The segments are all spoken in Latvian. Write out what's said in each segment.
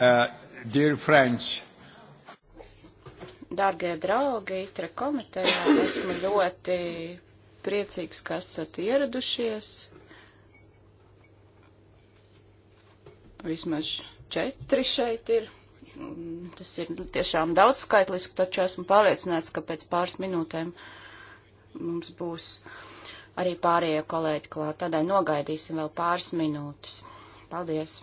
Uh, dear friends. Dārgie draugi, ITRE komitejā esmu ļoti priecīgs, ka esat ieradušies. Vismaz četri šeit ir. Tas ir tiešām daudz skaitliski, taču esmu pārliecināts, ka pēc pāris minūtēm mums būs arī pārējie kolēģi klāt. Tādēļ nogaidīsim vēl pāris minūtes. Paldies!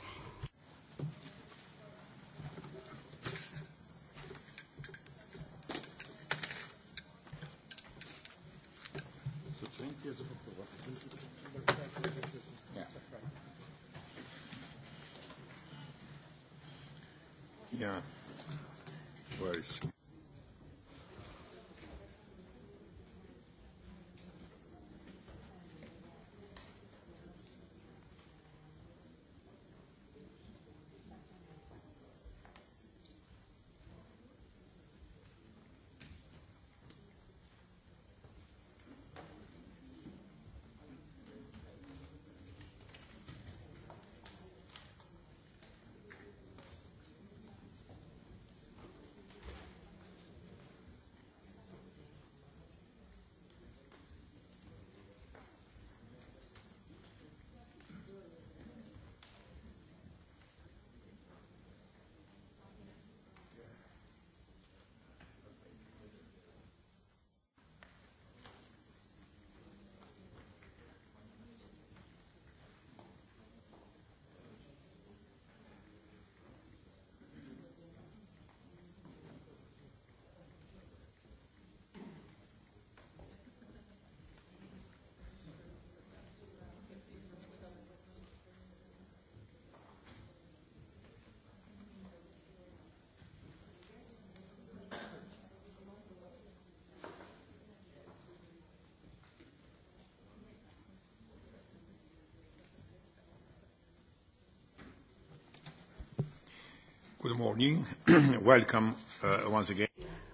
Good morning. Welcome uh, once again.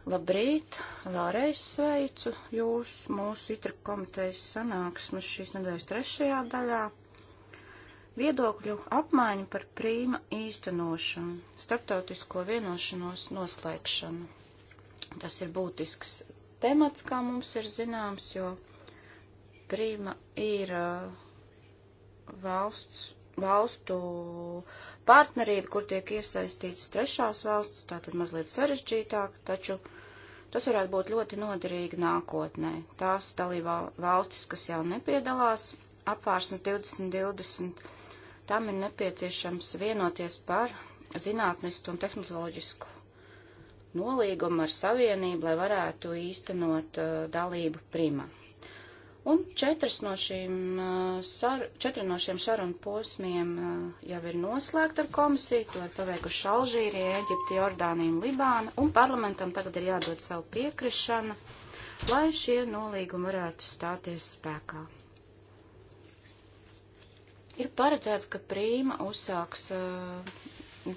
Labrīt! Vēlreiz sveicu jūs mūsu itra komitejas sanāksmes šīs nedēļas trešajā daļā. Viedokļu apmaiņu par prīma īstenošanu, starptautisko vienošanos noslēgšanu. Tas ir būtisks temats, kā mums ir zināms, jo prīma ir uh, valsts valstu partnerība, kur tiek iesaistīts trešās valsts, tātad mazliet sarežģītāk, taču tas varētu būt ļoti noderīgi nākotnē. Tās dalībā valstis, kas jau nepiedalās apvārsnes 2020, tam ir nepieciešams vienoties par zinātnistu un tehnoloģisku nolīgumu ar savienību, lai varētu īstenot uh, dalību primā. Un četras no šīm, sar, četri no šiem sarunu posmiem jau ir noslēgta ar komisiju, to ir paveikuši Alžīrija, Eģipte, Jordānija un Libāna, un parlamentam tagad ir jādod savu piekrišanu, lai šie nolīgumi varētu stāties spēkā. Ir paredzēts, ka prīma uzsāks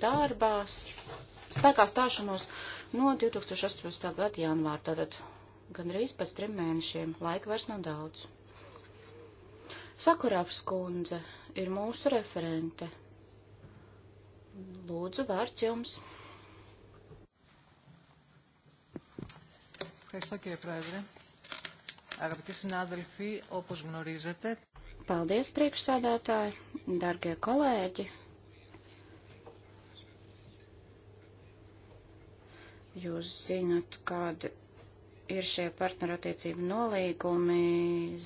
darbās spēkā stāšanos no 2018. gada janvāra, tātad gandrīz pēc trim mēnešiem, laika vairs nav daudz. Sakurāps kundze ir mūsu referente. Lūdzu, vārds jums. Ευχαριστώ κύριε Πρόεδρε. Αγαπητοί συνάδελφοι, όπως γνωρίζετε... Paldies, priekšsādātāji, dargie kolēģi. Jūs zinat, kāda ir šie partnerattiecību nolīgumi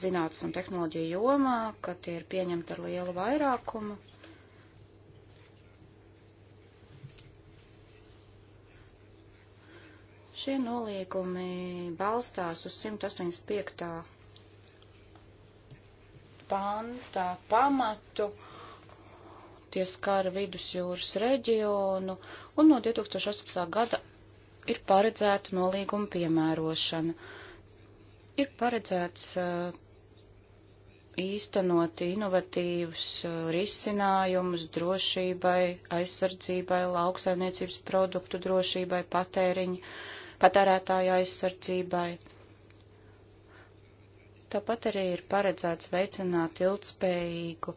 zinātnes un tehnoloģiju jomā, ka tie ir pieņemti ar lielu vairākumu. Šie nolīgumi balstās uz 185. panta pamatu, tie skar vidusjūras reģionu, un no 2018. gada ir paredzēta nolīguma piemērošana. Ir paredzēts uh, īstenot inovatīvus uh, risinājumus drošībai, aizsardzībai, lauksaimniecības produktu drošībai, patēriņu, patērētāju aizsardzībai. Tāpat arī ir paredzēts veicināt ilgspējīgu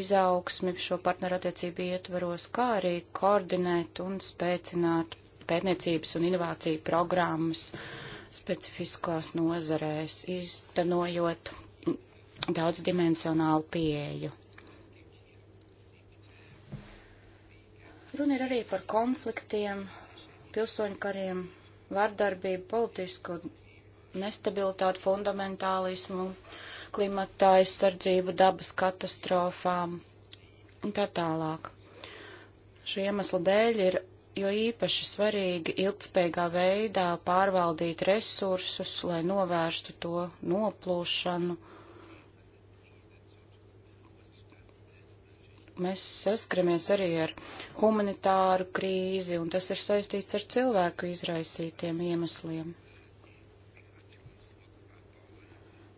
izaugsmi šo partnerattiecību ietvaros, kā arī koordinēt un spēcināt pētniecības un inovāciju programmas specifiskās nozarēs, iztenojot daudzdimensionālu pieeju. Runa ir arī par konfliktiem, pilsoņu kariem, vardarbību, politisku nestabilitāti, fundamentālismu, klimata aizsardzību, dabas katastrofām un tā tālāk. Šī iemesla dēļ ir jo īpaši svarīgi ilgspējīgā veidā pārvaldīt resursus, lai novērstu to noplūšanu. Mēs saskaramies arī ar humanitāru krīzi, un tas ir saistīts ar cilvēku izraisītiem iemesliem.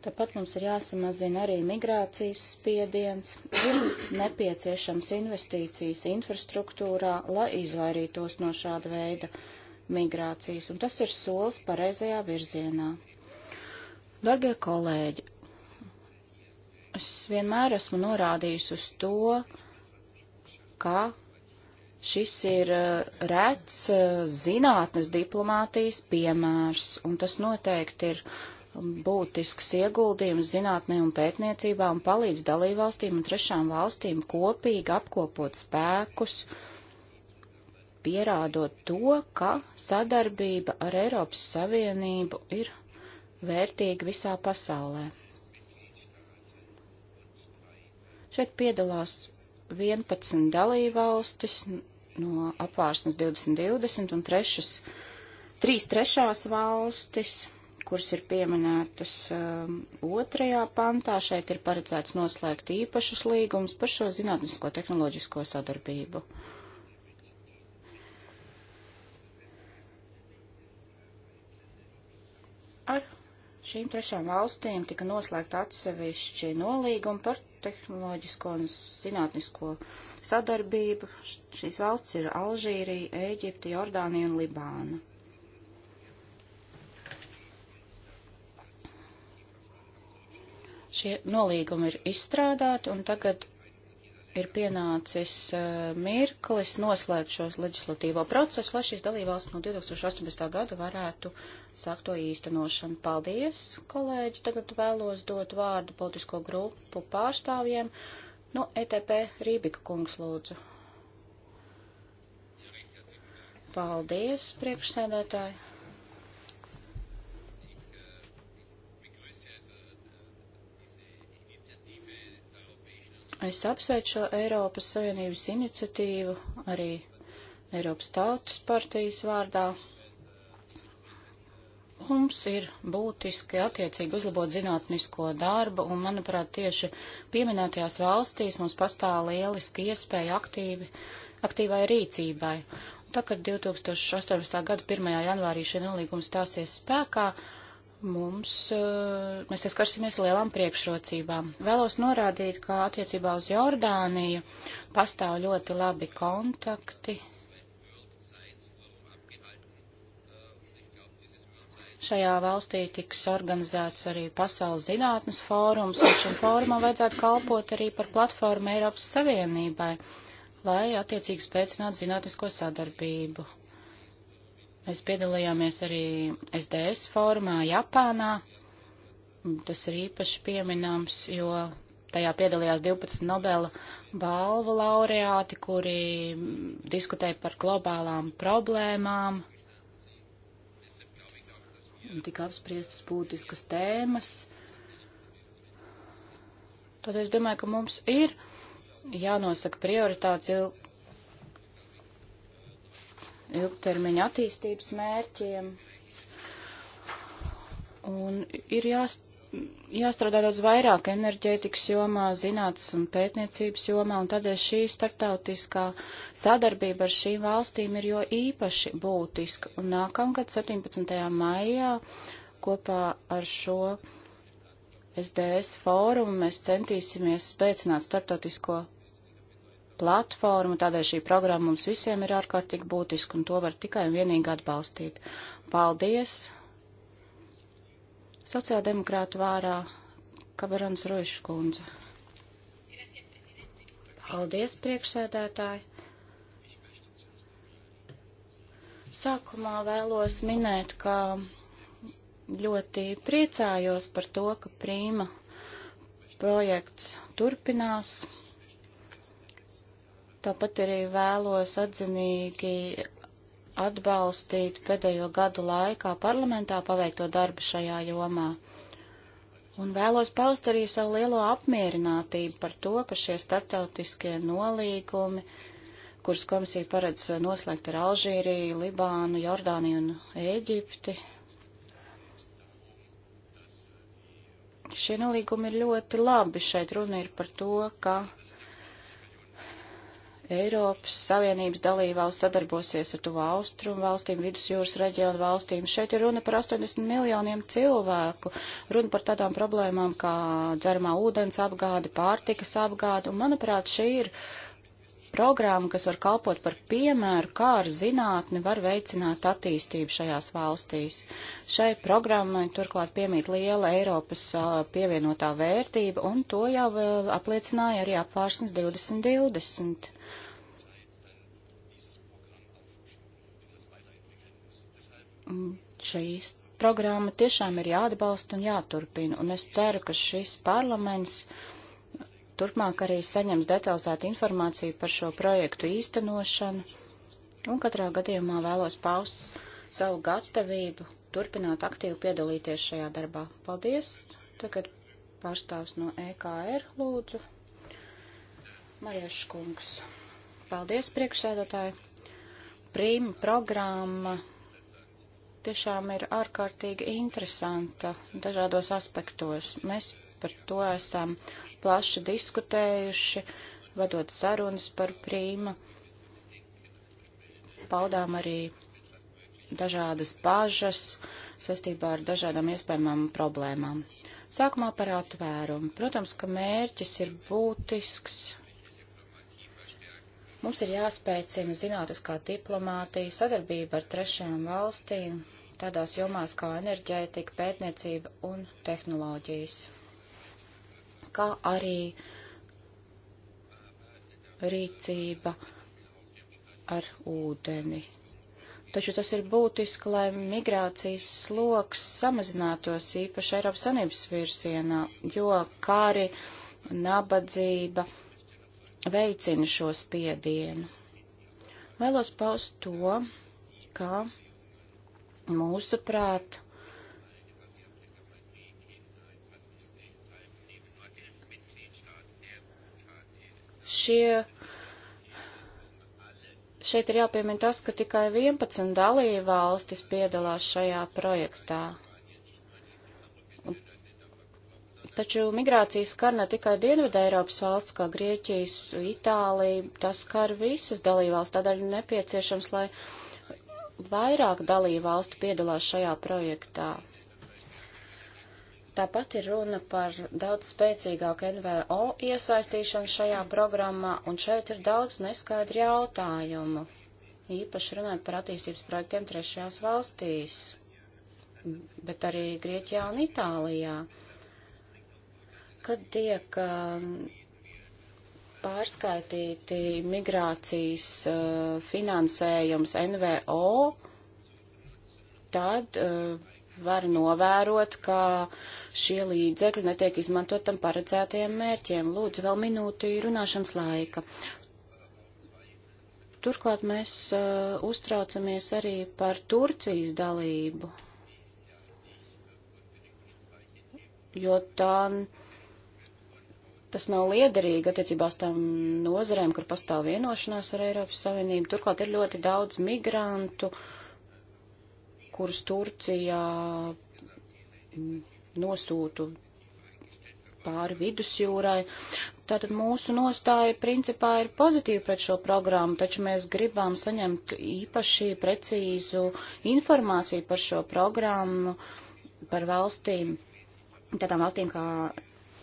Tāpat mums ir jāsamazina arī migrācijas spiediens, ir nepieciešams investīcijas infrastruktūrā, lai izvairītos no šāda veida migrācijas, un tas ir solis pareizajā virzienā. Dargie kolēģi, es vienmēr esmu norādījis uz to, ka šis ir eh, rets eh, zinātnes diplomātijas piemērs, un tas noteikti ir būtisks ieguldījums zinātnē un pētniecībā un palīdz dalībvalstīm un trešām valstīm kopīgi apkopot spēkus, pierādot to, ka sadarbība ar Eiropas Savienību ir vērtīga visā pasaulē. Šeit piedalās 11 dalībvalstis no apvārsnes 2020 un 3, 3 trešās valstis kuras ir pieminētas um, otrajā pantā. Šeit ir paredzēts noslēgt īpašus līgumus par šo zinātnisko tehnoloģisko sadarbību. Ar šīm trešām valstīm tika noslēgta atsevišķi nolīgumi par tehnoloģisko un zinātnisko sadarbību. Šīs valsts ir Alžīrija, Ēģipte, Jordānija un Libāna. Šie nolīgumi ir izstrādāti, un tagad ir pienācis eh, mirklis noslēgt šo leģislatīvo procesu, lai šīs dalībvalsts no 2018. gada varētu sākt to īstenošanu. Paldies, kolēģi! Tagad vēlos dot vārdu politisko grupu pārstāvjiem. No nu, ETP Rībika kungs lūdzu. Paldies, priekšsēdētāji! Es apsveicu šo Eiropas Savienības iniciatīvu arī Eiropas Tautas partijas vārdā. Mums ir būtiski attiecīgi uzlabot zinātnisko darbu, un, manuprāt, tieši pieminētajās valstīs mums pastāv lieliski iespēja aktīvi, aktīvai rīcībai. Un tā, kad 2018. gada 1. janvārī šie nolīgumi stāsies spēkā, uh, mums, eh, mēs saskarsimies lielām priekšrocībām. Vēlos norādīt, ka attiecībā uz Jordāniju pastāv ļoti labi kontakti. Šajā valstī tiks organizēts arī Pasaules zinātnes fórums, un šim fórumam vajadzētu kalpot arī par platformu Eiropas Savienībai, lai attiecīgi spēcinātu zinātnisko sadarbību. Mēs piedalījāmies arī SDS fórumā Japānā. Tas ir īpaši pieminams, jo tajā piedalījās 12 Nobela balvu laureāti, kuri diskutēja par globālām problēmām. Tika apspriestas būtiskas tēmas. Tad es domāju, ka mums ir jānosaka prioritāts il ilgtermiņa attīstības mērķiem. Un ir jāstrādā daudz vairāk enerģētikas jomā, zinātnes un pētniecības jomā, un tādēļ šī starptautiskā sadarbība ar šīm valstīm ir jo īpaši būtiska. Un nākamgad, 17. maijā, kopā ar šo SDS fórumu mēs centīsimies spēcināt starptautisko platformu, tādēļ šī programma mums visiem ir ārkārtīgi būtiska, un to var tikai un vienīgi atbalstīt. Paldies! Sociāldemokrātu vārā Kabarans Rojuša kundze. Paldies, priekšsēdētāji! Sākumā vēlos minēt, ka ļoti priecājos par to, ka prīma projekts turpinās. Tāpat arī vēlos atzinīgi atbalstīt pēdējo gadu laikā parlamentā paveikto darbu šajā jomā. Un vēlos paust arī savu lielo apmierinātību par to, ka šie starptautiskie nolīgumi, kuras komisija paredz noslēgt ar Alžīriju, Libānu, Jordāniju un Ēģipti, šie nolīgumi ir ļoti labi. Šeit runa ir par to, ka Eiropas Savienības dalībvalsts sadarbosies ar tuvu austrumu valstīm, vidusjūras reģionu valstīm. Šeit ir runa par 80 miljoniem cilvēku, runa par tādām problēmām kā dzeramā ūdens apgāde, pārtikas apgāde, un manuprāt, šī ir programma, kas var kalpot par piemēru, kā ar zinātni var veicināt attīstību šajās valstīs. Šai programmai turklāt piemīt liela Eiropas pievienotā vērtība, un to jau apliecināja arī apvārsnes 2020 Mm, šīs programma tiešām ir jāatbalsta un jāturpina, un es ceru, ka šis parlaments turpmāk arī saņems detalizētu informāciju par šo projektu īstenošanu, un katrā gadījumā vēlos paust savu gatavību turpināt aktīvi piedalīties šajā darbā. Paldies! Tagad pārstāvs no EKR lūdzu. Marieša kungs. Paldies, priekšsēdētāji! Prīma programma tiešām ir ārkārtīgi interesanta dažādos aspektos. Mēs par to esam plaši diskutējuši, vadot sarunas par prīma. Paudām arī dažādas bažas saistībā ar dažādām iespējamām problēmām. Sākumā par atvērumu. Protams, ka mērķis ir būtisks. Mums ir jāspēcina zinātniskā diplomātija, sadarbība ar trešajām valstīm, tādās jomās kā enerģētika, pētniecība un tehnoloģijas, kā arī rīcība ar ūdeni. Taču tas ir būtiski, lai migrācijas sloks samazinātos īpaši Eiropas Sanības virsienā, jo kari, nabadzība veicina šo spiedienu. Vēlos paust to, ka Mūsuprāt, šie šeit ir jāpiemina tas, ka tikai 11 dalībvalstis piedalās šajā projektā. Taču migrācijas skar ne tikai Dienvidu Eiropas valsts, kā Grieķijas, Itālija, tas skar visas dalībvalsts, tādēļ nepieciešams, lai vairāk dalību valstu piedalās šajā projektā. Tāpat ir runa par daudz spēcīgāku NVO iesaistīšanu šajā programmā, un šeit ir daudz neskaidru jautājumu, īpaši runājot par attīstības projektiem trešajās valstīs, bet arī Grieķijā un Itālijā. Kad tiek uh, pārskaitīti migrācijas uh, finansējums NVO, tad uh, var novērot, ka šie līdzekļi netiek izmantot tam paredzētajiem mērķiem. Lūdzu, vēl minūti runāšanas laika. Turklāt mēs uh, uztraucamies arī par Turcijas dalību, jo tā. Tan tas nav liederīgi attiecībās tām nozarēm, kur pastāv vienošanās ar Eiropas Savienību. Turklāt ir ļoti daudz migrantu, kurus Turcijā nosūtu pāri vidusjūrai. Tātad mūsu nostāja principā ir pozitīva pret šo programmu, taču mēs gribam saņemt īpaši precīzu informāciju par šo programmu, par valstīm, tādām valstīm kā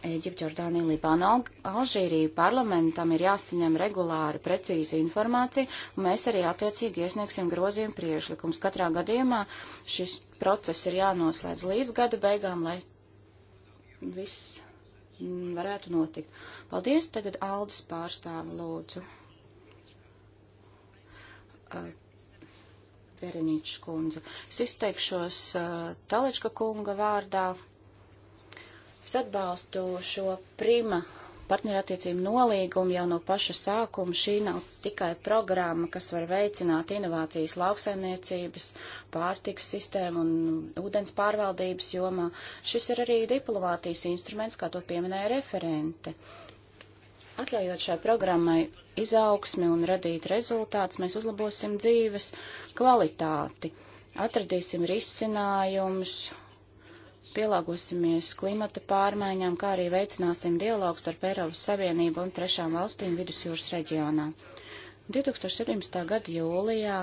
Eģipte, Jordānija, Libāna, Alžīrija parlamentam ir jāsaņem regulāri precīzi informācija, un mēs arī attiecīgi iesniegsim grozījumu priešlikums. Katrā gadījumā šis process ir jānoslēdz līdz gada beigām, lai viss varētu notikt. Paldies, tagad Aldis pārstāva lūdzu. Uh, Vereniņš kundze. Es izteikšos uh, Talička kunga vārdā Es atbalstu šo prima partnerattiecību nolīgumu jau no paša sākuma. Šī nav tikai programma, kas var veicināt inovācijas lauksaimniecības, pārtiks sistēmu un ūdens pārvaldības jomā. Šis ir arī diplomātijas instruments, kā to pieminēja referente. Atļaujot šai programmai izaugsmi un radīt rezultātus, mēs uzlabosim dzīves kvalitāti, atradīsim risinājumus pielāgosimies klimata pārmaiņām, kā arī veicināsim dialogu starp Eiropas Savienību un trešām valstīm vidusjūras reģionā. 2017. gada jūlijā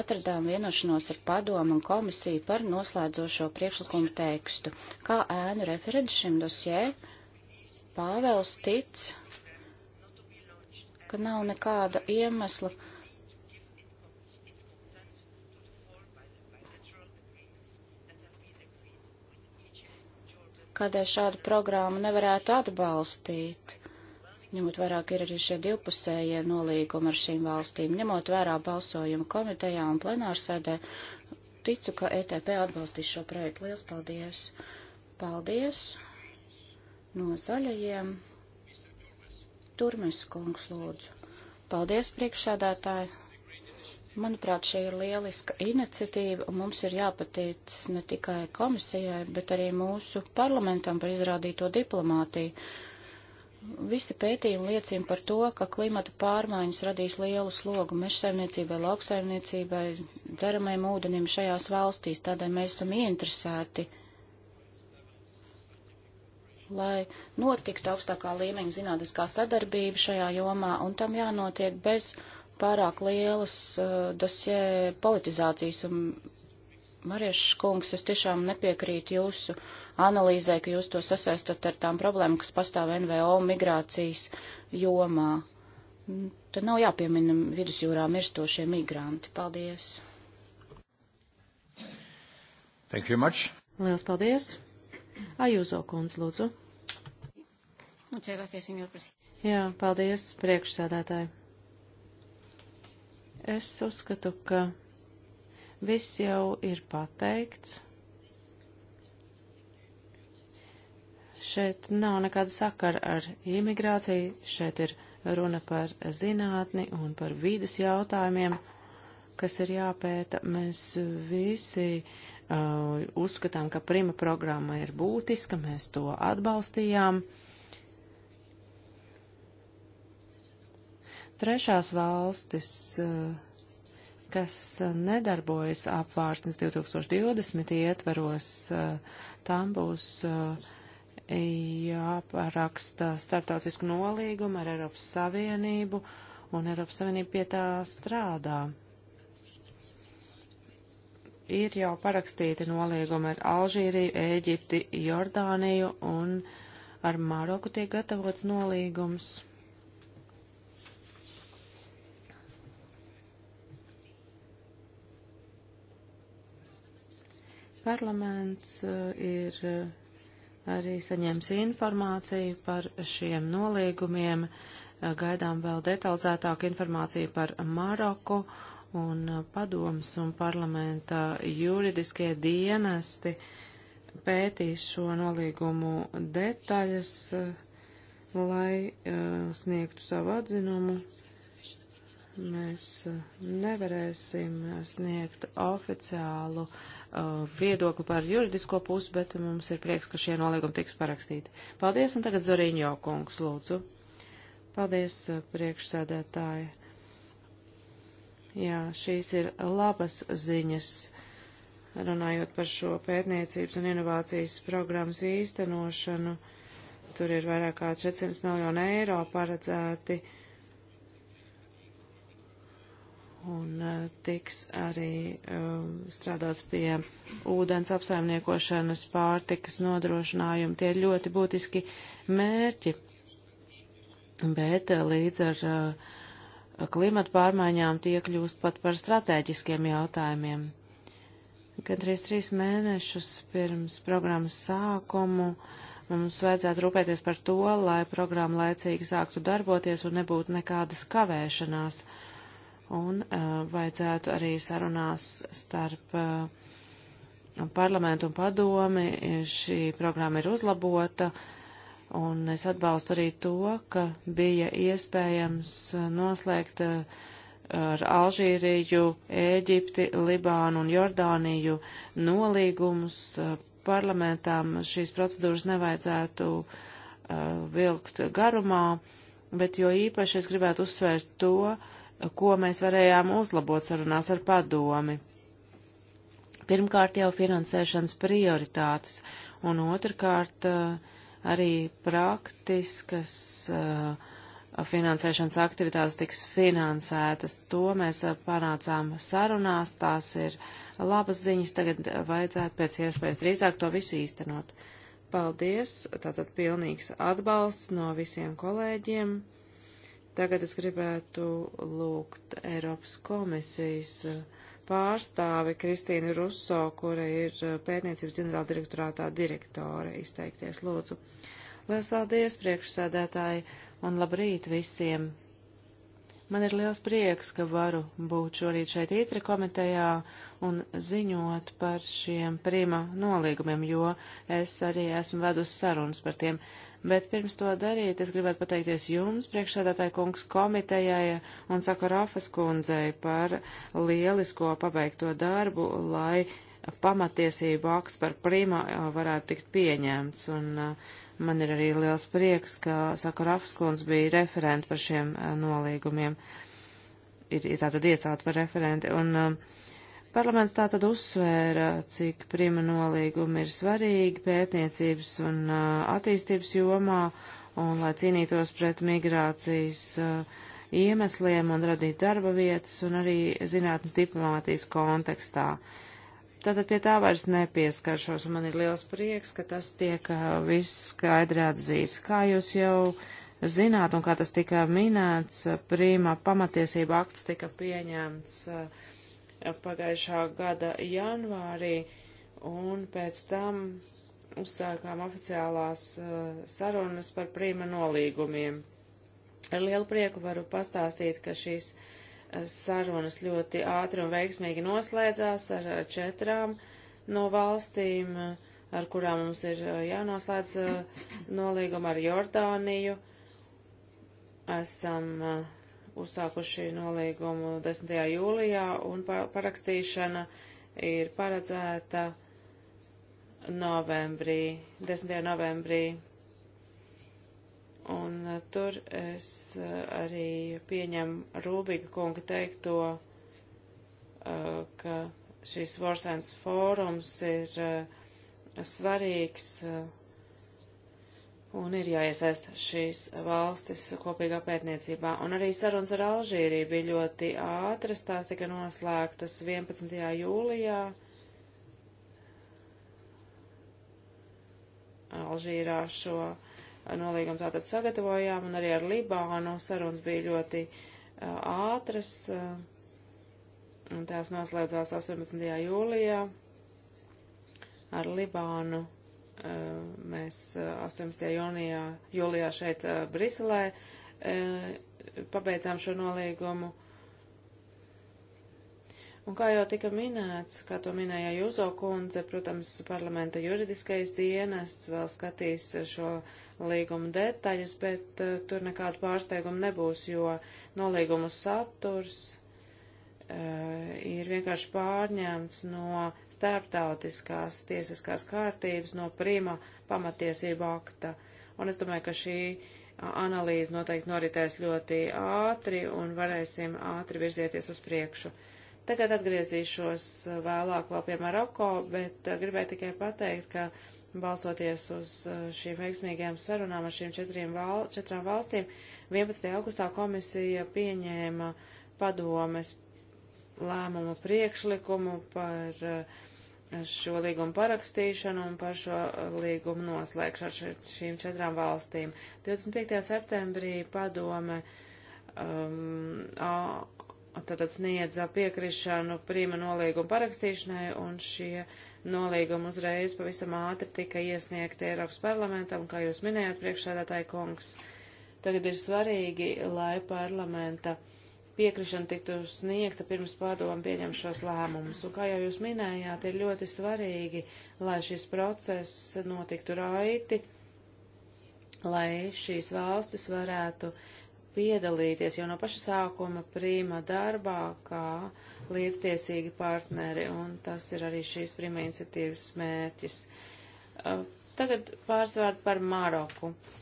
atradām vienošanos ar padomu un komisiju par noslēdzošo priekšlikumu tekstu. Kā ēnu referents šim dosjē, Pāvels tic, ka nav nekāda iemesla kādēļ šādu programmu nevarētu atbalstīt. Ņemot vairāk ir arī šie divpusējie nolīgumi ar šīm valstīm, ņemot vērā balsojumu komitejā un plenārsēdē, ticu, ka ETP atbalstīs šo projektu. Lielas paldies! Paldies no zaļajiem! Turmes kungs lūdzu. Paldies, priekšsēdētāji! Manuprāt, šī ir lieliska iniciatīva, un mums ir jāpatīc ne tikai komisijai, bet arī mūsu parlamentam par izrādīto diplomātiju. Visi pētījumi liecina par to, ka klimata pārmaiņas radīs lielu slogu mežsaimniecībai, lauksaimniecībai, dzeramajam ūdenim šajās valstīs, tādēļ mēs esam ieinteresēti, lai notiktu augstākā līmeņa zinātniskā sadarbība šajā jomā, un tam jānotiek bez pārāk lielas uh, dosē politizācijas. Un, Marieša kungs, es tiešām nepiekrītu jūsu analīzē, ka jūs to sasaistat ar tām problēmām, kas pastāv NVO migrācijas jomā. Te nav jāpiemina vidusjūrā mirstošie migranti. Paldies! Thank you much. Lielas paldies! Ajūzo kundz, lūdzu. Muchas gracias, señor presidente. Jā, paldies, priekšsēdētāji. Es uzskatu, ka viss jau ir pateikts. Šeit nav nekāda sakara ar imigrāciju, šeit ir runa par zinātni un par vīdas jautājumiem, kas ir jāpēta. Mēs visi uh, uzskatām, ka prima programma ir būtiska, mēs to atbalstījām. Uh, Trešās valstis, eh, kas eh, nedarbojas apvārsnes 2020 ietveros, tām būs eh, jāparaksta startautisku nolīgumu ar Eiropas Savienību, un Eiropas Savienība pie tā strādā ir jau parakstīti noliegumi ar Alžīriju, Ēģipti, Jordāniju un ar Maroku tiek gatavots nolīgums. Parlaments eh, ir eh, arī saņēmis informāciju par šiem nolīgumiem. Eh, gaidām vēl detalizētāku informāciju par Maroku un padomus un parlamenta juridiskie dienesti pētīs šo nolīgumu detaļas, lai sniegtu savu atzinumu mēs nevarēsim sniegt oficiālu Uh, viedokli par juridisko pusi, bet mums ir prieks, ka šie nolīgumi tiks parakstīti. Paldies, un tagad Zoriņo kungs, lūdzu. Paldies, uh, priekšsēdētāji. Jā, šīs ir labas ziņas, runājot par šo pētniecības un inovācijas programmas īstenošanu. Tur ir vairāk kā 400 miljonu eiro paredzēti un e, tiks arī um, strādāts pie ūdens apsaimniekošanas, pārtikas nodrošinājuma. Tie ir ļoti būtiski mērķi, bet e, līdz ar uh, klimatu pārmaiņām tie kļūst pat par strateģiskiem jautājumiem. Gadrīz trīs mēnešus pirms programmas sākumu mums vajadzētu rūpēties par to, lai programma laicīgi sāktu darboties un nebūtu nekādas kavēšanās. Uh, un uh, vajadzētu arī sarunās starp uh, parlamentu un padomi. Šī programma ir uzlabota, un es atbalstu arī to, ka bija iespējams uh, noslēgt uh, ar Alžīriju, Ēģipti, Libānu un Jordāniju nolīgumus. Uh, parlamentām šīs procedūras nevajadzētu uh, vilkt garumā, bet jo īpaši es gribētu uzsvērt to, ko mēs varējām uzlabot sarunās ar padomi. Pirmkārt jau finansēšanas prioritātes, un otrkārt eh, arī praktiskas eh, finansēšanas aktivitātes tiks finansētas. To mēs eh, panācām sarunās, tās ir labas ziņas, tagad vajadzētu pēc iespējas drīzāk to visu īstenot. Paldies, tātad pilnīgs atbalsts no visiem kolēģiem. Tagad es gribētu lūgt Eiropas komisijas eh, pārstāvi Kristīnu Russo, kura ir eh, pētniecības ģenerāldirektorātā direktore, izteikties lūdzu. Lielas paldies, priekšsēdētāji, un labrīt visiem! Man ir liels prieks, ka varu būt šorīt šeit ītri komitejā un ziņot par šiem prima nolīgumiem, jo es arī esmu vedusi sarunas par tiem. Uh, Bet pirms to darīt, es gribētu pateikties jums, priekšsēdētāji kungs, komitejai un Sakarafas kundzei par lielisko pabeigto darbu, lai pamatiesību akts par prima uh, varētu tikt pieņemts. Un uh, man ir arī liels prieks, ka Sakarafas kundze bija referenti par šiem uh, nolīgumiem. Ir, ir tātad iecelt par referenti. Un, uh, Parlaments tātad uzsvēra, cik prima nolīgumi ir svarīgi pētniecības un attīstības jomā, un lai cīnītos pret migrācijas iemesliem un radītu darba vietas un arī zinātnes diplomātijas kontekstā. Tātad pie tā vairs nepieskaršos, un man ir liels prieks, ka tas tiek viss skaidri atzīts. Kā jūs jau zināt, un kā tas tika minēts, prīmā pamatiesība akts tika pieņemts uh, pagājušā gada janvārī, un pēc tam uzsākām oficiālās uh, sarunas par prīma nolīgumiem. Ar lielu prieku varu pastāstīt, ka šīs uh, sarunas ļoti ātri un veiksmīgi noslēdzās ar uh, četrām no valstīm, uh, ar kurām mums ir uh, jānoslēdz uh, nolīguma ar Jordāniju. Esam uh, uzsākuši nolīgumu 10. jūlijā, un parakstīšana ir paredzēta novembrī, 10. novembrī. Un e, tur es e, arī pieņemu Rūbīga kunga teikto, e, ka šīs Vorsēns fórums ir svarīgs un ir jāiesaist šīs valstis kopīgā pētniecībā. Un arī sarunas ar Alžīriju bija ļoti ātras, tās tika noslēgtas 11. jūlijā. Alžīrā šo nolīgumu tātad sagatavojām, un arī ar Libānu sarunas bija ļoti ātras, un tās noslēdzās 18. jūlijā ar Libānu mēs 18. Jūnijā, jūlijā šeit Briselē pabeidzām šo nolīgumu. Un kā jau tika minēts, kā to minēja Jūzo kundze, protams, parlamenta juridiskais dienests vēl skatīs šo līgumu detaļas, bet uh, tur nekādu pārsteigumu nebūs, jo nolīgumu saturs uh, ir vienkārši pārņēmts no starptautiskās tiesiskās kārtības no prima pamatiesību akta. Un es domāju, ka šī analīze noteikti noritēs ļoti ātri un varēsim ātri virzieties uz priekšu. Tagad atgriezīšos vēlāk vēl pie Maroko, bet gribēju tikai pateikt, ka balsoties uz šīm veiksmīgajām sarunām ar šīm val, četrām valstīm, 11. augustā komisija pieņēma padomes lēmumu priekšlikumu par uh, šo līgumu parakstīšanu un par šo uh, līgumu noslēgšanu ar šīm četrām valstīm. 25. septembrī padome um, tātad sniedza piekrišanu prīma nolīgumu parakstīšanai un šie nolīgumi uzreiz pavisam ātri tika iesniegti Eiropas parlamentam, kā jūs minējāt, priekšsēdētāji kungs. Tagad ir svarīgi, lai parlamenta uh, piekrišana tiktu sniegta pirms padomu pieņem šos lēmumus. Un kā jau jūs minējāt, ir ļoti svarīgi, lai šis process notiktu raiti, lai šīs valstis varētu piedalīties jau no paša sākuma prīma darbā kā līdztiesīgi partneri, un tas ir arī šīs prīma iniciatīvas mērķis. Tagad pārsvārdu par Maroku. Uh,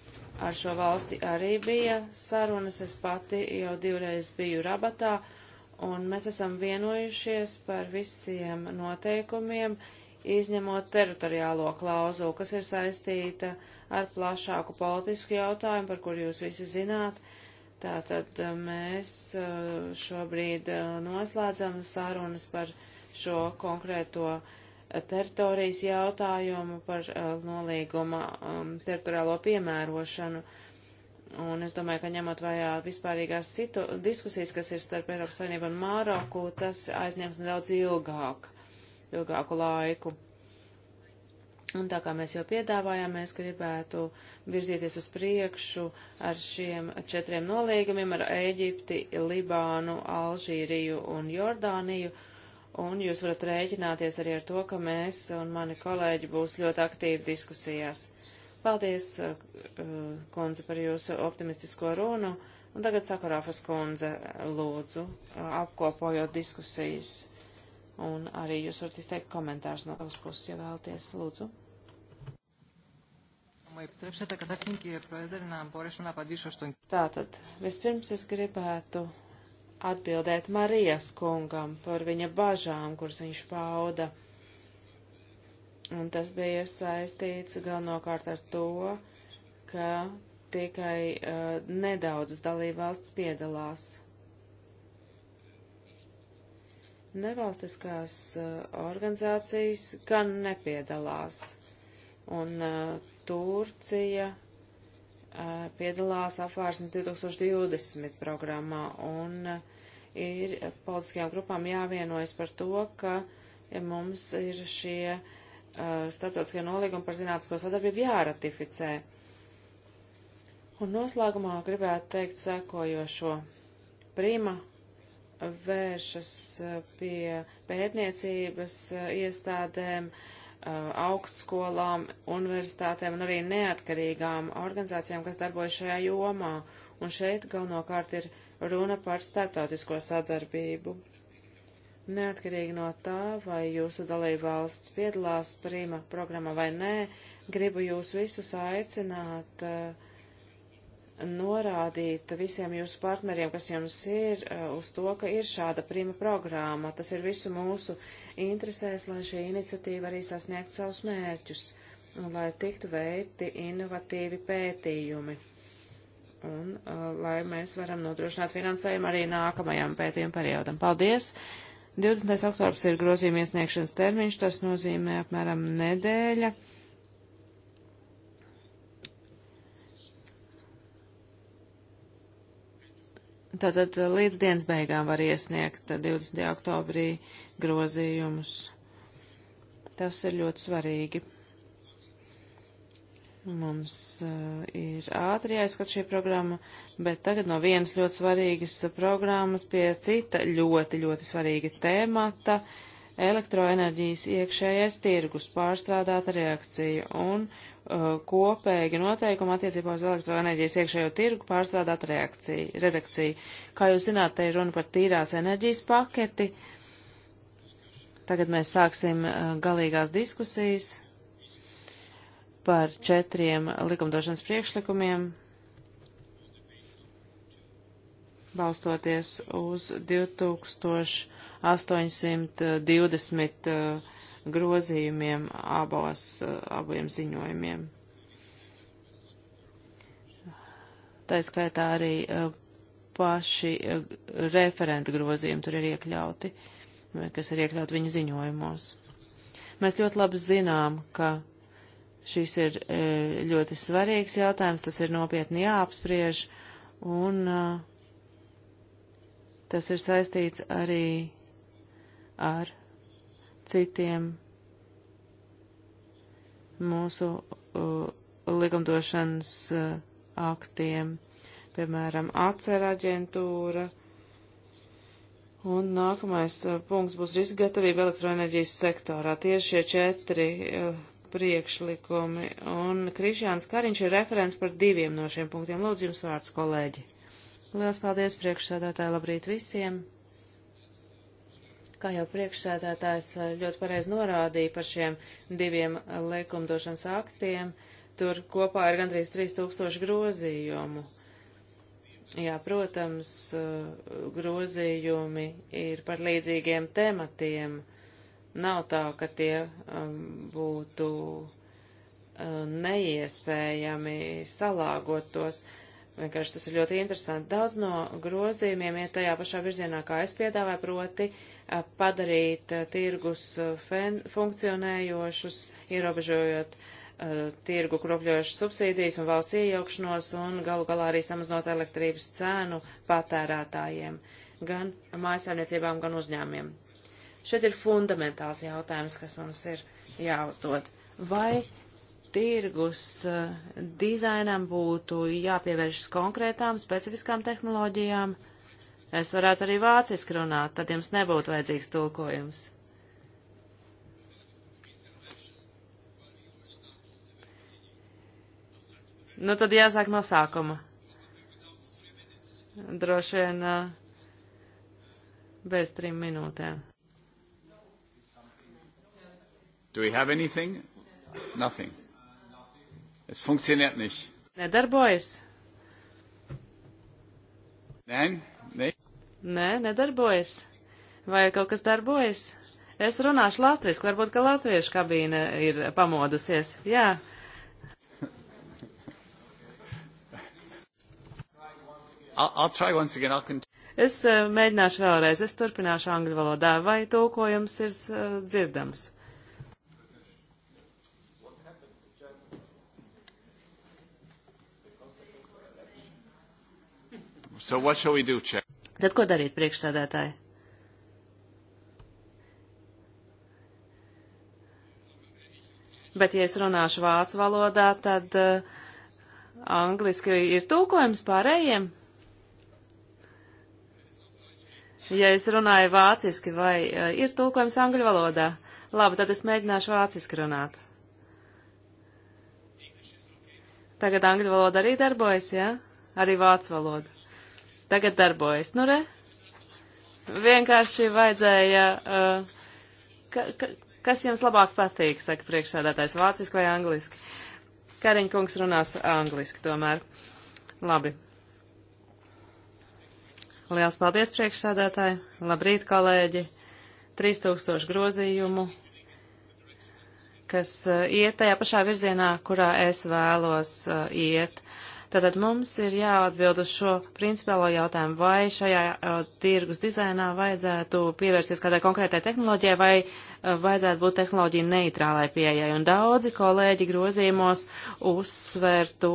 ar šo valsti arī bija sarunas. Es pati jau divreiz biju rabatā, un mēs esam vienojušies par visiem noteikumiem, izņemot teritoriālo klauzulu, kas ir saistīta ar plašāku politisku jautājumu, par kur jūs visi zināt. Tātad eh, mēs eh, šobrīd eh, noslēdzam sarunas par šo konkrēto uh, teritorijas jautājumu, par uh, nolīguma um, teritoriālo piemērošanu. Un es domāju, ka ņemot vajā vispārīgās situ, diskusijas, kas ir starp Eiropas Savienību un Māroku, tas aizņems nedaudz ilgāk, ilgāku laiku. Un tā kā mēs jau piedāvājām, mēs gribētu virzīties uz priekšu ar šiem četriem nolīgumiem ar Ēģipti, Libānu, Alžīriju un Jordāniju. Uh, un jūs varat rēķināties arī ar to, ka mēs un mani kolēģi būs ļoti aktīvi diskusijās. Paldies, eh, kundze, par jūsu optimistisko runu, un tagad Sakarāfas kundze lūdzu, eh, apkopojot diskusijas, un arī jūs varat izteikt komentārus no savas puses, ja vēlaties, lūdzu. Tātad, vispirms es gribētu atbildēt Marijas kungam par viņa bažām, kuras viņš pauda. Un tas bija saistīts galvenokārt ar to, ka tikai uh, nedaudzas dalībvalsts piedalās. Nevalstiskās uh, organizācijas gan nepiedalās, un uh, Turcija uh, piedalās apvārsnes 2020 programmā, un uh, ir politiskajām grupām jāvienojas par to, ka ja mums ir šie uh, starptautiskie nolīgumi par zinātnisko sadarbību jāratificē. Un noslēgumā gribētu teikt sekojošo. Prima vēršas uh, pie pētniecības uh, iestādēm, uh, augstskolām, universitātēm un arī neatkarīgām organizācijām, kas darbojas šajā jomā. Un šeit galvenokārt ir uh, runa par starptautisko sadarbību. Neatkarīgi no tā, vai jūsu dalībvalsts piedalās prīma programmā vai nē, gribu jūs visus aicināt, eh, norādīt visiem jūsu partneriem, kas jums ir, eh, uz to, ka ir šāda prīma programma. Tas ir visu mūsu interesēs, lai šī iniciatīva arī sasniegtu savus mērķus un lai tiktu veikti inovatīvi pētījumi un uh, lai mēs varam nodrošināt finansējumu arī nākamajam pētījumu periodam. Paldies! 20. oktobrs ir grozījuma iesniegšanas termiņš, tas nozīmē apmēram nedēļa. Tātad uh, līdz dienas beigām var iesniegt 20. Uh, oktobrī grozījumus. Tas ir ļoti svarīgi. Mums uh, ir ātri jāizskat šī programma, bet tagad no vienas ļoti svarīgas programmas pie cita ļoti, ļoti svarīga tēmata - elektroenerģijas iekšējais tirgus, pārstrādāta reakcija un uh, eh, kopēgi noteikumi attiecībā uz elektroenerģijas iekšējo tirgu, pārstrādāta reakcija, redakcija. Kā jūs zināt, te ir runa par tīrās enerģijas paketi. Tagad mēs sāksim uh, galīgās diskusijas par četriem likumdošanas priekšlikumiem, balstoties uz 2820 eh, grozījumiem abos, eh, abiem ziņojumiem. Tā skaitā arī eh, paši referenta grozījumi tur ir iekļauti, kas ir iekļauti viņa ziņojumos. Mēs ļoti labi zinām, ka Šis ir e, ļoti svarīgs jautājums, tas ir nopietni jāapspriež, un e, tas ir saistīts arī ar citiem mūsu uh, likumdošanas uh, aktiem, piemēram, atcera aģentūra. Un nākamais uh, punkts būs riska gatavība elektroenerģijas sektorā. Tieši šie četri uh, priekšlikumi, un Krišjāns Kariņš ir referents par diviem no šiem punktiem. Lūdzu, jums vārds, kolēģi. Lielas paldies, priekšsēdētāji, labrīt visiem! Kā jau priekšsēdētājs eh, ļoti pareizi norādīja par šiem diviem likumdošanas aktiem, tur kopā ir gandrīz 3000 grozījumu. Jā, protams, eh, grozījumi ir par līdzīgiem tematiem Nav tā, ka tie um, būtu uh, neiespējami salāgot tos. Vienkārši tas ir ļoti interesanti. Daudz no grozījumiem iet tajā pašā virzienā, kā es piedāvāju, proti uh, padarīt uh, tirgus funkcionējošus, ierobežojot tirgu kropļojušas subsīdijas un valsts iejaukšanos un galu galā arī samazinot elektrības cēnu patērētājiem, gan mājasēmniecībām, gan uzņēmiem. Šeit ir fundamentāls jautājums, kas mums ir jāuzdod. Vai tirgus uh, dizainam būtu jāpievēršas konkrētām specifiskām tehnoloģijām? Es varētu arī vāciski runāt, tad jums nebūtu vajadzīgs tulkojums. Nu, tad jāsāk no sākuma. Droši vien uh, bez trim minūtēm. Do we have anything? Nothing. Es funktioniert nicht. Nedarbojas? Nē, ne? Nē, nedarbojas. Vai kaut kas darbojas? Es runāšu latviešu, varbūt, ka latviešu kabīne ir pamodusies. Jā. I'll, I'll try once again. I'll continue. Es uh, mēģināšu vēlreiz, es turpināšu angļu valodā, vai tulkojums ir uh, dzirdams. So what shall we do, Chair? Tad ko darīt, priekšsēdētāji? Bet, ja es runāšu vācu valodā, tad uh, angliski ir tulkojums pārējiem. Ja es runāju vāciski, vai uh, ir tulkojums angļu valodā? Labi, tad es mēģināšu vāciski runāt. Tagad angļu valoda arī darbojas, jā? Ja? Arī vācu valoda. Tagad darbojas. Nu, re? Vienkārši vajadzēja. Uh, ka, ka, kas jums labāk patīk, saka priekšsēdētājs, vāciski vai angliski? Kariņkungs runās angliski tomēr. Labi. Liels paldies priekšsēdētāji. Labrīt, kolēģi. 3000 grozījumu, kas uh, iet tajā pašā virzienā, kurā es vēlos uh, iet. Uh, Tātad mums ir jāatbild uz šo principālo jautājumu, vai šajā uh, tirgus dizainā vajadzētu pievērsties kādai konkrētai tehnoloģijai vai vajadzētu būt tehnoloģija neitrālai pieejai, un daudzi kolēģi grozījumos uzsver to,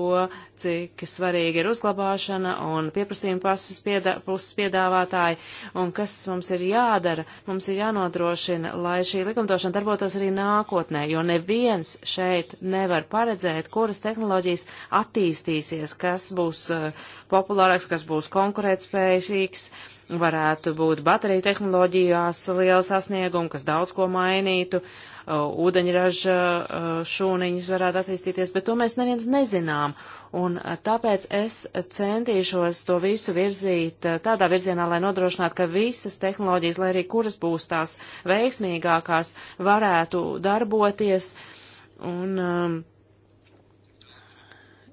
cik svarīgi ir uzglabāšana un pieprasījuma puses, piedā, puses piedāvātāji, un kas mums ir jādara, mums ir jānodrošina, lai šī likumdošana darbotos arī nākotnē, jo neviens šeit nevar paredzēt, kuras tehnoloģijas attīstīsies, kas būs uh, populārāks, kas būs konkurētspējīgs, varētu būt bateriju tehnoloģijās liela sasnieguma, kas daudz ko mainītu, ūdeņraža šūniņas varētu attīstīties, bet to mēs neviens nezinām. Un tāpēc es centīšos to visu virzīt tādā virzienā, lai nodrošinātu, ka visas tehnoloģijas, lai arī kuras būs tās veiksmīgākās, varētu darboties. Un, um,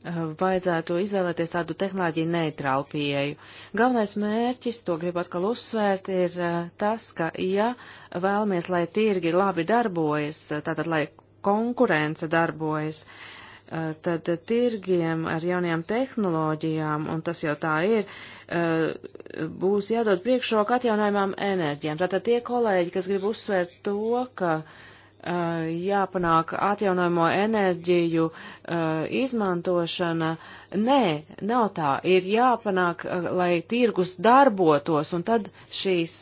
Eh, vajadzētu izvēlēties tādu tehnoloģiju neitrālu pieeju. Galvenais mērķis, to gribu atkal uzsvērt, ir eh, tas, ka ja vēlamies, lai tirgi labi darbojas, eh, tātad, lai konkurence darbojas, tad tirgiem ar jaunajām tehnoloģijām, un tas jau tā ir, būs jādod priekšroka atjaunojumām enerģijām. Tātad tie kolēģi, kas grib uzsvērt to, ka uh, Eh, jāpanāk atjaunojamo enerģiju eh, izmantošana. Nē, nav tā. Ir jāpanāk, eh, lai tirgus darbotos, un tad šīs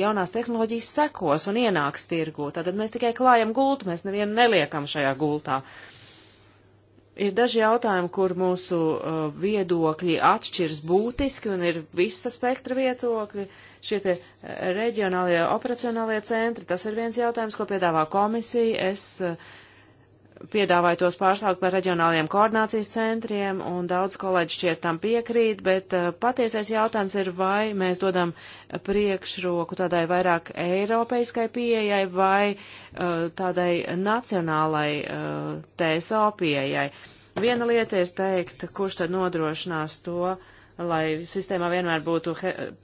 jaunās tehnoloģijas sekos un ienāks tirgū. Tātad mēs tikai klājam gultu, mēs nevienu neliekam šajā gultā. Uh, Ir daži jautājumi, kur mūsu uh, viedokļi atšķirs būtiski un ir visa spektra viedokļi. Šie te uh, reģionālie operacionālie centri, tas ir viens jautājums, ko piedāvā komisija. Es uh, piedāvāja tos pārsaukt par reģionāliem koordinācijas centriem, un daudz kolēģi šķiet tam piekrīt, bet uh, patiesais jautājums ir, vai mēs dodam priekšroku tādai vairāk eiropeiskai pieejai vai uh, tādai nacionālai uh, TSO pieejai. Viena lieta ir teikt, kurš tad nodrošinās to, lai sistēmā vienmēr būtu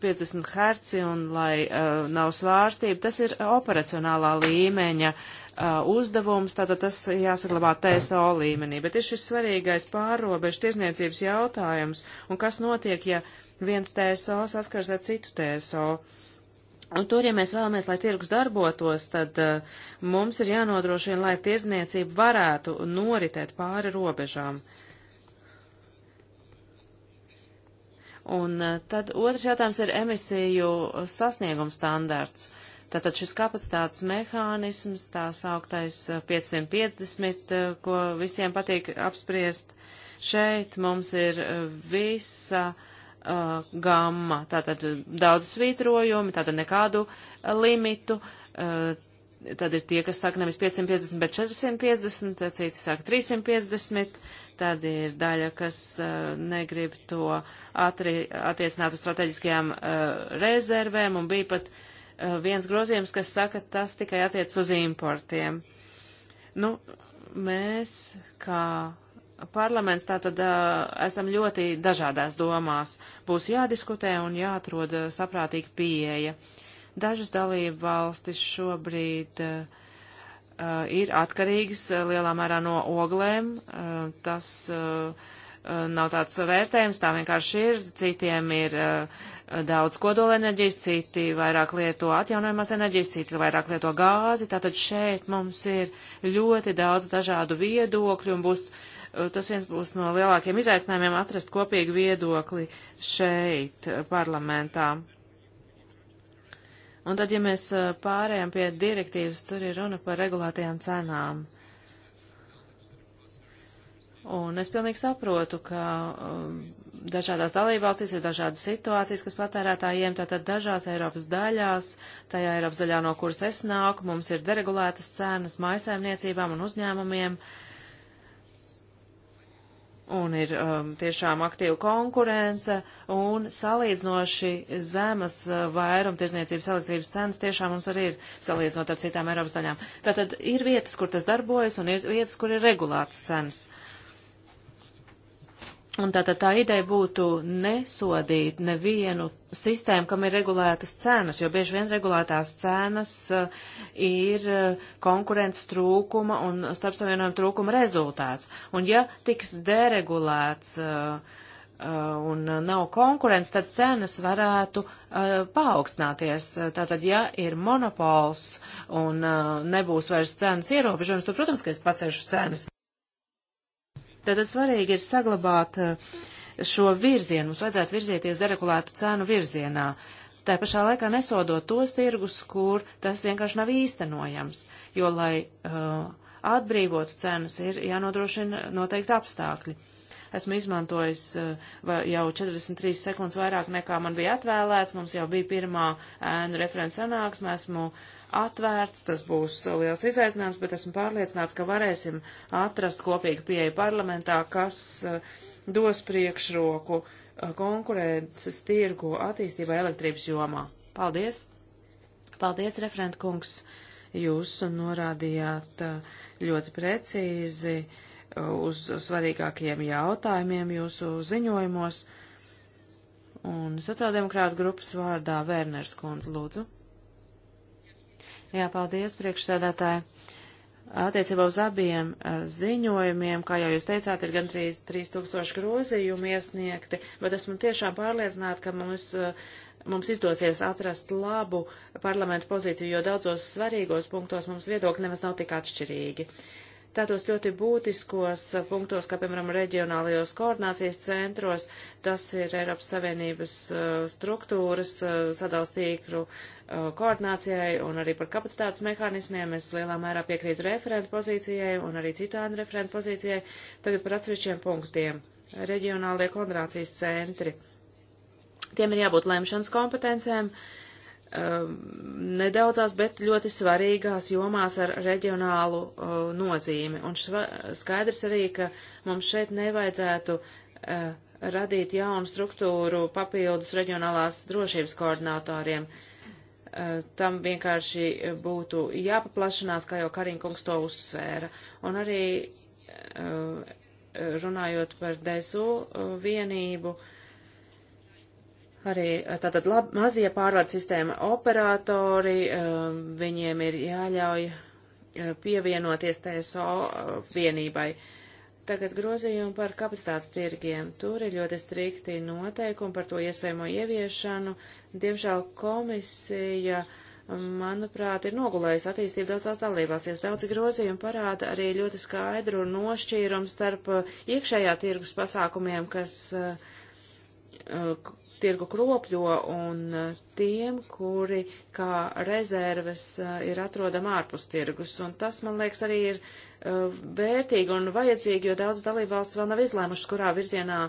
50 herci un lai uh, nav svārstība. Tas ir operacionālā līmeņa uh, Uh, uzdevums, tātad tas jāsaglabā TSO līmenī. Bet ir šis svarīgais pārrobežu tiesniecības jautājums, un kas notiek, ja viens TSO saskars ar citu TSO. Un tur, ja mēs vēlamies, lai tirgus darbotos, tad uh, mums ir jānodrošina, lai tiesniecība varētu noritēt pāri robežām. Un uh, tad otrs jautājums ir emisiju sasnieguma standarts. Uh, Tātad šis kapacitātes mehānisms, tās augtais 550, ko visiem patīk apspriest, šeit mums ir eh, visa uh, gamma, tātad daudz svītrojumi, tātad nekādu eh, limitu, uh, tad ir tie, kas saka nevis 550, bet 450, tad citi saka 350, tad ir daļa, kas uh, negrib to atri, attiecināt uz strateģiskajām uh, rezervēm, un bija pat Eh, viens grozījums, kas saka, tas tikai attiec uz importiem. Nu, mēs kā parlaments tātad eh, esam ļoti dažādās domās. Būs jādiskutē un jāatrod eh, saprātīga pieeja. Dažas dalību valstis šobrīd uh, uh, ir atkarīgs uh, lielā mērā no oglēm. Uh, tas uh, nav tāds vērtējums, tā vienkārši ir. Citiem ir uh, daudz kodolenerģijas, citi vairāk lieto atjaunojumās enerģijas, citi vairāk lieto gāzi. Tātad šeit mums ir ļoti daudz dažādu viedokļu un būs, uh, tas viens būs no lielākiem izaicinājumiem atrast kopīgu viedokli šeit uh, parlamentā. Un tad, ja mēs uh, pārējām pie direktīvas, tur ir runa par regulētajām cenām. Un es pilnīgi saprotu, ka um, dažādās dalībvalstīs ir dažādas situācijas, kas patērētājiem tātad dažās Eiropas daļās, tajā Eiropas daļā, no kuras es nāku, mums ir deregulētas cenas maisaimniecībām un uzņēmumiem. Un ir um, tiešām aktīva konkurence un salīdzinoši zemes uh, vairumtirdzniecības elektrības cenas tiešām mums arī ir salīdzinot ar citām Eiropas daļām. Tātad ir vietas, kur tas darbojas un ir vietas, kur ir regulētas cenas. Uh, Un tātad tā ideja būtu nesodīt nevienu sistēmu, kam ir regulētas cenas, jo bieži vien regulētās cenas uh, ir eh, konkurences trūkuma un starpsavienojuma trūkuma rezultāts. Un ja tiks deregulēts uh, uh, un nav konkurences, tad cenas varētu paaugstināties. Tātad, ja ir monopols un nebūs vairs cenas ierobežojums, tad, protams, ka es paceļšu cenas. Tātad svarīgi ir saglabāt eh, šo virzienu. Mums vajadzētu virzieties deregulētu cenu virzienā. Tā pašā laikā nesodot tos tirgus, kur tas vienkārši nav īstenojams, jo, lai uh, atbrīvotu cenas, ir jānodrošina noteikti apstākļi. Esmu izmantojis eh, jau 43 sekundes vairāk nekā man bija atvēlēts. Mums jau bija pirmā ēnu referents sanāksme. Esmu atvērts, tas būs liels izaicinājums, bet esmu pārliecināts, ka varēsim atrast kopīgu pieeju parlamentā, kas eh, dos priekšroku eh, konkurētas tirgu attīstībā elektrības jomā. Paldies! Paldies, referent kungs! Jūs norādījāt ļoti precīzi uz svarīgākajiem jautājumiem jūsu ziņojumos. Un sociāldemokrāta grupas vārdā Vērners Kundze, lūdzu. Jā, paldies, priekšsēdētāji. Attiecībā uz abiem ziņojumiem, kā jau jūs teicāt, ir gan 3000 grozījumu iesniegti, bet esmu tiešām pārliecināta, ka mums, mums izdosies atrast labu parlamentu pozīciju, jo daudzos svarīgos punktos mums viedokļi nemaz nav tik atšķirīgi. Uh, tādos ļoti būtiskos uh, punktos, kā piemēram reģionālajos koordinācijas centros, tas ir Eiropas Savienības uh, struktūras uh, sadalstīkru koordinācijai un arī par kapacitātes mehānismiem. Es lielā mērā piekrītu referentu pozīcijai un arī citādi referentu pozīcijai. Tagad par atsevišķiem punktiem. Reģionālajie koordinācijas centri. Tiem ir jābūt lemšanas kompetencēm. Uh, um, nedaudzās, bet ļoti svarīgās jomās ar reģionālu uh, nozīmi. Un šva, skaidrs arī, ka mums šeit nevajadzētu uh, radīt jaunu struktūru papildus reģionālās drošības koordinātoriem. Uh, tam vienkārši būtu jāpaplašanās, kā jau Kariņkungs to uzsvēra. Un arī uh, runājot par DSU uh, vienību, uh, Arī eh, tātad lab, mazie pārvaldes sistēma operatori, eh, viņiem ir jāļauj eh, pievienoties TSO vienībai. Tagad grozījumi par kapacitātes tirgiem. Tur ir ļoti strikti noteikumi par to iespējamo ieviešanu. Diemžēl komisija, manuprāt, ir nogulējusi attīstību daudzās dalībvalstīs. Daudzi grozījumi parāda arī ļoti skaidru nošķīrumu starp iekšējā tirgus pasākumiem, kas tirgu kropļo un eh, tiem, kuri kā rezerves eh, ir atrodama ārpus tirgus. Un tas, man liekas, arī ir eh, vērtīgi un vajadzīgi, jo daudz dalībvalsts vēl nav izlēmušas, kurā virzienā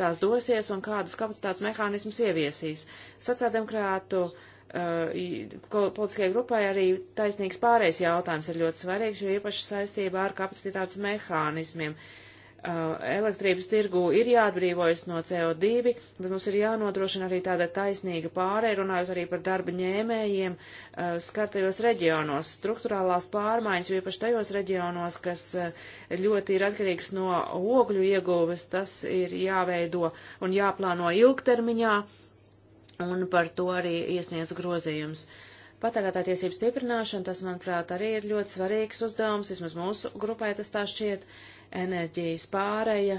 tās dosies un kādus kapacitātes mehānismus ieviesīs. Sociāldemokrātu uh, politiskajai grupai arī taisnīgs pārējais jautājums ir ļoti svarīgs, jo īpaši saistībā ar kapacitātes mehānismiem. Uh, Uh, elektrības tirgu ir jāatbrīvojas no CO2, bet mums ir jānodrošina arī tāda taisnīga pārēja, runājot arī par darba ņēmējiem uh, skartajos reģionos. Struktūrālās pārmaiņas, jo īpaši tajos reģionos, kas uh, ļoti ir atkarīgs no ogļu ieguves, tas ir jāveido un jāplāno ilgtermiņā, un par to arī iesniedz grozījums. Patērētāja tiesību stiprināšana, tas, manuprāt, arī ir ļoti svarīgs uzdevums, vismaz mūsu grupai tas tā šķiet. Uh, enerģijas pāreja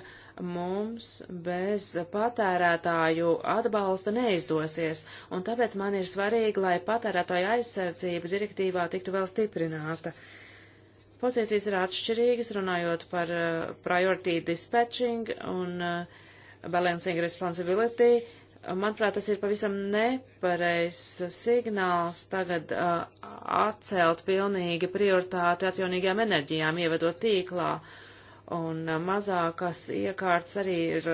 mums bez patērētāju atbalsta neizdosies, un tāpēc man ir svarīgi, lai patērētāju aizsardzība direktīvā tiktu vēl stiprināta. Pozīcijas ir atšķirīgas, runājot par uh, priority dispatching un uh, balancing responsibility. Manuprāt, tas ir pavisam nepareizs signāls tagad uh, atcelt pilnīgi prioritāti atjaunīgajām enerģijām, ievedot tīklā. Uh, un mazākas iekārtas arī ir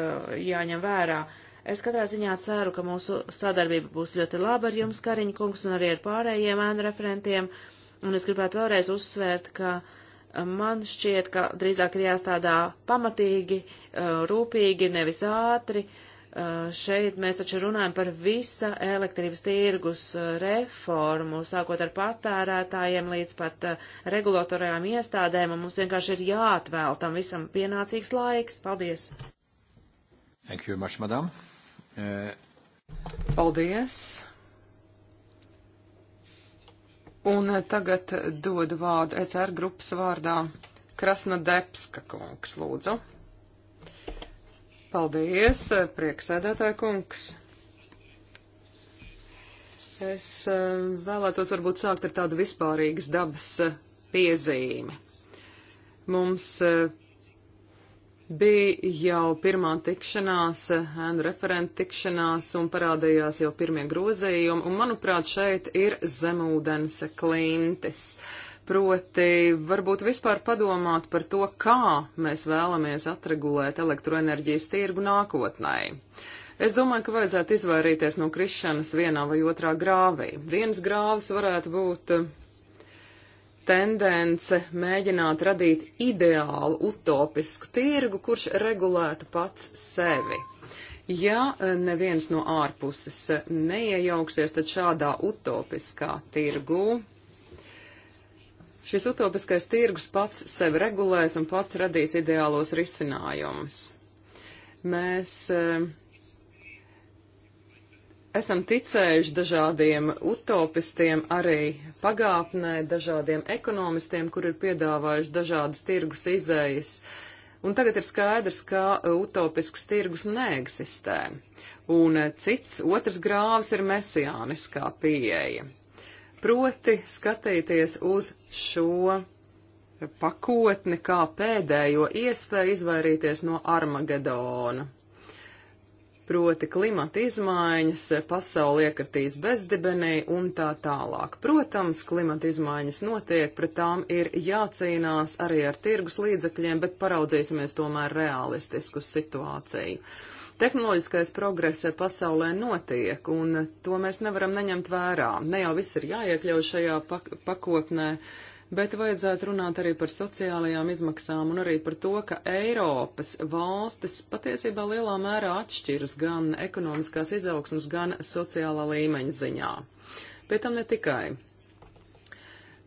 jāņem vērā. Es katrā ziņā ceru, ka mūsu sadarbība būs ļoti laba ar jums, Kariņa kungs, un arī ar pārējiem ēnu referentiem, un es gribētu vēlreiz uzsvērt, ka man šķiet, ka drīzāk ir jāstādā pamatīgi, rūpīgi, nevis ātri, uh, Eh, šeit mēs taču runājam par visa elektrības tirgus eh, reformu, sākot ar patērētājiem līdz pat eh, regulatorajām iestādēm, un mums vienkārši ir jāatvēl tam visam pienācīgs laiks. Paldies! Thank you much, madam. Uh... Paldies! Un tagad dodu vārdu ECR grupas vārdā Krasnodebska kungs, lūdzu. Paldies, eh, prieksēdētāja kungs. Es eh, vēlētos varbūt sākt ar tādu vispārīgas dabas eh, piezīmi. Mums bija jau pirmā tikšanās, ēnu referenta tikšanās, un parādījās jau pirmie grozījumi, un manuprāt, šeit ir zemūdens klintis. Uh, Proti, varbūt vispār padomāt par to, kā mēs vēlamies atregulēt elektroenerģijas tirgu nākotnē. Es domāju, ka vajadzētu izvairīties no krišanas vienā vai otrā grāvī. Vienas grāvis varētu būt eh, tendence mēģināt radīt ideālu utopisku tirgu, kurš regulētu pats sevi. Ja eh, neviens no ārpuses eh, neiejauksies, tad šādā utopiskā tirgū Šis utopiskais tirgus pats sevi regulēs un pats radīs ideālos risinājumus. Mēs eh, esam ticējuši dažādiem utopistiem arī pagātnē, dažādiem ekonomistiem, kur ir piedāvājuši dažādas tirgus izējas. Un tagad ir skaidrs, ka eh, utopisks tirgus neeksistē. Un eh, cits, otrs grāvs ir mesijāniskā pieeja. Proti skatīties uz šo pakotni kā pēdējo iespēju izvairīties no Armagedona. Proti klimata izmaiņas, pasauli iekartīs bezdibenī un tā tālāk. Protams, klimata izmaiņas notiek, pret tām ir jācīnās arī ar tirgus līdzekļiem, bet paraudzīsimies tomēr realistisku situāciju. Uh, Tehnoloģiskais progress pasaulē notiek, un to mēs nevaram neņemt vērā. Ne jau viss ir jāiekļauj šajā pak pakotnē, bet vajadzētu runāt arī par sociālajām izmaksām un arī par to, ka Eiropas valstis patiesībā lielā mērā atšķiras gan ekonomiskās izaugsmas, gan sociālā līmeņa ziņā. Pie tam ne tikai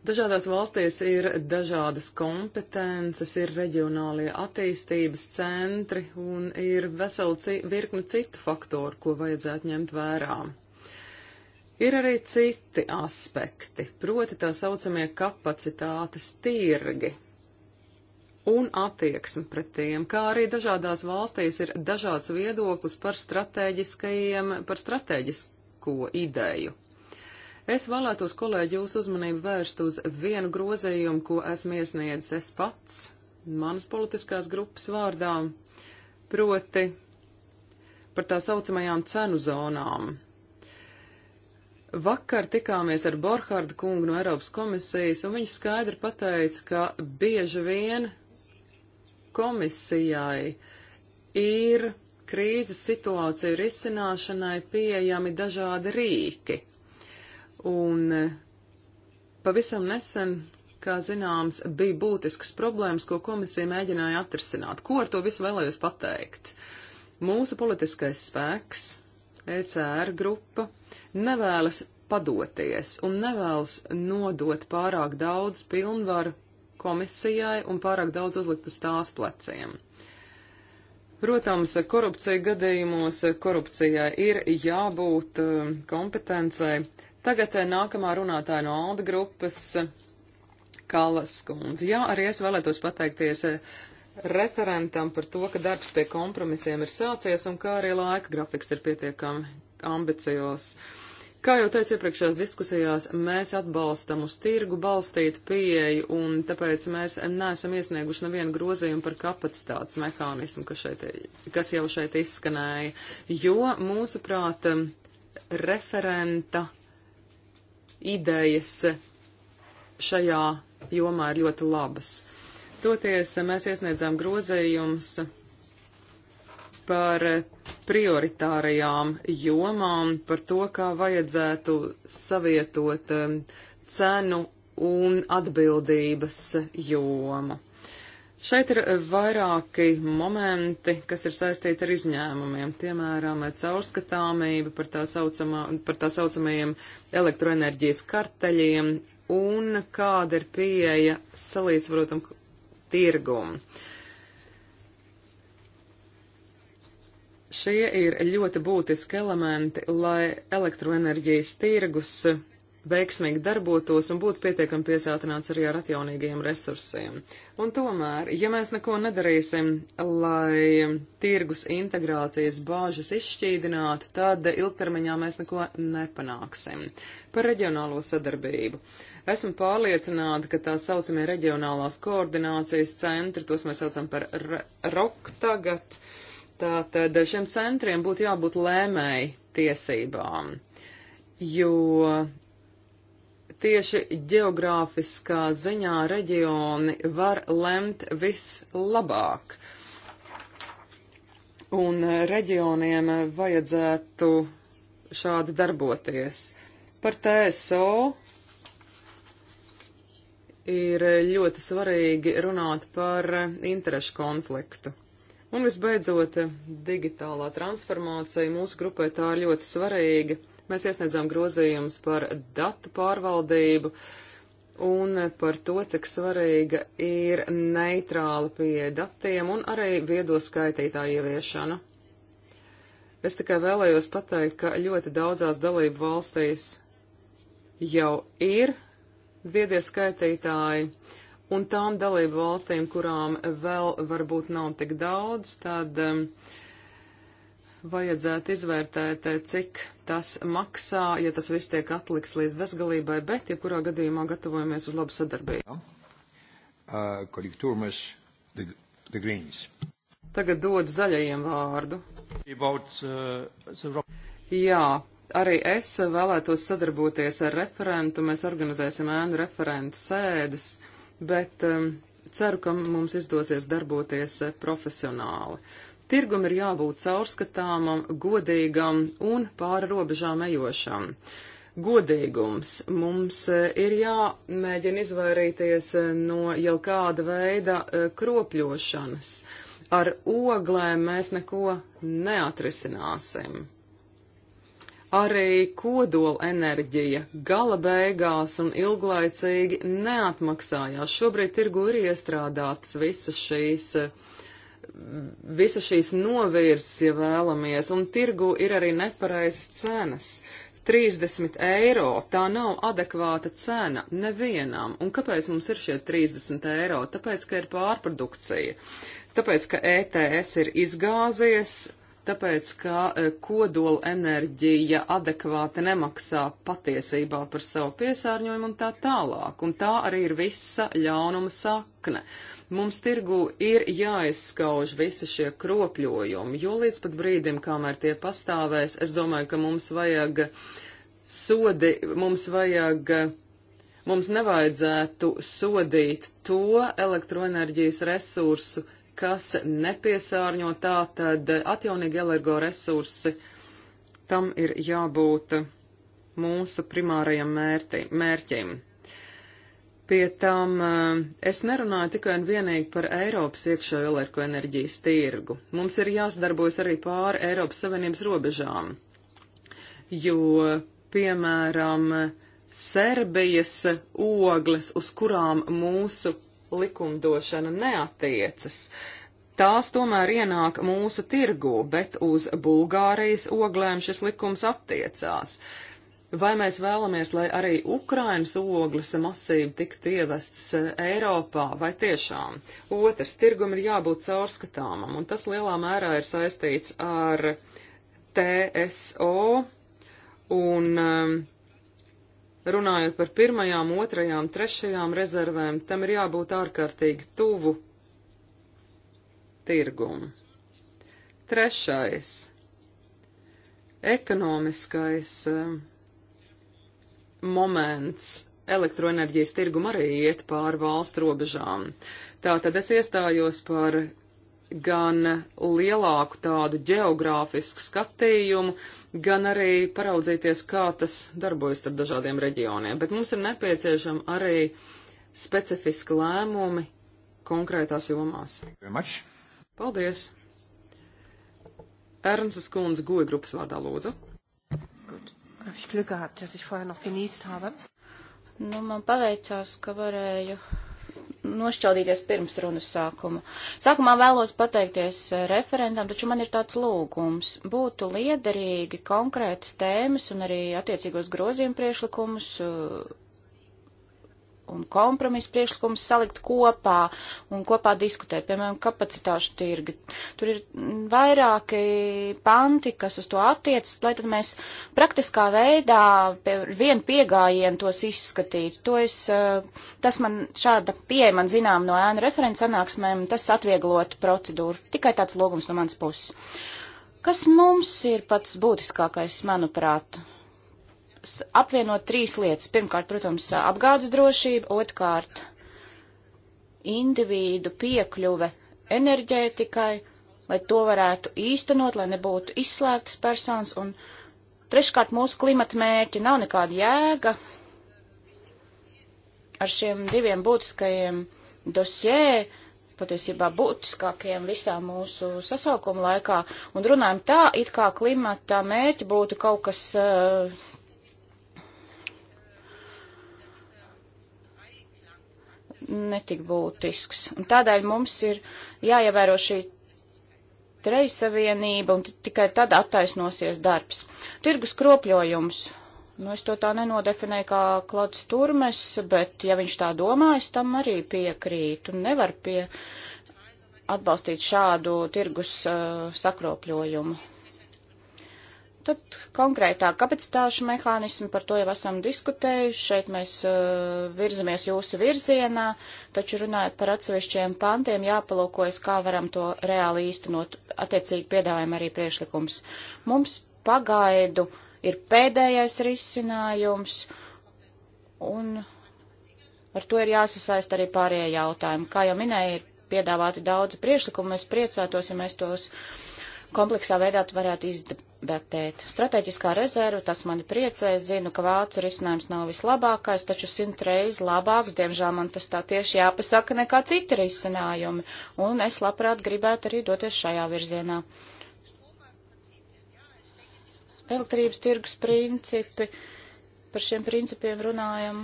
Dažādās valstīs ir dažādas kompetences, ir reģionālie attīstības centri un ir veseli virkni citu faktoru, ko vajadzētu ņemt vērā. Ir arī citi aspekti, proti tā saucamie kapacitātes tirgi un attieksme pret tiem, kā arī dažādās valstīs ir dažāds viedoklis par stratēģiskajiem, par stratēģisko ideju. Es vēlētos, kolēģi, jūsu uzmanību vērst uz vienu grozījumu, ko esmu iesniedzis es pats, manas politiskās grupas vārdā, proti par tā saucamajām cenu zonām. Vakar tikāmies ar Borhārdu kungu no Eiropas komisijas, un viņš skaidri pateica, ka bieži vien komisijai ir krīzes situāciju risināšanai pieejami dažādi rīki. Un e, pavisam nesen, kā zināms, bija būtiskas problēmas, ko komisija mēģināja atrisināt. Ko ar to visu vēlējos pateikt? Mūsu politiskais spēks, ECR grupa, nevēlas padoties un nevēlas nodot pārāk daudz pilnvaru komisijai un pārāk daudz uzlikt uz tās pleciem. Protams, korupcija gadījumos korupcijai ir jābūt e, kompetencei, Tagad eh, nākamā runātāja no Alda grupas Kalas kundze. Jā, arī es vēlētos pateikties eh, referentam par to, ka darbs pie kompromisiem ir sācies un kā arī laika grafiks ir pietiekami ambiciozs. Kā jau teicu iepriekšējās diskusijās, mēs atbalstam uz tirgu balstītu pieeju, un tāpēc mēs neesam iesnieguši nevienu grozījumu par kapacitātes mehānismu, kas, šeit, kas jau šeit izskanēja, jo, mūsuprāt, referenta idejas šajā jomā ir ļoti labas. Toties mēs iesniedzām grozējumus par prioritārajām jomām, par to, kā vajadzētu savietot um, cenu un atbildības jomu. Šeit ir vairāki momenti, kas ir saistīti ar izņēmumiem, piemēram, caurskatāmība par tā, saucamā, par tā saucamajiem elektroenerģijas karteļiem un kāda ir pieeja salīdzvarotam tirgumu. Šie ir ļoti būtiski elementi, lai elektroenerģijas tirgus veiksmīgi darbotos un būtu pietiekami piesātināts arī ar atjaunīgiem resursiem. Un tomēr, ja mēs neko nedarīsim, lai tirgus integrācijas bāžas izšķīdinātu, tad ilgtermiņā mēs neko nepanāksim. Par reģionālo sadarbību. Esmu pārliecināta, ka tā saucamie reģionālās koordinācijas centri, tos mēs saucam par ROK tagad, tātad šiem centriem būtu jābūt lēmēji tiesībām jo Tieši geogrāfiskā ziņā reģioni var lemt vislabāk. Un reģioniem vajadzētu šādi darboties. Par TSO ir ļoti svarīgi runāt par interešu konfliktu. Un visbeidzot, digitālā transformācija mūsu grupai tā ir ļoti svarīga. Mēs iesniedzām grozījumus par datu pārvaldību un par to, cik svarīga ir neitrāla pie datiem un arī viedo skaitītāju ieviešana. Es tikai vēlējos pateikt, ka ļoti daudzās dalību valstīs jau ir viedie skaitītāji, un tām dalību valstīm, kurām vēl varbūt nav tik daudz, tad um, uh, vajadzētu izvērtēt, eh, cik tas maksā, ja tas viss tiek atliks līdz bezgalībai, bet jebkurā ja gadījumā gatavojamies uz labu sadarbību. Kolīgi Turmes, The Greens. Tagad dodu zaļajiem vārdu. About, uh, Jā, arī es vēlētos sadarboties ar referentu, mēs organizēsim ēnu referentu sēdes, bet um, ceru, ka mums izdosies darboties eh, profesionāli. Uh, Tirgum ir jābūt caurskatāmam, godīgam un pāri robežām ejošam. Godīgums mums e, ir jāmēģina izvairīties e, no jau kāda veida e, kropļošanas. Ar oglēm mēs neko neatrisināsim arī kodola enerģija gala beigās un ilglaicīgi neatmaksājās. Šobrīd tirgu ir iestrādātas visas šīs visa šīs novirzes, ja vēlamies, un tirgu ir arī nepareizas cenas. 30 eiro tā nav adekvāta cena nevienam. Un kāpēc mums ir šie 30 eiro? Tāpēc, ka ir pārprodukcija. Tāpēc, ka ETS ir izgāzies, tāpēc, ka eh, kodola enerģija adekvāti nemaksā patiesībā par savu piesārņojumu un tā tālāk. Un tā arī ir visa ļaunuma sakne. Mums tirgu ir jāizskauž visi šie kropļojumi, jo līdz pat brīdim, kamēr tie pastāvēs, es domāju, ka mums vajag sodi, mums vajag. Mums nevajadzētu sodīt to elektroenerģijas resursu, kas nepiesārņo tā, tad atjaunīgi energoresursi tam ir jābūt mūsu primārajam mērķim. mērķim. Pie tam eh, es nerunāju tikai un vienīgi par Eiropas iekšējo elektroenerģijas tirgu. Mums ir jāsadarbojas arī pāri Eiropas Savienības robežām, jo, piemēram, Serbijas ogles, uz kurām mūsu likumdošana neatiecas, Tās tomēr ienāk mūsu tirgū, bet uz Bulgārijas oglēm šis likums attiecās. Vai mēs vēlamies, lai arī Ukrainas ogles masīvi tiktu ievestas eh, Eiropā, vai tiešām? Otrs, tirgum ir jābūt caurskatāmam, un tas lielā mērā ir saistīts ar TSO un um, runājot par pirmajām, otrajām, trešajām rezervēm, tam ir jābūt ārkārtīgi tuvu tirgumu. Trešais - ekonomiskais ehm, moments elektroenerģijas tirgum arī iet pāri valsts robežām. Tātad es iestājos par gan lielāku tādu geogrāfisku skatījumu, gan arī paraudzīties, kā tas darbojas starp dažādiem reģioniem. Bet mums ir nepieciešama arī specifiski lēmumi konkrētās jomās. Paldies! Ernsts Kunds, Goja grupas vārdā lūdzu. Habe ich Glück gehabt, dass ich vorher noch genießt habe. Nu, man paveicās, ka varēju nošķaudīties pirms runas sākuma. Sākumā vēlos pateikties eh, referentam, taču man ir tāds lūgums. Būtu liederīgi konkrētas tēmas un arī attiecīgos grozījumu priešlikumus eh, un kompromisu priekšlikumus salikt kopā un kopā diskutēt, piemēram, kapacitāšu tirgi. Tur ir vairāki panti, kas uz to attiecas, lai tad mēs praktiskā veidā pie vienu piegājienu tos izskatītu. To es, eh, tas man šāda pieeja man zinām no ēnu referents sanāksmēm, tas atvieglotu procedūru. Tikai tāds logums no manas puses. Kas mums ir pats būtiskākais, manuprāt, apvienot trīs lietas. Pirmkārt, protams, apgādes drošība, otrkārt, individu piekļuve enerģētikai, lai to varētu īstenot, lai nebūtu izslēgtas personas, un treškārt, mūsu klimata mērķi nav nekāda jēga ar šiem diviem būtiskajiem dosjē, patiesībā būtiskākajiem visā mūsu sasaukuma laikā, un runājam tā, it kā klimata mērķi būtu kaut kas uh, netik būtisks. Un tādēļ mums ir jāievēro šī trejsavienība un tikai tad attaisnosies darbs. Tirgus kropļojums. Nu, es to tā nenodefinēju kā Klauds Turmes, bet ja viņš tā domā, es tam arī piekrītu. Nevar pie atbalstīt šādu tirgus uh, sakropļojumu. Tad konkrētāk kapacitāšu mehānismi, par to jau esam diskutējuši, šeit mēs uh, virzamies jūsu virzienā, taču runājot par atsevišķiem pantiem, jāpalūkojas, kā varam to reāli īstenot, attiecīgi piedāvājam arī priešlikums. Mums pagaidu ir pēdējais risinājums, un ar to ir jāsasaist arī pārējie jautājumi. Kā jau minēja, ir piedāvāti daudzi priešlikumi, mēs priecātos, ja mēs tos kompleksā veidā varētu izdarīt debatēt. Strateģiskā rezerve, tas mani priecē, zinu, ka vācu risinājums nav vislabākais, taču simt reiz labāks, diemžēl man tas tā tieši jāpasaka, nekā citi risinājumi, un es labprāt gribētu arī doties šajā virzienā. Elektrības tirgus principi, par šiem principiem runājam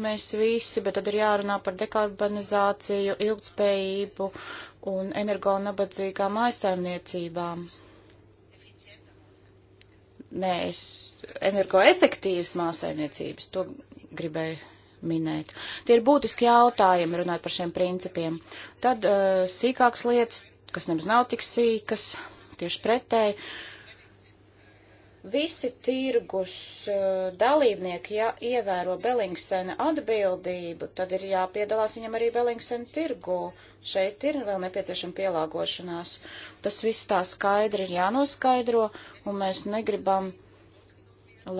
mēs visi, bet tad ir jārunā par dekarbonizāciju, ilgtspējību un energo nabadzīgām aizsaimniecībām nees energoefektīvas mājasaimniecības. To gribēju minēt. Tie ir būtiski jautājumi runāt par šiem principiem. Tad uh, sīkākas lietas, kas nemaz nav tik sīkas, tieši pretēji. Visi tirgus uh, dalībnieki, ja ievēro Bellingsena atbildību, tad ir jāpiedalās viņam arī Bellingsena tirgu. Šeit ir vēl nepieciešama pielāgošanās. Tas viss tā skaidri ir jānoskaidro. Uh, un mēs negribam,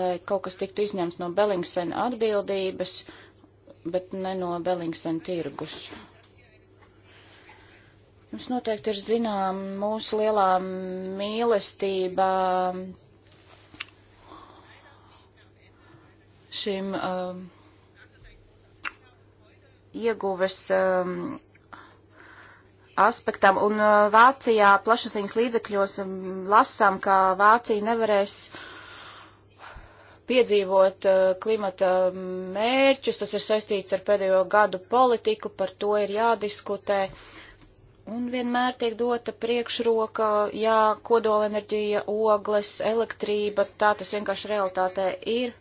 lai kaut kas tiktu izņemts no Bellingsena atbildības, bet ne no Bellingsena tirgus. Mums noteikti ir zinām mūsu lielā mīlestība šim uh, ieguves um, aspektam. Un uh, Vācijā plašsaziņas līdzekļos um, lasām, ka Vācija nevarēs piedzīvot uh, klimata mērķus. Tas ir saistīts ar pēdējo gadu politiku, par to ir jādiskutē. Un vienmēr tiek dota priekšroka, jā, kodolenerģija, ogles, elektrība, tā tas vienkārši realitātē ir.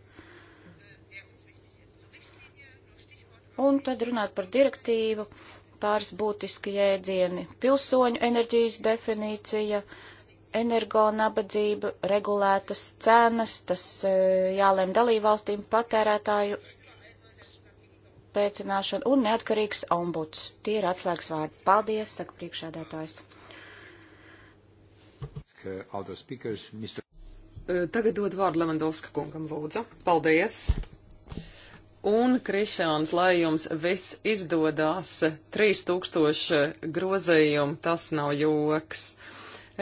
Un tad runāt par direktīvu. Uh, pāris būtiski jēdzieni - pilsoņu enerģijas definīcija, energonabadzība, regulētas cenas, tas e, jālēm dalībvalstīm patērētāju spēcināšana un neatkarīgs ombuds. Tie ir atslēgas vārdi. Paldies, saka priekšādātājs. E, tagad dod vārdu Levandovska kungam, lūdzu. Paldies! Un, Krišāns, lai jums viss izdodās, 3000 grozījumu, tas nav joks.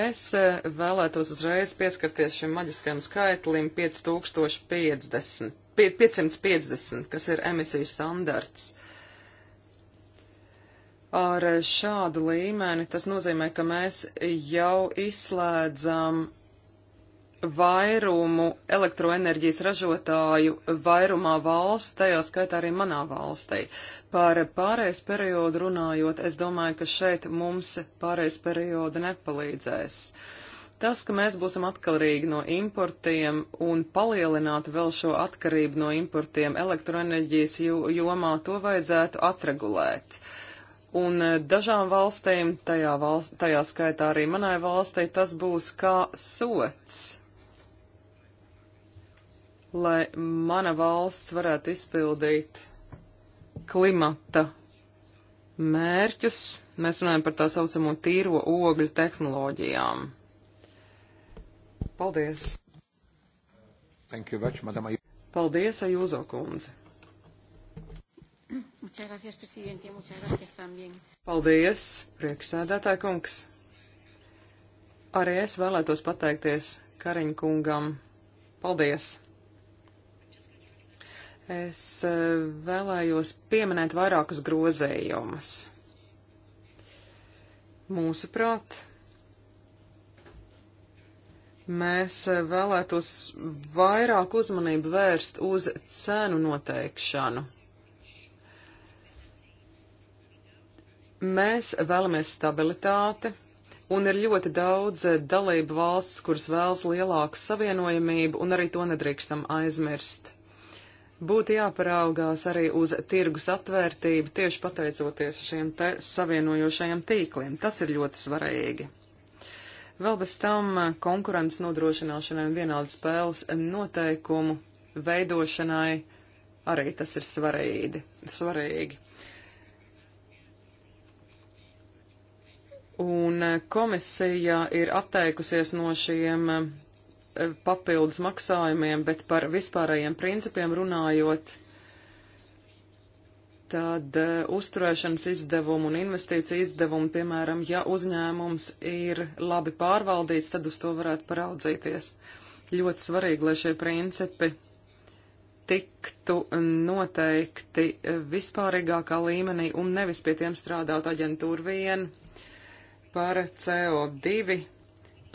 Es e, vēlētos uzreiz pieskarties šim maģiskajam skaitlim 5050, 550, kas ir emisiju standarts. Ar šādu līmeni tas nozīmē, ka mēs jau izslēdzam vairumu elektroenerģijas ražotāju vairumā valsts, tajā skaitā arī manā valstī. Par pārējais periodu runājot, es domāju, ka šeit mums pārējais perioda nepalīdzēs. Tas, ka mēs būsim atkarīgi no importiem un palielināt vēl šo atkarību no importiem elektroenerģijas jomā, to vajadzētu atregulēt. Un eh, dažām valstīm, tajā, valst, tajā skaitā arī manai valstī, tas būs kā sots lai mana valsts varētu izpildīt klimata mērķus. Mēs runājam par tā saucamo tīro ogļu tehnoloģijām. Paldies! Thank you much, madam. Paldies, Ajūzo kundze! Paldies, priekšsēdētāja kungs! Arī es vēlētos pateikties Kariņkungam. Paldies! Es e, vēlējos pieminēt vairākus grozējumus. Mūsuprāt, mēs e, vēlētos vairāk uzmanību vērst uz cenu noteikšanu. Mēs vēlamies stabilitāti, un ir ļoti daudz e, dalību valsts, kuras vēlas lielāku savienojamību, un arī to nedrīkstam aizmirst būtu jāparaugās arī uz tirgus atvērtību tieši pateicoties šiem te savienojošajiem tīkliem. Tas ir ļoti svarīgi. Vēl bez tam konkurences nodrošināšanai un vienādas spēles noteikumu veidošanai arī tas ir svarīgi. svarīgi. Un komisija ir atteikusies no šiem Eh, papildus maksājumiem, bet par vispārējiem principiem runājot, tad uh, uzturēšanas izdevumu un investīciju izdevumu, piemēram, ja uzņēmums ir labi pārvaldīts, tad uz to varētu paraudzīties. Ļoti svarīgi, lai šie principi tiktu noteikti eh, vispārīgākā līmenī un nevis pie tiem strādāt aģentūra vien par CO2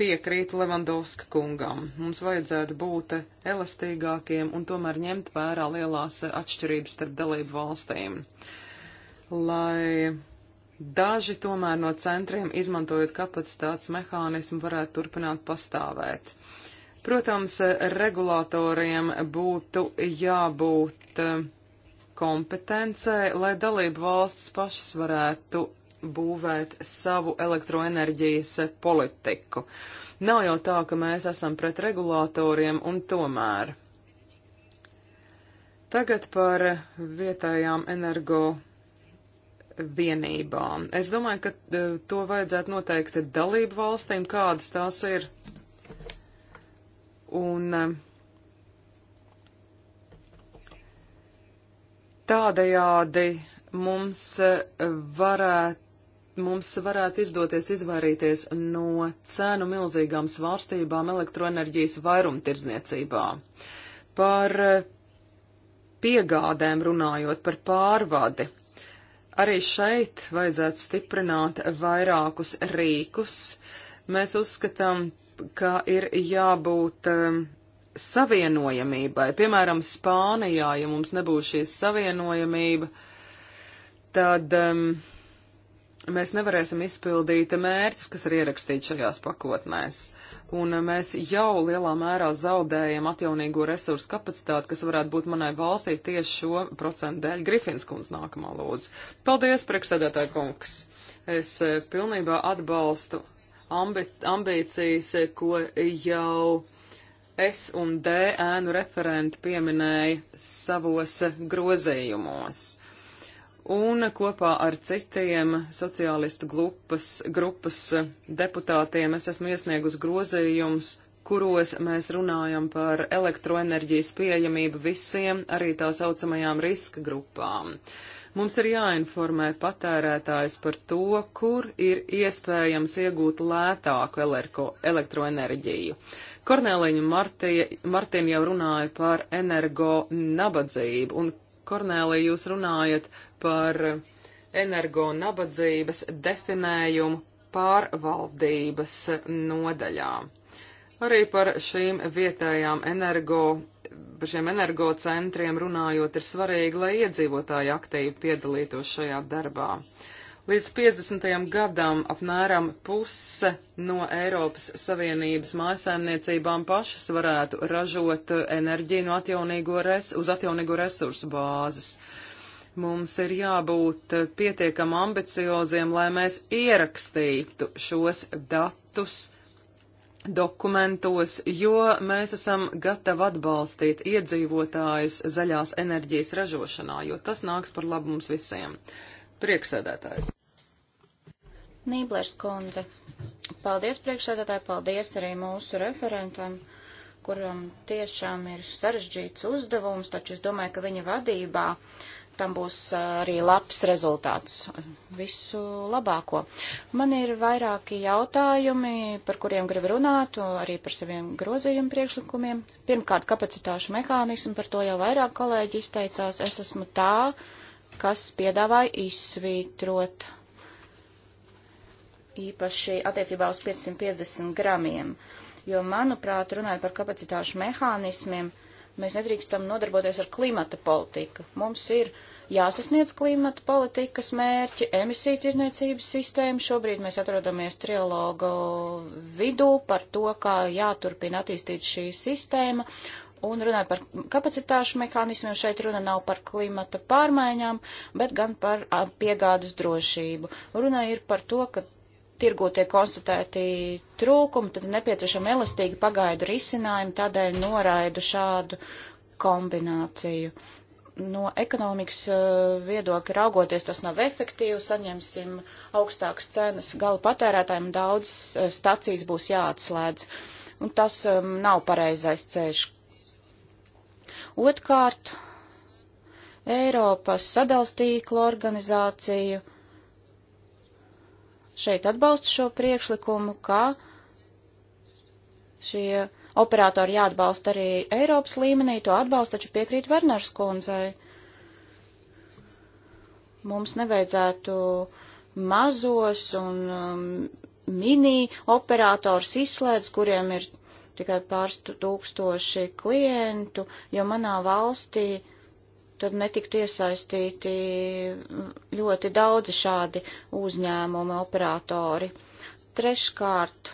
piekrītu Levandovska kungam. Mums vajadzētu būt elastīgākiem un tomēr ņemt vērā lielās atšķirības starp dalību valstīm. Lai daži tomēr no centriem, izmantojot kapacitātes mehānismu, varētu turpināt pastāvēt. Protams, regulātoriem būtu jābūt eh, kompetencē, lai dalību valsts pašas varētu būvēt savu elektroenerģijas politiku. Nav jau tā, ka mēs esam pret regulātoriem un tomēr. Tagad par vietējām energo vienībām. Es domāju, ka e, to vajadzētu noteikti dalību valstīm, kādas tās ir. Un e, tādējādi mums e, varētu mums varētu izdoties izvairīties no cēnu milzīgām svārstībām elektroenerģijas vairumtirdzniecībā. Par eh, piegādēm runājot par pārvadi. Arī šeit vajadzētu stiprināt vairākus rīkus. Mēs uzskatām, ka ir jābūt um, savienojamībai. Piemēram, Spānijā, ja mums nebūs šī savienojamība, tad um, mēs nevarēsim izpildīt mērķus, kas ir ierakstīti šajās pakotnēs. Un mēs jau lielā mērā zaudējam atjaunīgo resursu kapacitāti, kas varētu būt manai valstī tieši šo procentu dēļ. Grifins kundz nākamā lūdzu. Paldies, priekšsēdētāji kungs. Es e, pilnībā atbalstu ambi ambīcijas, e, ko jau S un D ēnu referenti pieminēja savos e, grozījumos un kopā ar citiem sociālistu grupas, grupas deputātiem es esmu iesniegus grozījums, kuros mēs runājam par elektroenerģijas pieejamību visiem, arī tā saucamajām riska grupām. Mums ir jāinformē patērētājs par to, kur ir iespējams iegūt lētāku elerko, elektroenerģiju. Korneliņa Martija, Martina jau runāja par energo nabadzību un Kornēlī, jūs runājat par energo nabadzības definējumu pārvaldības nodaļā. Arī par šīm vietējām energo, par šiem energocentriem runājot, ir svarīgi, lai iedzīvotāji aktīvi piedalītos šajā darbā. Uh, Līdz 50. gadam apmēram puse no Eiropas Savienības mājasēmniecībām pašas varētu ražot eh, enerģiju no atjaunīgo res, uz atjaunīgo resursu bāzes. Mums ir jābūt eh, pietiekam ambicioziem, lai mēs ierakstītu šos datus dokumentos, jo mēs esam gatavi atbalstīt iedzīvotājus zaļās enerģijas ražošanā, jo tas nāks par labu mums visiem. Prieksēdētājs. Nīblers kundze. Paldies priekšsēdētāji, paldies arī mūsu referentam, kuram tiešām ir sarežģīts uzdevums, taču es domāju, ka viņa vadībā tam būs uh, arī labs rezultāts. Visu labāko. Man ir vairāki jautājumi, par kuriem gribu runāt, arī par saviem grozījumu priekšlikumiem. Pirmkārt, kapacitāšu mehānismu, par to jau vairāk kolēģi izteicās. Es esmu tā, uh, kas piedāvāja izsvītrot īpaši attiecībā uz 550 gramiem. Jo, manuprāt, runājot par kapacitāšu mehānismiem, mēs nedrīkstam nodarboties ar klimata politiku. Mums ir jāsasniedz klimata politikas mērķi, emisiju tirniecības sistēma. Šobrīd mēs atrodamies trialogu vidū par to, kā jāturpina attīstīt šī sistēma. Un runāja par kapacitāšu mehānismiem, šeit runa nav par klimata pārmaiņām, bet gan par a, piegādes drošību. Runa ir par to, ka tirgu tiek konstatēti trūkumi, tad nepieciešama elastīgi pagaidu risinājumi, tādēļ noraidu šādu kombināciju. No ekonomikas viedokļa raugoties, tas nav efektīvi, saņemsim augstākas cenas gala patērētājiem, daudz stacijas būs jāatslēdz. Un tas um, nav pareizais ceļš, Otkārt, Eiropas sadalstīklu organizāciju šeit atbalsta šo priekšlikumu, ka šie operatori jāatbalsta arī Eiropas līmenī, to atbalsta taču piekrīt Vernars kundzei. Mums nevajadzētu mazos un um, mini operators izslēdz, kuriem ir tikai pāris tūkstoši klientu, jo manā valstī tad netiktu iesaistīti ļoti daudzi šādi uzņēmumi, operatori. Treškārt,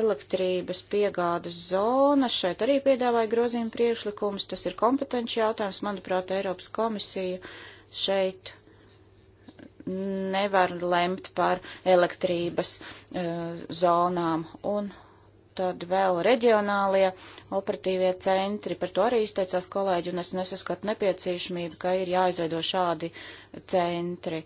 elektrības piegādes zona. Šeit arī piedāvāja grozījuma priekšlikumus. Tas ir kompetenci jautājums. Manuprāt, Eiropas komisija šeit nevar lemt par elektrības uh, zonām. Un tad vēl reģionālie operatīvie centri. Par to arī izteicās kolēģi, un es nesaskatu nepieciešamību, ka ir jāizveido šādi centri.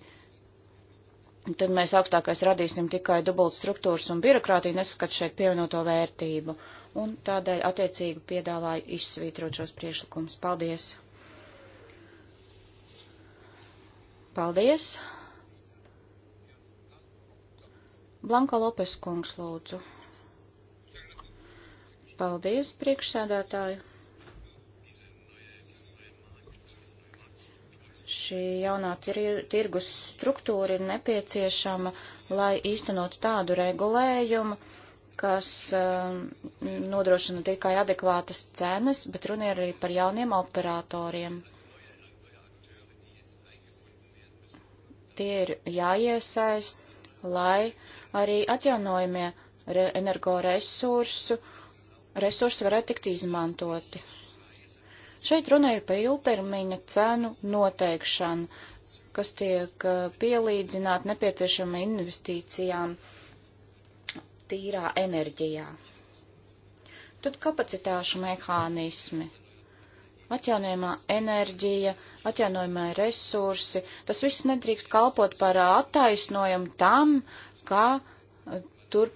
Tad mēs augstākais radīsim tikai dubult struktūras un birokrātiju, nesaskat šeit pievienoto vērtību. Un tādēļ attiecīgi piedāvāju izsvītrot šos priešlikumus. Paldies! Paldies! Blanko Lopes kungs lūdzu. Paldies, priekšsēdētāju. Šī jaunā tir tirgus struktūra ir nepieciešama, lai īstenot tādu regulējumu, kas um, nodrošina tikai adekvātas cenas, bet runa ir arī par jauniem operatoriem. Tie ir jāiesaist, lai arī atjaunojumie energoresursu resursi varētu tikt izmantoti. Šeit runa ir par ilgtermiņa cenu noteikšanu, kas tiek eh, pielīdzināta nepieciešama investīcijām tīrā enerģijā. Tad kapacitāšu mehānismi, atjaunojumā enerģija, atjaunojumā resursi, tas viss nedrīkst kalpot par eh, attaisnojumu tam, ka eh, tur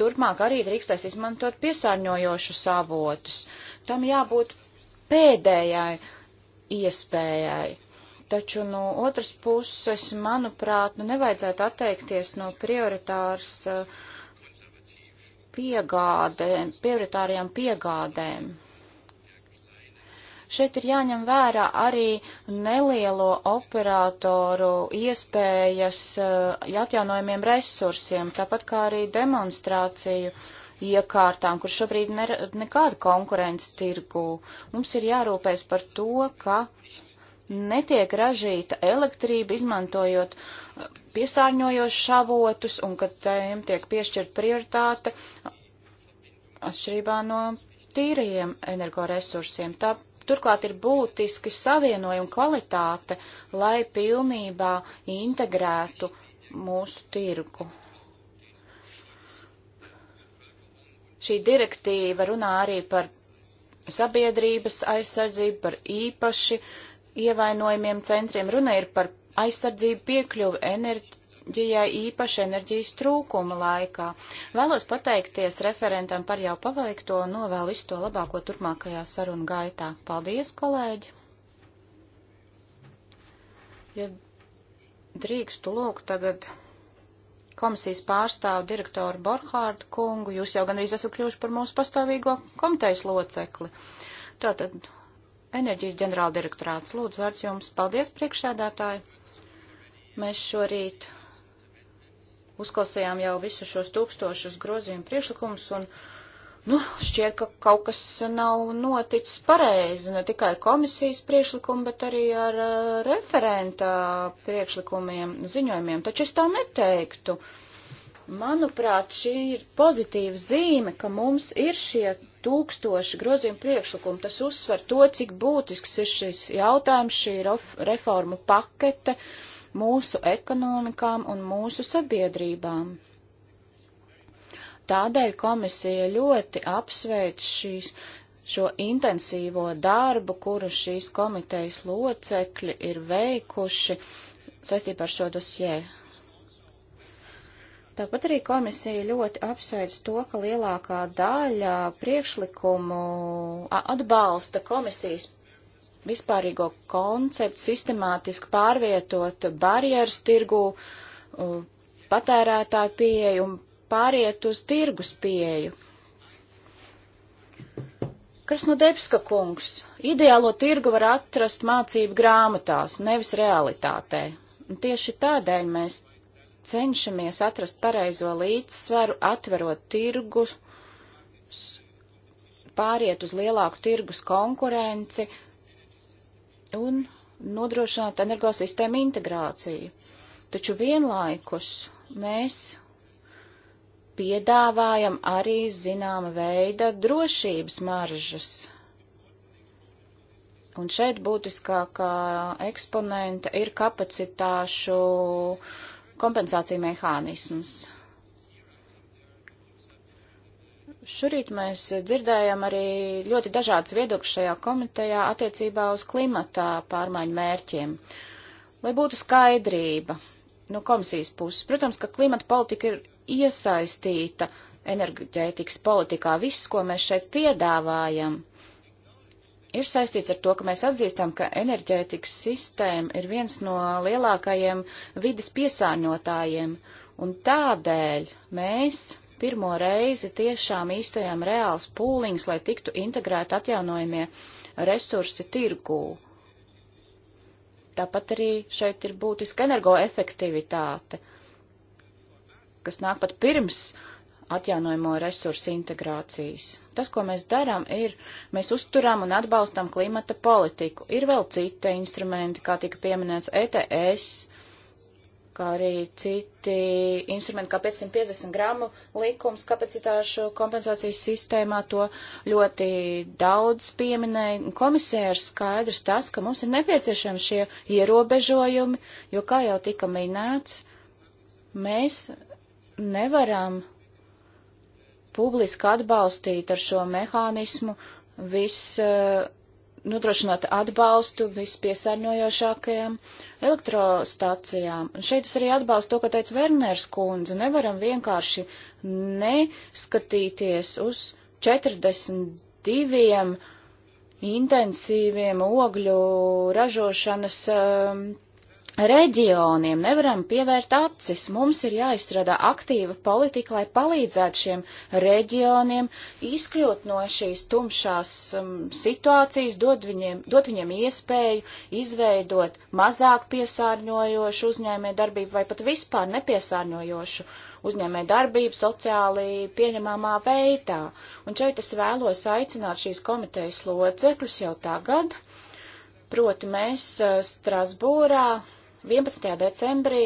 turpmāk arī drīkstēs izmantot piesārņojošus avotus. Tam jābūt pēdējai iespējai. Taču no otras puses, manuprāt, nu nevajadzētu atteikties no prioritārs eh, piegādēm, prioritārajām piegādēm. Šeit ir jāņem vērā arī nelielo operatoru iespējas eh, atjaunojumiem resursiem, tāpat kā arī demonstrāciju iekārtām, kur šobrīd ir nekāda konkurence tirgū. Mums ir jārūpēs par to, ka netiek ražīta elektrība, izmantojot eh, piesārņojošus avotus, un ka tiem tiek piešķirta prioritāte atšķirībā no tīrajiem energoresursiem. Tā Turklāt ir būtiski savienojuma kvalitāte, lai pilnībā integrētu mūsu tirgu. Šī direktīva runā arī par sabiedrības aizsardzību, par īpaši ievainojumiem centriem. Runa ir par aizsardzību piekļuvi enerģi enerģijai īpaši enerģijas trūkuma laikā. Vēlos pateikties referentam par jau paveikto un novēlu visu to labāko turpmākajā sarunu gaitā. Paldies, kolēģi! Ja drīkstu lūgt tagad komisijas pārstāvu direktoru Borhārdu kungu, jūs jau gandrīz esat kļuvuši par mūsu pastāvīgo komitejas locekli. Tātad enerģijas ģenerāldirektorāts, lūdzu vārds jums. Paldies, priekšsēdētāji! Mēs šorīt uzklausījām jau visu šos tūkstošus grozījumu priekšlikumus un, nu, šķiet, ka kaut kas nav noticis pareizi, ne tikai ar komisijas priekšlikumu, bet arī ar uh, referenta priekšlikumiem, ziņojumiem. Taču es tā neteiktu. Manuprāt, šī ir pozitīva zīme, ka mums ir šie tūkstoši grozījumu priekšlikumu. Tas uzsver to, cik būtisks ir šis jautājums, šī reformu pakete. Uh, mūsu ekonomikām un mūsu sabiedrībām. Tādēļ komisija ļoti apsveic šīs, šo intensīvo darbu, kuru šīs komitejas locekļi ir veikuši saistībā ar šo dosjē. Tāpat arī komisija ļoti apsveic to, ka lielākā daļa priekšlikumu atbalsta komisijas vispārīgo konceptu sistemātiski pārvietot barjeras tirgu, patērētāju pieeju un pāriet uz tirgus pieeju. Krasnodebska kungs, ideālo tirgu var atrast mācību grāmatās, nevis realitātē. Un tieši tādēļ mēs cenšamies atrast pareizo līdzsvaru, atverot tirgus, pāriet uz lielāku tirgus konkurenci un nodrošināt energosistēmu integrāciju. Taču vienlaikus mēs piedāvājam arī zināma veida drošības maržas. Un šeit būtiskākā eksponenta ir kapacitāšu kompensācija mehānisms. Šorīt mēs dzirdējam arī ļoti dažādas viedokļas šajā komitejā attiecībā uz klimatā pārmaiņu mērķiem. Lai būtu skaidrība no komisijas puses, protams, ka klimata politika ir iesaistīta enerģētikas politikā. Viss, ko mēs šeit piedāvājam, ir saistīts ar to, ka mēs atzīstam, ka enerģētikas sistēma ir viens no lielākajiem vidas piesārņotājiem, un tādēļ mēs pirmo reizi tiešām īstajām reāls pūliņus, lai tiktu integrēti atjaunojumie resursi tirgū. Tāpat arī šeit ir būtiska energoefektivitāte, kas nāk pat pirms atjaunojamo resursu integrācijas. Tas, ko mēs darām, ir, mēs uzturām un atbalstam klimata politiku. Ir vēl citi instrumenti, kā tika pieminēts ETS, kā arī citi instrumenti, kā 550 gramu likums kapacitāšu kompensācijas sistēmā, to ļoti daudz pieminēja. Komisija ir skaidrs tas, ka mums ir nepieciešami šie ierobežojumi, jo, kā jau tika minēts, mēs nevaram publiski atbalstīt ar šo mehānismu viss. Uh, nodrošināt atbalstu vispiesārņojošākajām elektrostacijām. Un šeit es arī atbalstu to, ko teica Werners kundze. Nevaram vienkārši neskatīties uz 42 intensīviem ogļu ražošanas um, reģioniem nevaram pievērt acis. Mums ir jāizstrādā aktīva politika, lai palīdzētu šiem reģioniem izkļūt no šīs tumšās um, situācijas, dot viņiem, dot viņiem iespēju izveidot mazāk piesārņojošu uzņēmē darbību vai pat vispār nepiesārņojošu uzņēmē darbību sociāli pieņemamā veidā. Un šeit es vēlos aicināt šīs komitejas locekļus jau tagad. Proti mēs uh, Strasbūrā 11. decembrī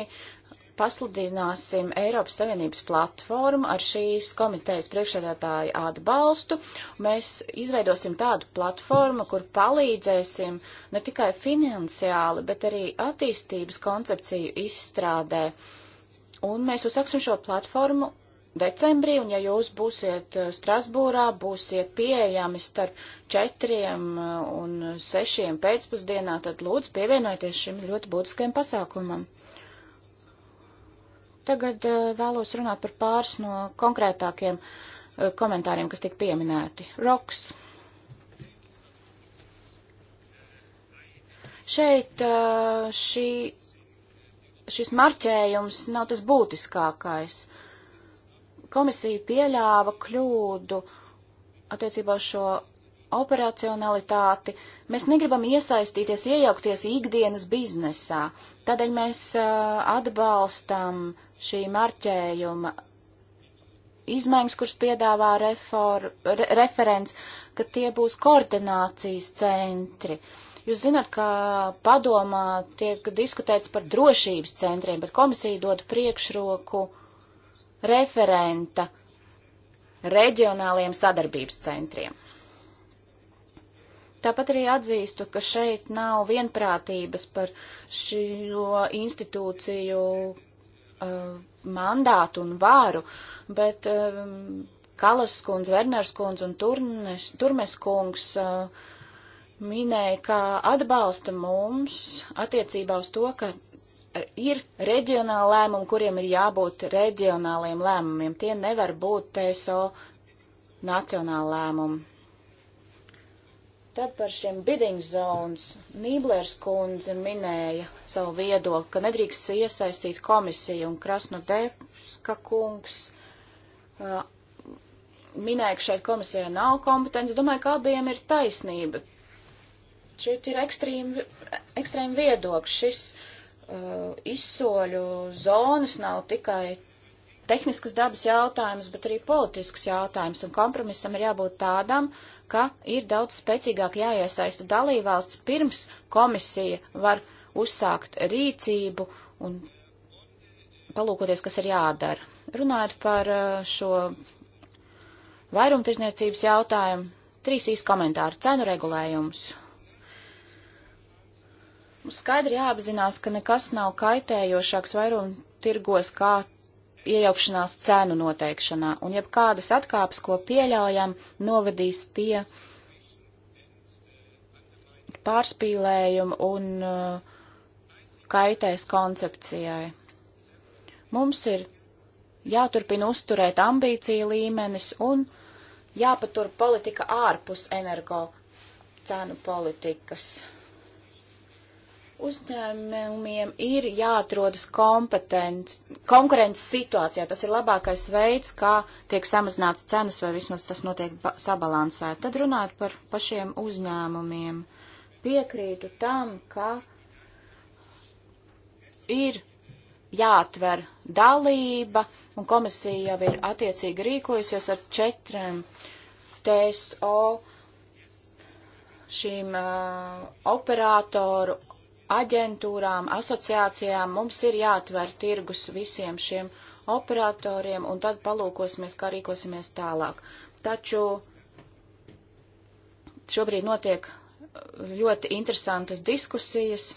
pasludināsim Eiropas Savienības platformu ar šīs komitejas priekšsēdētāju atbalstu. Mēs izveidosim tādu platformu, kur palīdzēsim ne tikai finansiāli, bet arī attīstības koncepciju izstrādē. Un mēs uzsāksim šo platformu decembrī, un ja jūs būsiet eh, Strasbūrā, būsiet pieejami starp četriem eh, un sešiem pēcpusdienā, tad lūdzu pievienojieties šim ļoti būtiskajam pasākumam. Tagad eh, vēlos runāt par pāris no konkrētākiem komentāriem, kas tika pieminēti. Roks. Šeit šī, šis marķējums nav tas būtiskākais Komisija pieļāva kļūdu attiecībā uz šo operacionalitāti. Mēs negribam iesaistīties, iejaukties ikdienas biznesā. Tādēļ mēs uh, atbalstam šī marķējuma izmaiņas, kuras piedāvā refor, re, referents, ka tie būs koordinācijas centri. Jūs zināt, ka padomā tiek diskutēts par drošības centriem, bet komisija dod priekšroku uh, referenta reģionāliem sadarbības centriem. Tāpat arī atzīstu, ka šeit nav vienprātības par šo institūciju uh, mandātu un vāru, bet um, Kalas kundze, Werners kundze un Turnes, Turmes kungs uh, minēja, ka atbalsta mums attiecībā uz to, ka ir reģionāli lēmumi, kuriem ir jābūt reģionāliem lēmumiem. Tie nevar būt TSO nacionāli lēmumi. Tad par šiem bidding zones Nīblers kundze minēja savu viedokli, ka nedrīkst iesaistīt komisiju un Krasnodebska kungs uh, minēja, ka šeit komisijai nav kompetence. Domāju, ka abiem ir taisnība. Šeit ir ekstrēma viedokļa. Šis uh, uh, izsoļu zonas nav tikai tehniskas dabas jautājums, bet arī politisks jautājums, un kompromisam ir jābūt tādam, ka ir daudz spēcīgāk jāiesaista dalībvalsts pirms komisija var uzsākt rīcību un palūkoties, kas ir jādara. Runājot par eh, šo vairumtirdzniecības jautājumu, trīs īsti komentāri - cenu regulējums. Mums skaidri jāapzinās, ka nekas nav kaitējošāks vairuma tirgos kā iejaukšanās cēnu noteikšanā, un jebkādas atkāpes, ko pieļaujam, novedīs pie pārspīlējumu un uh, kaitēs koncepcijai. Mums ir jāturpina uzturēt ambīciju līmenis un jāpatur politika ārpus energo cenu politikas. Uzņēmumiem ir jāatrodas konkurences situācijā. Tas ir labākais veids, kā tiek samazināts cenas, vai vismaz tas notiek sabalansēt. Tad runājot par pašiem uzņēmumiem, piekrītu tam, ka ir jāatver dalība, un komisija jau ir attiecīgi rīkojusies ar četriem TSO šīm uh, operatoru aģentūrām, asociācijām mums ir jāatver tirgus visiem šiem operatoriem, un tad palūkosimies, kā rīkosimies tālāk. Taču šobrīd notiek ļoti interesantas diskusijas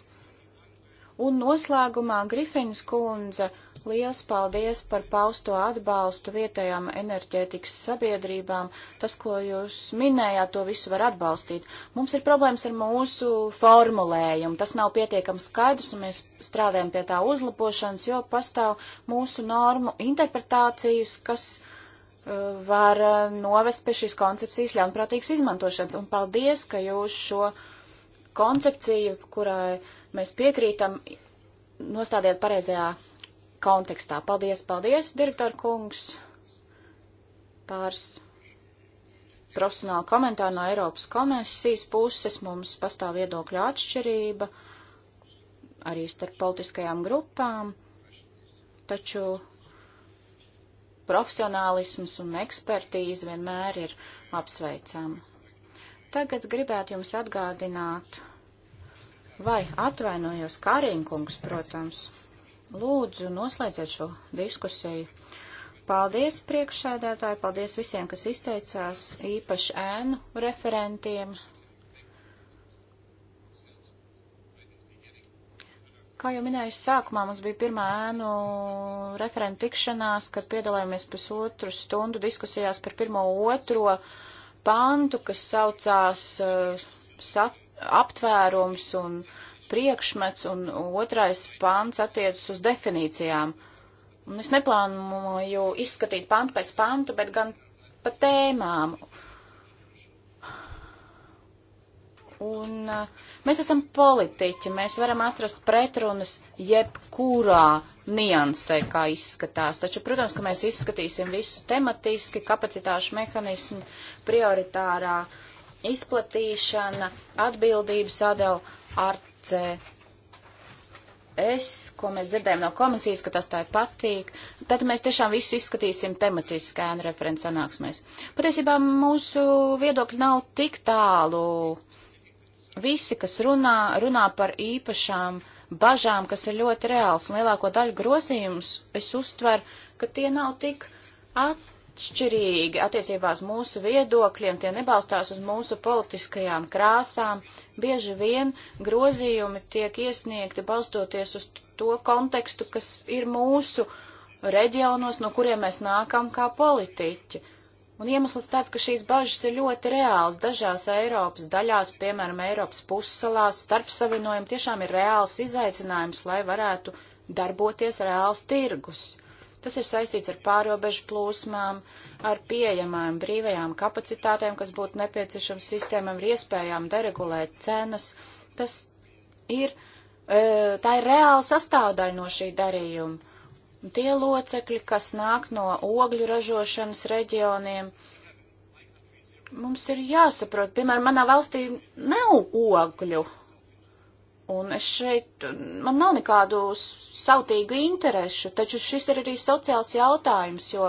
Un noslēgumā Grifins kundze, liels paldies par pausto atbalstu vietējām enerģētikas sabiedrībām. Tas, ko jūs minējāt, to visu var atbalstīt. Mums ir problēmas ar mūsu formulējumu. Tas nav pietiekams skaidrs, un mēs strādājam pie tā uzlabošanas, jo pastāv mūsu normu interpretācijas, kas uh, var uh, novest pie šīs koncepcijas ļaunprātīgas izmantošanas. Un paldies, ka jūs šo koncepciju, kurai mēs piekrītam nostādiet pareizajā kontekstā. Paldies, paldies, direktor kungs. Pāris profesionāli komentāri no Eiropas komisijas puses. Mums pastāv viedokļa atšķirība arī starp politiskajām grupām, taču profesionālisms un ekspertīze vienmēr ir apsveicama. Tagad gribētu jums atgādināt Vai atvainojos Karinkungs, protams. Lūdzu, noslēdziet šo diskusiju. Paldies priekšsēdētāji, paldies visiem, kas izteicās, īpaši ēnu referentiem. Kā jau minēju, sākumā mums bija pirmā ēnu referenta tikšanās, kad piedalījāmies pusotru stundu diskusijās par pirmo otro pantu, kas saucās uh, sat aptvērums un priekšmets, un otrais pāns attiecas uz definīcijām. Un es neplānoju izskatīt pantu pēc pantu, bet gan pa tēmām. Un uh, mēs esam politiķi, mēs varam atrast pretrunas jebkurā niansē, kā izskatās. Taču, protams, ka mēs izskatīsim visu tematiski, kapacitāšu mehānismu, prioritārā uh, izplatīšana, atbildību sadala ar CS, ko mēs dzirdējam no komisijas, ka tas tā ir patīk. Tad mēs tiešām visu izskatīsim tematiski ēnu referents sanāksmēs. Patiesībā mūsu viedokļi nav tik tālu. Visi, kas runā, runā par īpašām bažām, kas ir ļoti reāls, un lielāko daļu grozījumus es uztveru, ka tie nav tik at atšķirīgi attiecībās mūsu viedokļiem, tie nebalstās uz mūsu politiskajām krāsām. Bieži vien grozījumi tiek iesniegti balstoties uz to kontekstu, kas ir mūsu reģionos, no kuriem mēs nākam kā politiķi. Un iemesls tāds, ka šīs bažas ir ļoti reāls. Dažās Eiropas daļās, piemēram, Eiropas pussalās, starpsavienojumi tiešām ir reāls izaicinājums, lai varētu darboties reāls tirgus. Tas ir saistīts ar pārobežu plūsmām, ar pieejamām brīvajām kapacitātēm, kas būtu nepieciešams sistēmam, ar iespējām deregulēt cenas. Tas ir, e, tā ir reāla sastāvdaļa no šī darījuma. Tie locekļi, kas nāk no ogļu ražošanas reģioniem, mums ir jāsaprot, piemēram, manā valstī nav ogļu, Un es šeit, man nav nekādu sautīgu interesu, taču šis ir arī sociāls jautājums, jo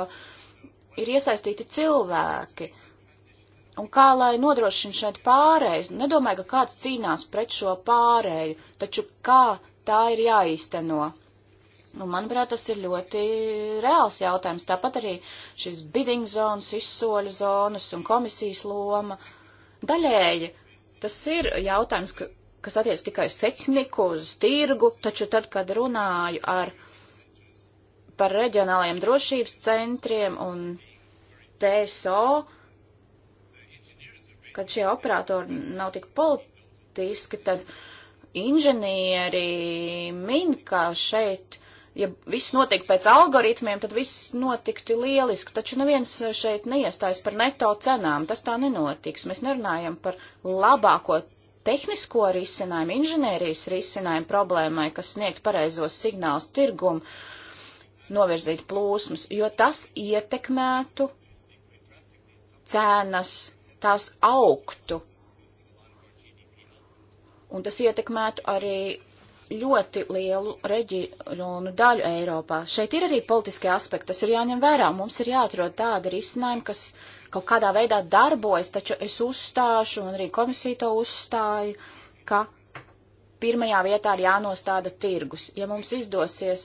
ir iesaistīti cilvēki. Un kā lai nodrošina šeit pārējais? Nu, nedomāju, ka kāds cīnās pret šo pārēju, taču kā tā ir jāīsteno? Un, nu, manuprāt, tas ir ļoti reāls jautājums. Tāpat arī šis bidding zonas, izsoļu zonas un komisijas loma. Daļēji tas ir jautājums, ka kas attiec tikai uz tehniku, uz tirgu, taču tad, kad runāju ar, par reģionālajiem drošības centriem un TSO, kad šie operatori nav tik politiski, tad inženieri min, ka šeit, ja viss notiek pēc algoritmiem, tad viss notikti lieliski, taču neviens šeit neiestājas par neto cenām, tas tā nenotiks. Mēs nerunājam par labāko tehnisko risinājumu, inženērijas risinājumu problēmai, kas sniegt pareizos signālus tirgumu, novirzīt plūsmas, jo tas ietekmētu cenas, tās augtu. Un tas ietekmētu arī ļoti lielu reģionu daļu Eiropā. Šeit ir arī politiskie aspekti, tas ir jāņem vērā. Mums ir jāatrod tādi risinājumi, kas uh, kaut kādā veidā darbojas, taču es uzstāšu, un arī komisija to uzstāja, ka pirmajā vietā ir jānostāda tirgus. Ja mums izdosies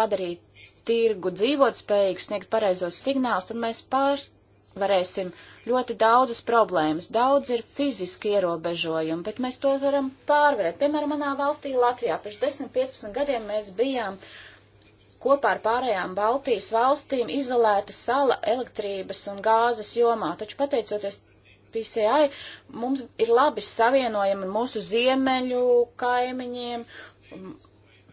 padarīt tirgu dzīvot spējīgu, sniegt pareizos signālus, tad mēs pārvarēsim ļoti daudzas problēmas. Daudz ir fiziski ierobežojumi, bet mēs to varam pārvarēt. Piemēram, manā valstī Latvijā pirms 10-15 gadiem mēs bijām uh, kopā ar pārējām Baltijas valstīm izolēta sala elektrības un gāzes jomā, taču pateicoties PCI mums ir labi savienojami mūsu ziemeļu kaimiņiem, um,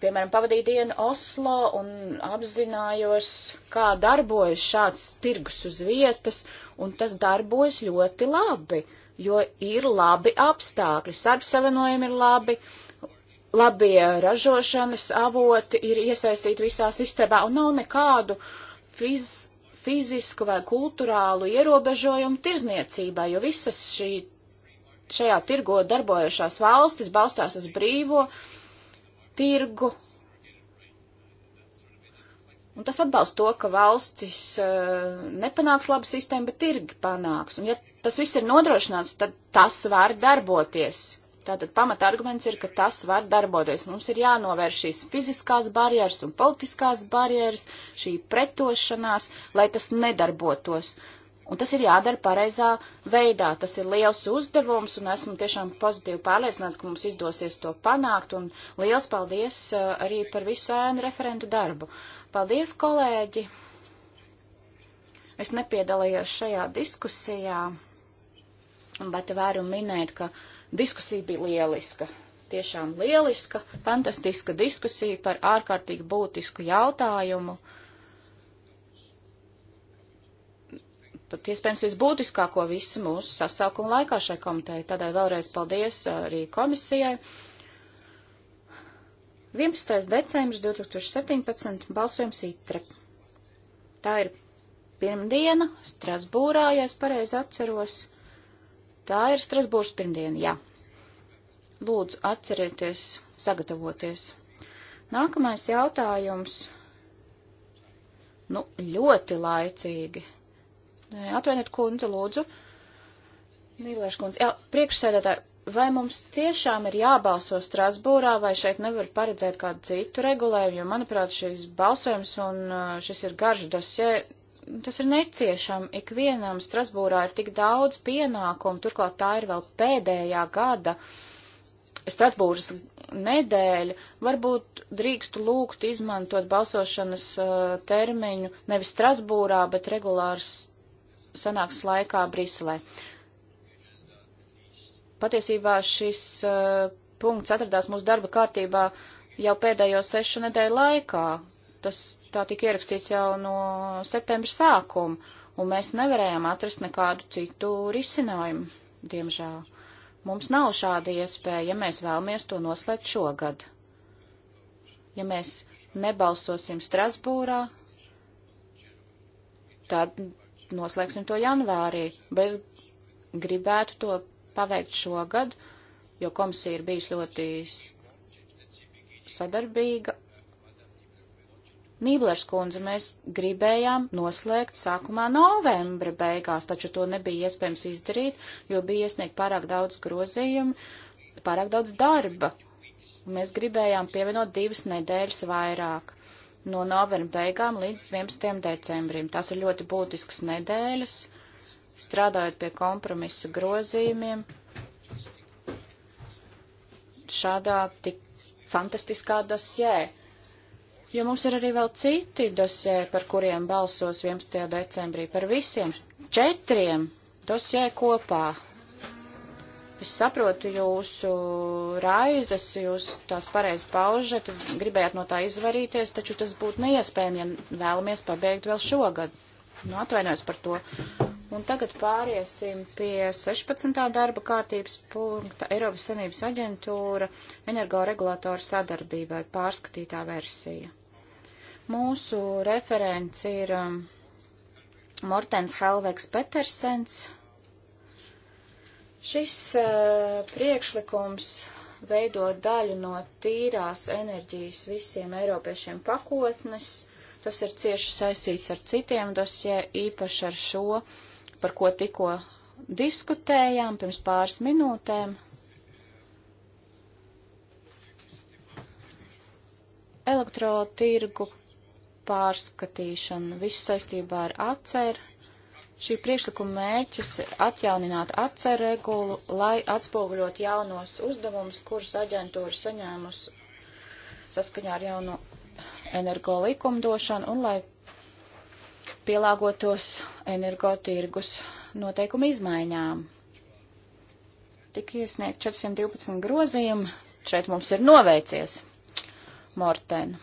piemēram, pavadīju dienu Oslo un apzinājos, kā darbojas šāds tirgus uz vietas, un tas darbojas ļoti labi, jo ir labi apstākļi, sarpsavienojumi ir labi, labie ražošanas avoti ir iesaistīti visā sistēmā un nav nekādu fiz, fizisku vai kulturālu ierobežojumu tirzniecībai, jo visas šī, šajā tirgo darbojušās valstis balstās uz brīvo tirgu. Un tas atbalsta to, ka valstis uh, nepanāks labu sistēmu, bet tirgi panāks. Un ja tas viss ir nodrošināts, tad tas var darboties. Tātad pamata arguments ir, ka tas var darboties. Mums ir jānovērš šīs fiziskās barjeras un politiskās barjeras, šī pretošanās, lai tas nedarbotos. Un tas ir jādara pareizā veidā. Tas ir liels uzdevums, un esmu tiešām pozitīvi pārliecināts, ka mums izdosies to panākt, un liels paldies uh, arī par visu ēnu referentu darbu. Paldies, kolēģi! Es nepiedalījos šajā diskusijā, bet varu minēt, ka Diskusija bija lieliska. Tiešām lieliska, fantastiska diskusija par ārkārtīgi būtisku jautājumu. Pat iespējams visbūtiskāko visu mūsu sasaukumu laikā šai komitejai. Tādēļ vēlreiz paldies uh, arī komisijai. 11. decembris 2017. balsojums ITRE. Tā ir pirmdiena Strasbūrā, ja es pareizi atceros. Tā ir Strasbūras pirmdiena, jā. Lūdzu, atcerieties, sagatavoties. Nākamais jautājums. Nu, ļoti laicīgi. Atvainiet, kundze, lūdzu. Nīlēša kundze. Jā, priekšsēdētāji, vai mums tiešām ir jābalso Strasbūrā, vai šeit nevar paredzēt kādu citu regulējumu, jo, manuprāt, šis balsojums un uh, šis ir garš dosie tas ir neciešam. Ikvienam Strasbūrā ir tik daudz pienākumu, turklāt tā ir vēl pēdējā gada Strasbūras nedēļa. Varbūt drīkstu lūgt izmantot balsošanas uh, termiņu nevis Strasbūrā, bet regulārs sanāks laikā Briselē. Patiesībā šis uh, punkts atradās mūsu darba kārtībā jau pēdējo sešu nedēļu laikā, tas tā tika ierakstīts jau no septembra sākuma, un mēs nevarējām atrast nekādu citu risinājumu, diemžēl. Mums nav šāda iespēja, ja mēs vēlamies to noslēgt šogad. Ja mēs nebalsosim Strasbūrā, tad noslēgsim to janvārī, bet gribētu to paveikt šogad, jo komisija ir bijusi ļoti sadarbīga Nīblers kundze, mēs gribējām noslēgt sākumā novembra beigās, taču to nebija iespējams izdarīt, jo bija iesniegt pārāk daudz grozījumu, pārāk daudz darba. Mēs gribējām pievienot divas nedēļas vairāk no novembra beigām līdz 11. decembrim. Tās ir ļoti būtiskas nedēļas, strādājot pie kompromisa grozījumiem. Šādā tik fantastiskā dosjē jo mums ir arī vēl citi dosē, par kuriem balsos 11. decembrī, par visiem četriem dosē kopā. Es saprotu jūsu raizes, jūs tās pareizi paužat, gribējāt no tā izvarīties, taču tas būtu neiespējami, ja vēlamies pabeigt vēl šogad. Nu, atvainojos par to. Un tagad pāriesim pie 16. darba kārtības punkta Eiropas Sanības aģentūra energoregulātoru sadarbībai pārskatītā versija. Mūsu referents ir um, Mortens Helveks Petersens. Šis uh, priekšlikums veido daļu no tīrās enerģijas visiem eiropiešiem pakotnes. Tas ir cieši saistīts ar citiem dosjē, īpaši ar šo, par ko tikko diskutējām pirms pāris minūtēm. Elektrotirgu pārskatīšanu, viss saistībā ar atceru. Šī priekšlikuma mērķis ir atjaunināt atceru regulu, lai atspoguļot jaunos uzdevumus, kurus aģentūra saņēmus saskaņā ar jauno energo likumdošanu un lai pielāgotos energotirgus noteikumu izmaiņām. Tik iesniegt 412 grozījumu, šeit mums ir noveicies, Morten.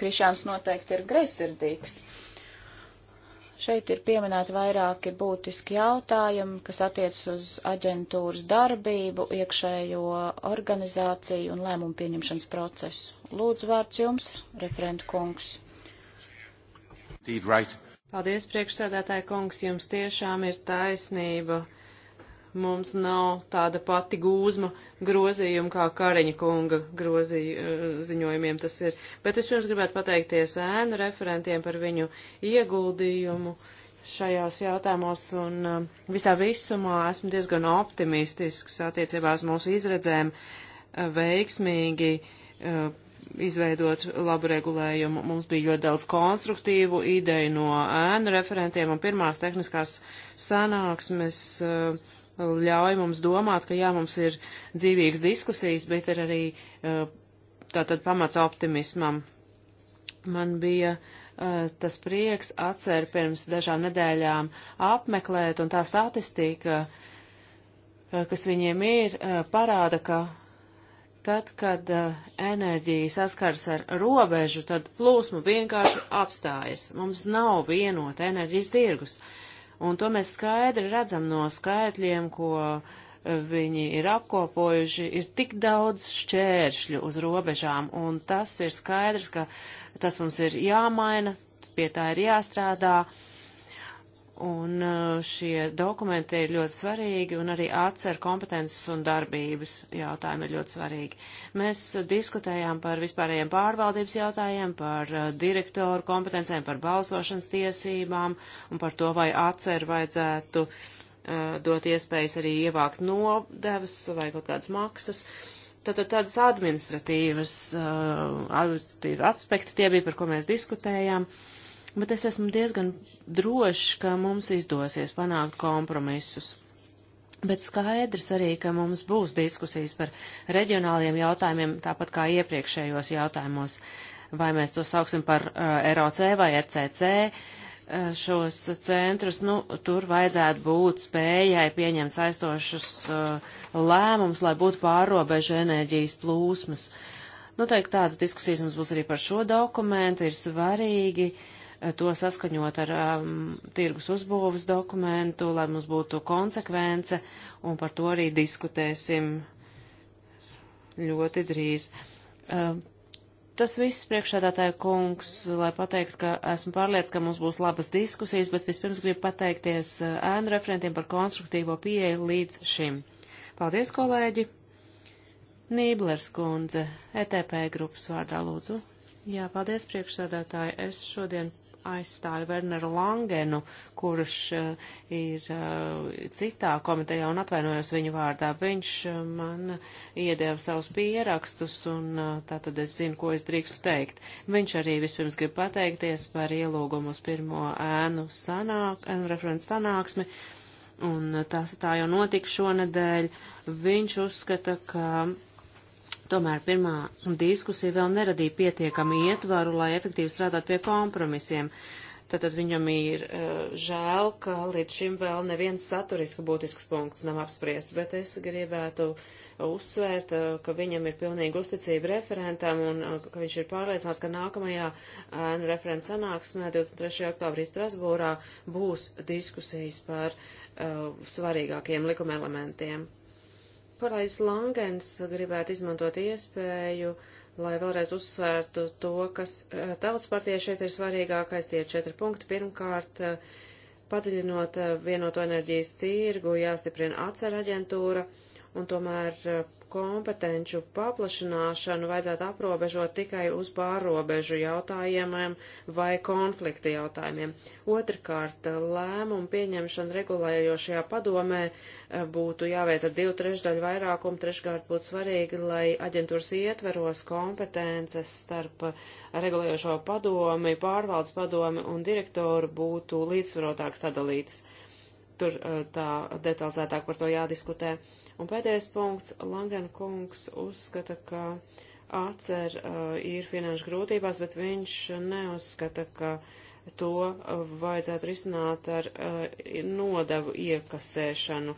Krišāns noteikti ir greizsirdīgs. Šeit ir pieminēti vairāki būtiski jautājumi, kas attiecas uz aģentūras darbību, iekšējo organizāciju un lēmumu pieņemšanas procesu. Lūdzu, vārds jums, referent kungs. Paldies, priekšsēdētāji kungs, jums tiešām ir taisnība mums nav tāda pati gūzma grozījuma kā Kariņa kunga grozī, eh, ziņojumiem tas ir. Bet es pirms gribētu pateikties ēnu referentiem par viņu ieguldījumu šajās jautājumos un eh, visā visumā esmu diezgan optimistisks attiecībās mūsu izredzēm eh, veiksmīgi izveidot labu regulējumu. Mums bija ļoti daudz konstruktīvu ideju no ēnu referentiem un pirmās tehniskās sanāksmes uh, ļauj mums domāt, ka jā, mums ir dzīvīgas diskusijas, bet ir arī uh, tātad pamats optimismam. Man bija uh, tas prieks atcer pirms dažām nedēļām apmeklēt, un tā statistika, uh, kas viņiem ir, parāda, ka tad, kad enerģija saskars ar robežu, tad plūsma vienkārši apstājas. Mums nav vienota enerģijas tirgus. Uh, Un to mēs skaidri redzam no skaitļiem, ko eh, viņi ir apkopojuši. Ir tik daudz šķēršļu uz robežām, un tas ir skaidrs, ka tas mums ir jāmaina, pie tā ir jāstrādā. Uh, Un uh, šie dokumenti ir ļoti svarīgi, un arī atcer kompetences un darbības jautājumi ir ļoti svarīgi. Mēs diskutējām par vispārējiem pārvaldības jautājiem, par uh, direktoru kompetencēm, par balsošanas tiesībām un par to, vai atcer vajadzētu uh, dot iespējas arī ievākt nodevas vai kaut kādas maksas. Tātad tādas administratīvas, uh, administratīvas aspekti tie bija, par ko mēs diskutējām. Uh, bet es esmu diezgan drošs, ka mums izdosies panākt kompromisus. Bet skaidrs arī, ka mums būs diskusijas par reģionāliem jautājumiem, tāpat kā iepriekšējos jautājumos, vai mēs to sauksim par uh, ROC vai RCC. Uh, šos centrus, nu, tur vajadzētu būt spējai pieņemt saistošus uh, lēmumus, lai būtu pārobežu enerģijas plūsmas. Noteikti nu, tādas diskusijas mums būs arī par šo dokumentu. Ir svarīgi uh, to saskaņot ar um, tirgus uzbūvas dokumentu, lai mums būtu konsekvence, un par to arī diskutēsim ļoti drīz. Um, tas viss priekšādātāja kungs, lai pateikt, ka esmu pārliecināts, ka mums būs labas diskusijas, bet vispirms gribu pateikties uh, ēnu referentiem par konstruktīvo pieeju līdz šim. Paldies, kolēģi! Nīblers kundze, ETP grupas vārdā lūdzu. Jā, paldies, priekšsādātāji. Es šodien aizstāja Werneru Langenu, kurš eh, ir eh, citā komitejā un atvainojos viņu vārdā. Viņš eh, man iedēva savus pierakstus un tātad es zinu, ko es drīkstu teikt. Viņš arī vispirms grib pateikties par ielūgumu uz pirmo ēnu sanāk, ēnu referents sanāksmi un tas tā jau notika šonadēļ, viņš uzskata, ka Tomēr pirmā diskusija vēl neradīja pietiekami ietvaru, lai efektīvi strādātu pie kompromisiem. Tātad viņam ir uh, žēl, ka līdz šim vēl neviens saturiski būtisks punkts nav apspriests, bet es gribētu uzsvērt, uh, ka viņam ir pilnīga uzticība referentam un uh, ka viņš ir pārliecināts, ka nākamajā ēnu uh, referents sanāksmē 23. oktobrī Strasbūrā būs diskusijas par uh, svarīgākiem likuma elementiem. Parais Langens gribētu izmantot iespēju, lai vēlreiz uzsvērtu to, kas eh, tautas partijai šeit ir svarīgākais, tie ir četri punkti. Pirmkārt, eh, padziļinot eh, vienoto enerģijas tirgu, jāstiprina atcer aģentūra un tomēr kompetenču paplašināšanu vajadzētu aprobežot tikai uz pārrobežu jautājumiem vai konflikta jautājumiem. Otrakārt, lēmumu pieņemšana regulējošajā padomē eh, būtu jāveic ar divu trešdaļu vairākumu. Treškārt būtu svarīgi, lai aģentūras ietveros kompetences starp regulējošo padomi, pārvaldes padomi un direktoru būtu līdzsvarotāks sadalītas. Tur eh, tā detalizētāk par to jādiskutē. Uh, Un pēdējais punkts, Langena kungs uzskata, ka atcer uh, ir finanšu grūtībās, bet viņš neuzskata, ka to uh, vajadzētu risināt ar uh, nodevu iekasēšanu.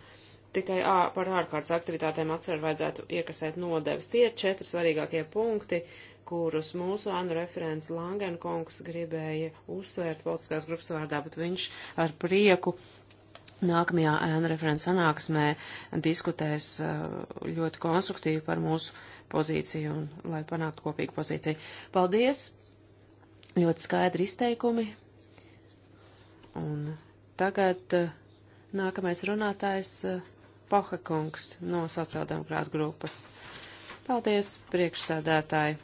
Tikai ā, par ārkārtas aktivitātēm atcer vajadzētu iekasēt nodevas. Tie ir četri svarīgākie punkti, kurus mūsu ānu referents Langenkungs gribēja uzsvērt politiskās grupas vārdā, bet viņš ar prieku nākamajā ēnu referents sanāksmē diskutēs uh, ļoti konstruktīvi par mūsu pozīciju un lai panāktu kopīgu pozīciju. Paldies! Ļoti skaidri izteikumi. Un tagad uh, nākamais runātājs uh, Poha kungs no sociāldemokrāta grupas. Paldies, priekšsēdētāji!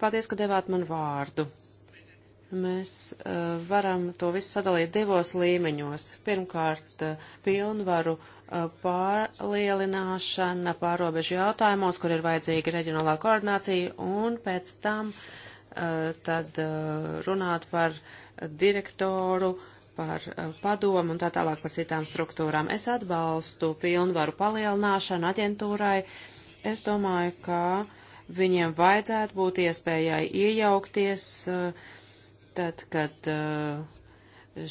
Paldies, ka devāt man vārdu mēs uh, varam to visu sadalīt divos līmeņos. Pirmkārt, uh, pilnvaru uh, pārlielināšana pārobežu jautājumos, kur ir vajadzīga reģionālā koordinācija, un pēc tam tad runāt par direktoru, par padomu un tā tālāk par citām struktūrām. Es atbalstu pilnvaru palielināšanu aģentūrai. Es domāju, ka viņiem vajadzētu būt iespējai iejaukties uh, Tad, kad uh,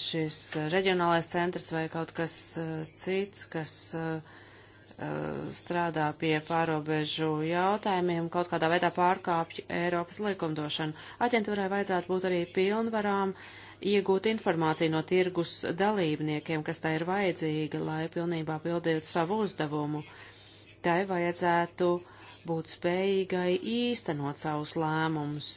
šis reģionālais centrs vai kaut kas uh, cits, kas uh, strādā pie pārobežu jautājumiem, kaut kādā veidā pārkāpj Eiropas likumdošanu. Aģentūrai vajadzētu būt arī pilnvarām iegūt informāciju no tirgus dalībniekiem, kas tā ir vajadzīga, lai pilnībā pildītu savu uzdevumu. Tai vajadzētu būt spējīgai īstenot savus lēmumus.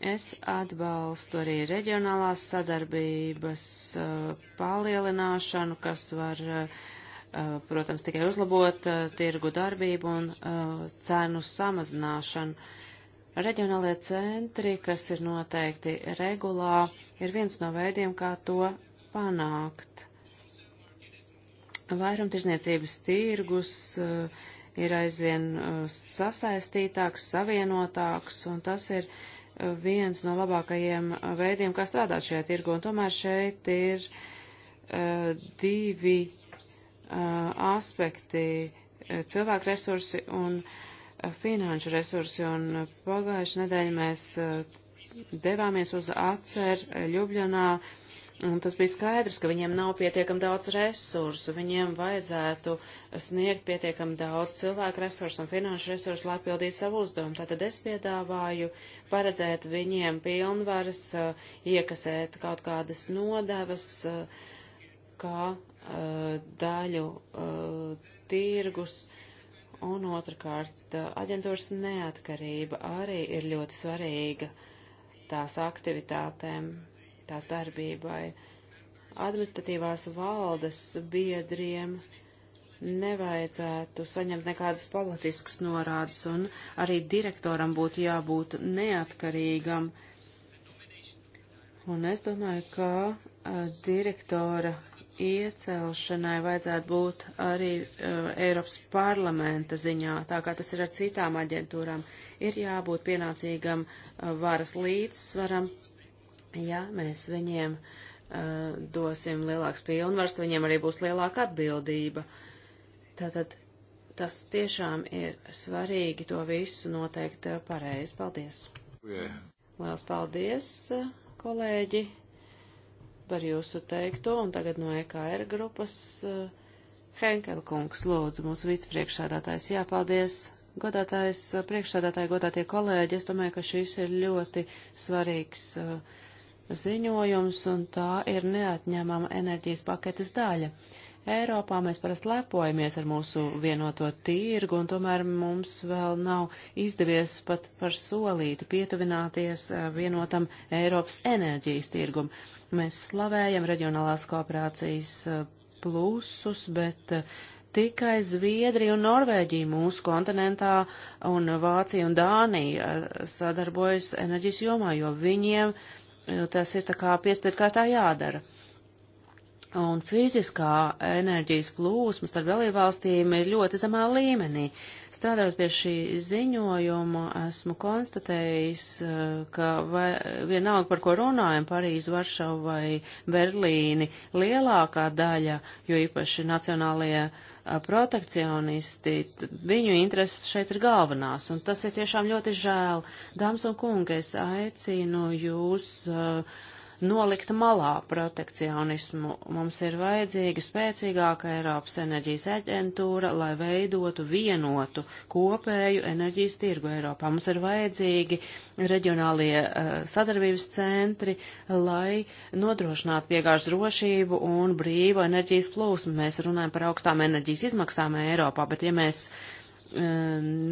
Es atbalstu arī reģionālās sadarbības uh, palielināšanu, kas var, uh, uh protams, tikai uzlabot uh, tirgu darbību un uh, cenu samazināšanu. Reģionālie centri, kas ir noteikti regulā, ir viens no veidiem, kā to panākt. Vairumtirdzniecības tirgus uh, ir aizvien sasaistītāks, savienotāks, un tas ir uh, viens no labākajiem veidiem, kā strādāt šajā tirgu. Un tomēr šeit ir uh, divi uh, aspekti - cilvēku resursi un uh, finanšu resursi. Un pagājušajā nedēļā mēs uh, devāmies uz atcer Ljubljanā Un tas bija skaidrs, ka viņiem nav pietiekam daudz resursu, viņiem vajadzētu sniegt pietiekam daudz cilvēku resursu un finanšu resursu, lai pildītu savu uzdevumu. Tātad es piedāvāju paredzēt viņiem pilnvaras, eh, iekasēt kaut kādas nodevas, eh, kā eh, daļu tirgus. Un otrkārt, aģentūras neatkarība arī ir ļoti svarīga tās aktivitātēm tās darbībai. Administratīvās valdes biedriem nevajadzētu saņemt nekādas politiskas norādes, un arī direktoram būtu jābūt neatkarīgam. Un es domāju, ka a, direktora iecelšanai vajadzētu būt arī uh, Eiropas parlamenta ziņā, tā kā tas ir ar citām aģentūrām. Ir jābūt pienācīgam uh, varas līdzsvaram Ja mēs viņiem uh, dosim lielāks pilnvars, viņiem arī būs lielāka atbildība. Tātad tas tiešām ir svarīgi to visu noteikt uh, pareizi. Paldies! Yeah. Lielas paldies, uh, kolēģi, par jūsu teikto, un tagad no EKR grupas uh, Henkela kungs, lūdzu, mūsu vicepriekšsādātājs, jāpaldies. Godātājs, uh, priekšsādātāji, godātie kolēģi, es domāju, ka šis ir ļoti svarīgs uh, ziņojums, un tā ir neatņemama enerģijas paketes daļa. Eiropā mēs parasti lepojamies ar mūsu vienoto tirgu, un tomēr mums vēl nav izdevies pat par solīti pietuvināties eh, vienotam Eiropas enerģijas tirgum. Mēs slavējam reģionālās kooperācijas eh, plusus, bet eh, tikai Zviedrija un Norvēģija mūsu kontinentā un Vācija un Dānija sadarbojas enerģijas jomā, jo viņiem uh, jo tas ir tā kā piespiedu kārtā jādara. Un fiziskā enerģijas plūsma starp dalībvalstīm ir ļoti zemā līmenī. Strādājot pie šī ziņojuma, esmu konstatējis, eh, ka vai, vienalga, par ko runājam, Parīzi, Varšavu vai Berlīni, lielākā daļa, jo īpaši nacionālajie uh, protekcionisti, viņu intereses šeit ir galvenās, un tas ir tiešām ļoti žēl. Dāmas un kungi, es aicinu jūs uh, nolikt malā protekcionismu. Mums ir vajadzīga spēcīgāka Eiropas enerģijas aģentūra, lai veidotu vienotu kopēju enerģijas tirgu Eiropā. Mums ir vajadzīgi reģionālie uh, sadarbības centri, lai nodrošinātu piegāžu drošību un brīvu enerģijas plūsmu. Mēs runājam par augstām enerģijas izmaksām Eiropā, bet ja mēs uh, E,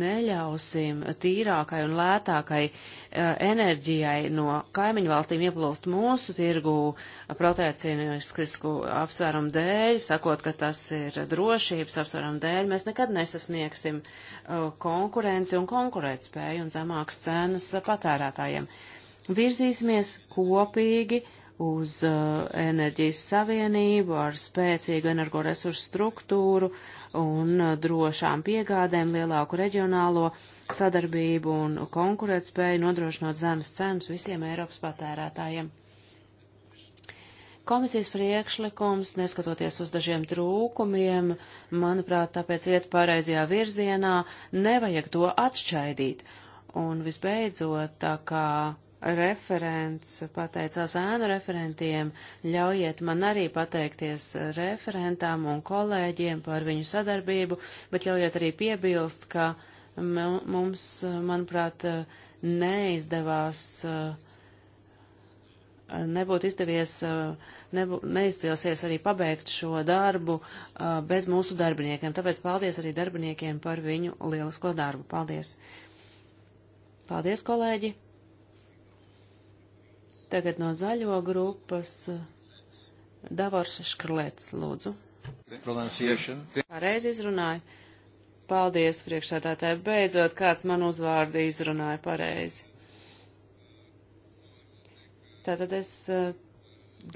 neļausim tīrākai un lētākai e, enerģijai no kaimiņu valstīm ieplūst mūsu tirgu protēcīnisku apsvērumu dēļ, sakot, ka tas ir drošības apsvērumu dēļ, mēs nekad nesasniegsim e, konkurenci un konkurētspēju un zemākas cenas patērētājiem. Virzīsimies kopīgi uz uh, enerģijas savienību ar spēcīgu energoresursu struktūru un uh, drošām piegādēm, lielāku reģionālo sadarbību un konkurētspēju, nodrošinot zemes cenas visiem Eiropas patērētājiem. Komisijas priekšlikums, neskatoties uz dažiem trūkumiem, manuprāt, tāpēc iet pareizajā virzienā, nevajag to atšķaidīt. Un visbeidzot, tā kā referents pateicās ēnu referentiem, ļaujiet man arī pateikties referentām un kolēģiem par viņu sadarbību, bet ļaujiet arī piebilst, ka mums, manuprāt, neizdevās, nebūtu izdevies, nebū, neizdevsies arī pabeigt šo darbu bez mūsu darbiniekiem. Tāpēc paldies arī darbiniekiem par viņu lielisko darbu. Paldies! Paldies, kolēģi! Tagad no zaļo grupas eh, Davors Škrlēts, lūdzu. Pareizi izrunāju. Paldies, priekšsēdētāji. Beidzot, kāds man uzvārdu izrunāja pareizi. Tātad es eh,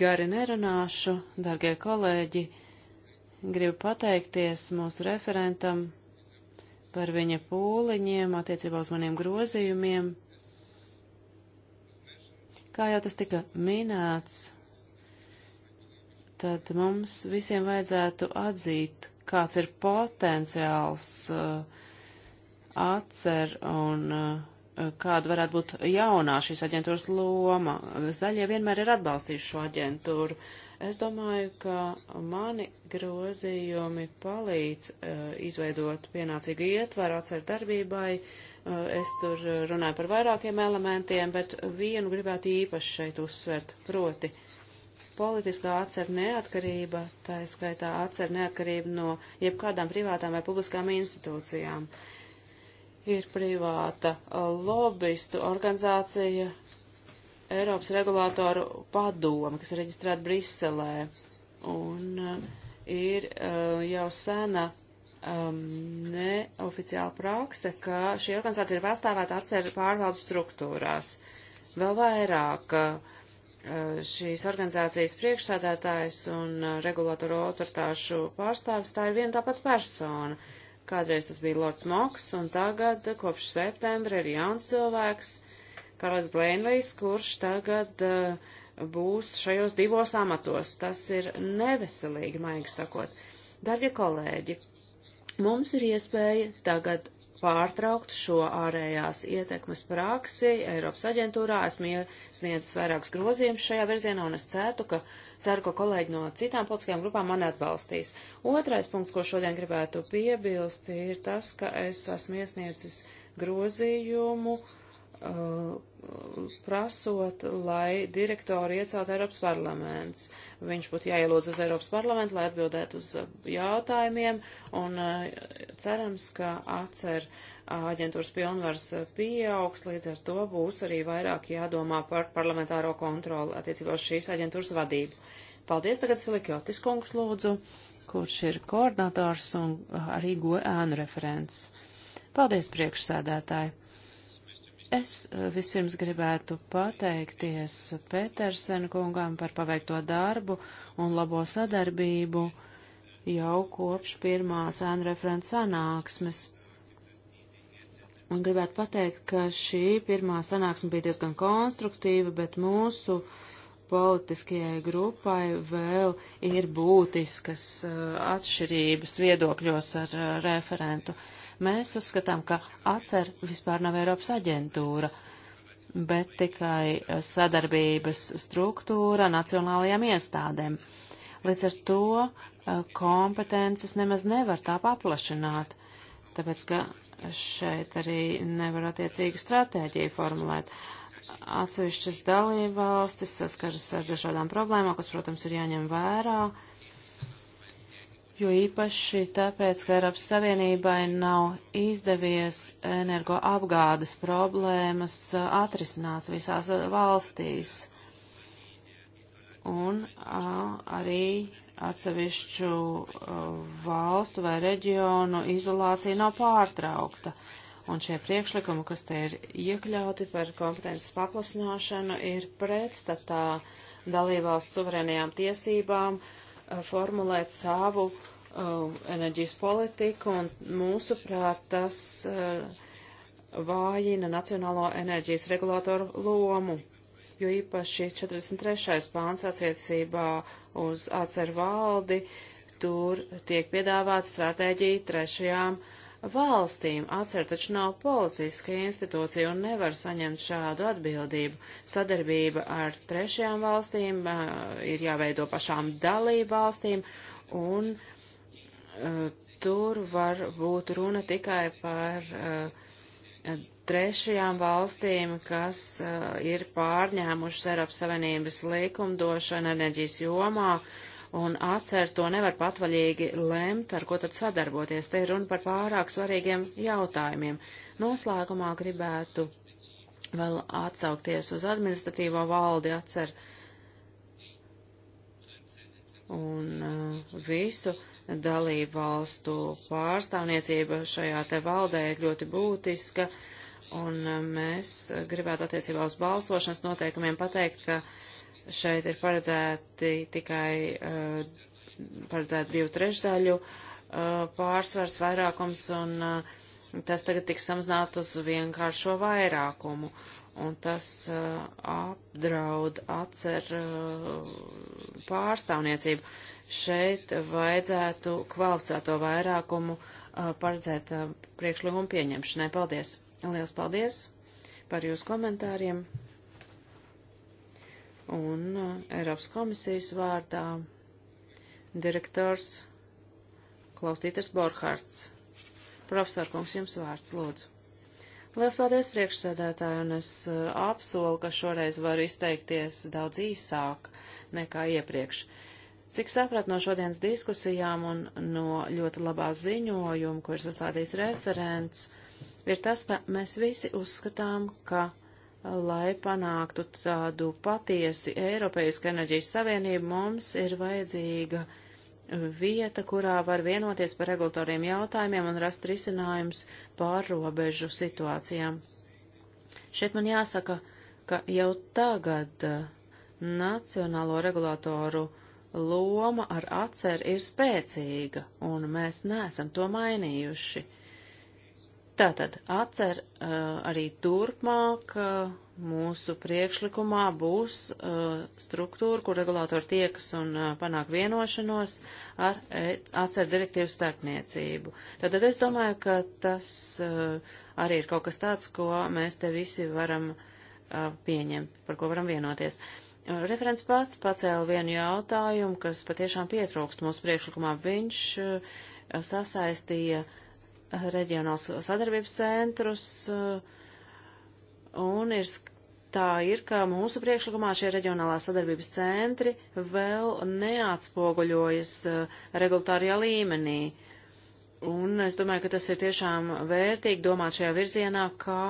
gari nerunāšu, dargie kolēģi. Gribu pateikties mūsu referentam par viņa pūliņiem attiecībā uz maniem grozījumiem. Kā jau tas tika minēts, tad mums visiem vajadzētu atzīt, kāds ir potenciāls uh, atcer un uh, kāda varētu būt jaunā šīs aģentūras loma. Zaļie vienmēr ir atbalstījuši šo aģentūru. Es domāju, ka mani grozījumi palīdz uh, izveidot pienācīgu ietvaru atcer darbībai, uh, Eh, es tur eh, runāju par vairākiem elementiem, bet vienu gribētu īpaši šeit uzsvert, proti politiskā atcer neatkarība, tā ir skaitā atcer neatkarība no jebkādām privātām vai publiskām institūcijām. Ir privāta eh, lobistu organizācija Eiropas regulātoru padoma, kas ir reģistrēta Briselē, un ir jau sena um, neoficiāla prakse, ka šī organizācija ir pārstāvēta atsevišķu pārvaldes struktūrās. Vēl vairāk uh, šīs organizācijas priekšsādātājs un uh, regulatoru autoritāšu pārstāvis tā ir viena tāpat persona. Kādreiz tas bija Lords Moks, un tagad uh, kopš septembra ir jauns cilvēks, Karls Blēnlijs, kurš tagad uh, būs šajos divos amatos. Tas ir neveselīgi, maigi sakot. Darbie kolēģi, Mums ir iespēja tagad pārtraukt šo ārējās ietekmes praksi Eiropas aģentūrā. Esmu iesniedzis vairākus grozījumus šajā virzienā un es ceru, ka, ceru, ka kolēģi no citām politiskajām grupām mani atbalstīs. Otrais punkts, ko šodien gribētu piebilst, ir tas, ka es esmu iesniedzis grozījumu, uh, prasot, lai direktoru iecelt Eiropas parlaments. Viņš būtu jāielūdz uz Eiropas parlamentu, lai atbildētu uz uh, jautājumiem, un uh, cerams, ka atcer uh, aģentūras pilnvars pieaugs, līdz ar to būs arī vairāk jādomā par parlamentāro kontroli attiecībā uz šīs aģentūras vadību. Paldies tagad Silikjotis kungs lūdzu, kurš ir koordinators un arī goēnu referents. Paldies priekšsēdētāji! Es eh, vispirms gribētu pateikties Pētersen kungām par paveikto darbu un labo sadarbību jau kopš pirmās ēnreferents sanāksmes. Un gribētu pateikt, ka šī pirmā sanāksme bija diezgan konstruktīva, bet mūsu politiskajai grupai vēl ir būtiskas eh, atšķirības viedokļos ar eh, referentu. Uh, Mēs uzskatām, ka ACER vispār nav Eiropas aģentūra, bet tikai sadarbības struktūra nacionālajām iestādēm. Līdz ar to eh, kompetences nemaz nevar tā paplašināt, tāpēc ka šeit arī nevar attiecīgu stratēģiju formulēt. Atsevišķas dalībvalstis saskaras ar dažādām problēmām, kas, protams, ir jāņem vērā. Uh, jo īpaši tāpēc, ka Eiropas Savienībai nav izdevies energoapgādes problēmas uh, atrisināt visās uh, valstīs. Un a, uh, arī atsevišķu a, valstu vai reģionu izolācija nav pārtraukta. Un šie priekšlikumi, kas te ir iekļauti par kompetences paklasināšanu, ir pretstatā dalībvalsts suverēnajām tiesībām, uh, formulēt savu uh, enerģijas politiku, un mūsuprāt tas uh, vājina Nacionālo enerģijas regulātoru lomu, jo īpaši 43. pāns attiecībā uz ACER valdi, tur tiek piedāvāta stratēģija trešajām uh, valstīm. Atcer taču nav politiska institūcija un nevar saņemt šādu atbildību. Sadarbība ar trešajām valstīm ir jāveido pašām dalību valstīm un tur var būt runa tikai par trešajām valstīm, kas uh, ir pārņēmušas Eiropas Savienības likumdošanu enerģijas jomā, uh, un ACER to nevar patvaļīgi lemt, ar ko tad sadarboties. Te ir runa par pārāk svarīgiem jautājumiem. Noslēgumā gribētu vēl atsaukties uz administratīvo valdi ACER un uh, visu dalību valstu pārstāvniecība šajā te valdē ir ļoti būtiska, un uh, mēs gribētu attiecībā uz balsošanas noteikumiem pateikt, ka Šeit ir paredzēti tikai eh, paredzēti divu trešdaļu eh, pārsvars vairākums, un eh, tas tagad tiks samazināt uz vienkāršo vairākumu un tas uh, apdraud atcer uh, pārstāvniecību. Šeit vajadzētu kvalificēto vairākumu uh, paredzēt priekšlikumu pieņemšanai. Paldies! Liels paldies par jūsu komentāriem! un uh, Eiropas komisijas vārdā direktors Klausīters Borhards. Profesor kungs, jums vārds, lūdzu. Lielas paldies priekšsēdētāju, un es uh, apsolu, ka šoreiz varu izteikties daudz īsāk nekā iepriekš. Cik saprat no šodienas diskusijām un no ļoti labā ziņojuma, ko ir sastādījis referents, ir tas, ka mēs visi uzskatām, ka lai panāktu tādu patiesi Eiropeisku enerģijas savienību, mums ir vajadzīga vieta, kurā var vienoties par regulatoriem jautājumiem un rast risinājums pārrobežu situācijām. Šeit man jāsaka, ka jau tagad uh, nacionālo regulātoru loma ar atceru ir spēcīga, un mēs neesam to mainījuši. Uh, Tātad atcer eh, arī turpmāk eh, mūsu priekšlikumā būs eh, struktūra, kur regulātori tiekas un panāk vienošanos ar e, atcer direktīvu starpniecību. Tātad es domāju, ka tas arī ir kaut kas tāds, ko mēs te visi varam pieņemt, par ko varam vienoties. Referents pats pacēla vienu jautājumu, kas patiešām pietrūkst mūsu priekšlikumā. Viņš sasaistīja uh, reģionāls sadarbības centrus, un ir, tā ir, ka mūsu priekšlikumā šie reģionālā sadarbības centri vēl neatspoguļojas eh, regulatārajā līmenī. Un es domāju, ka tas ir tiešām vērtīgi domāt šajā virzienā, kā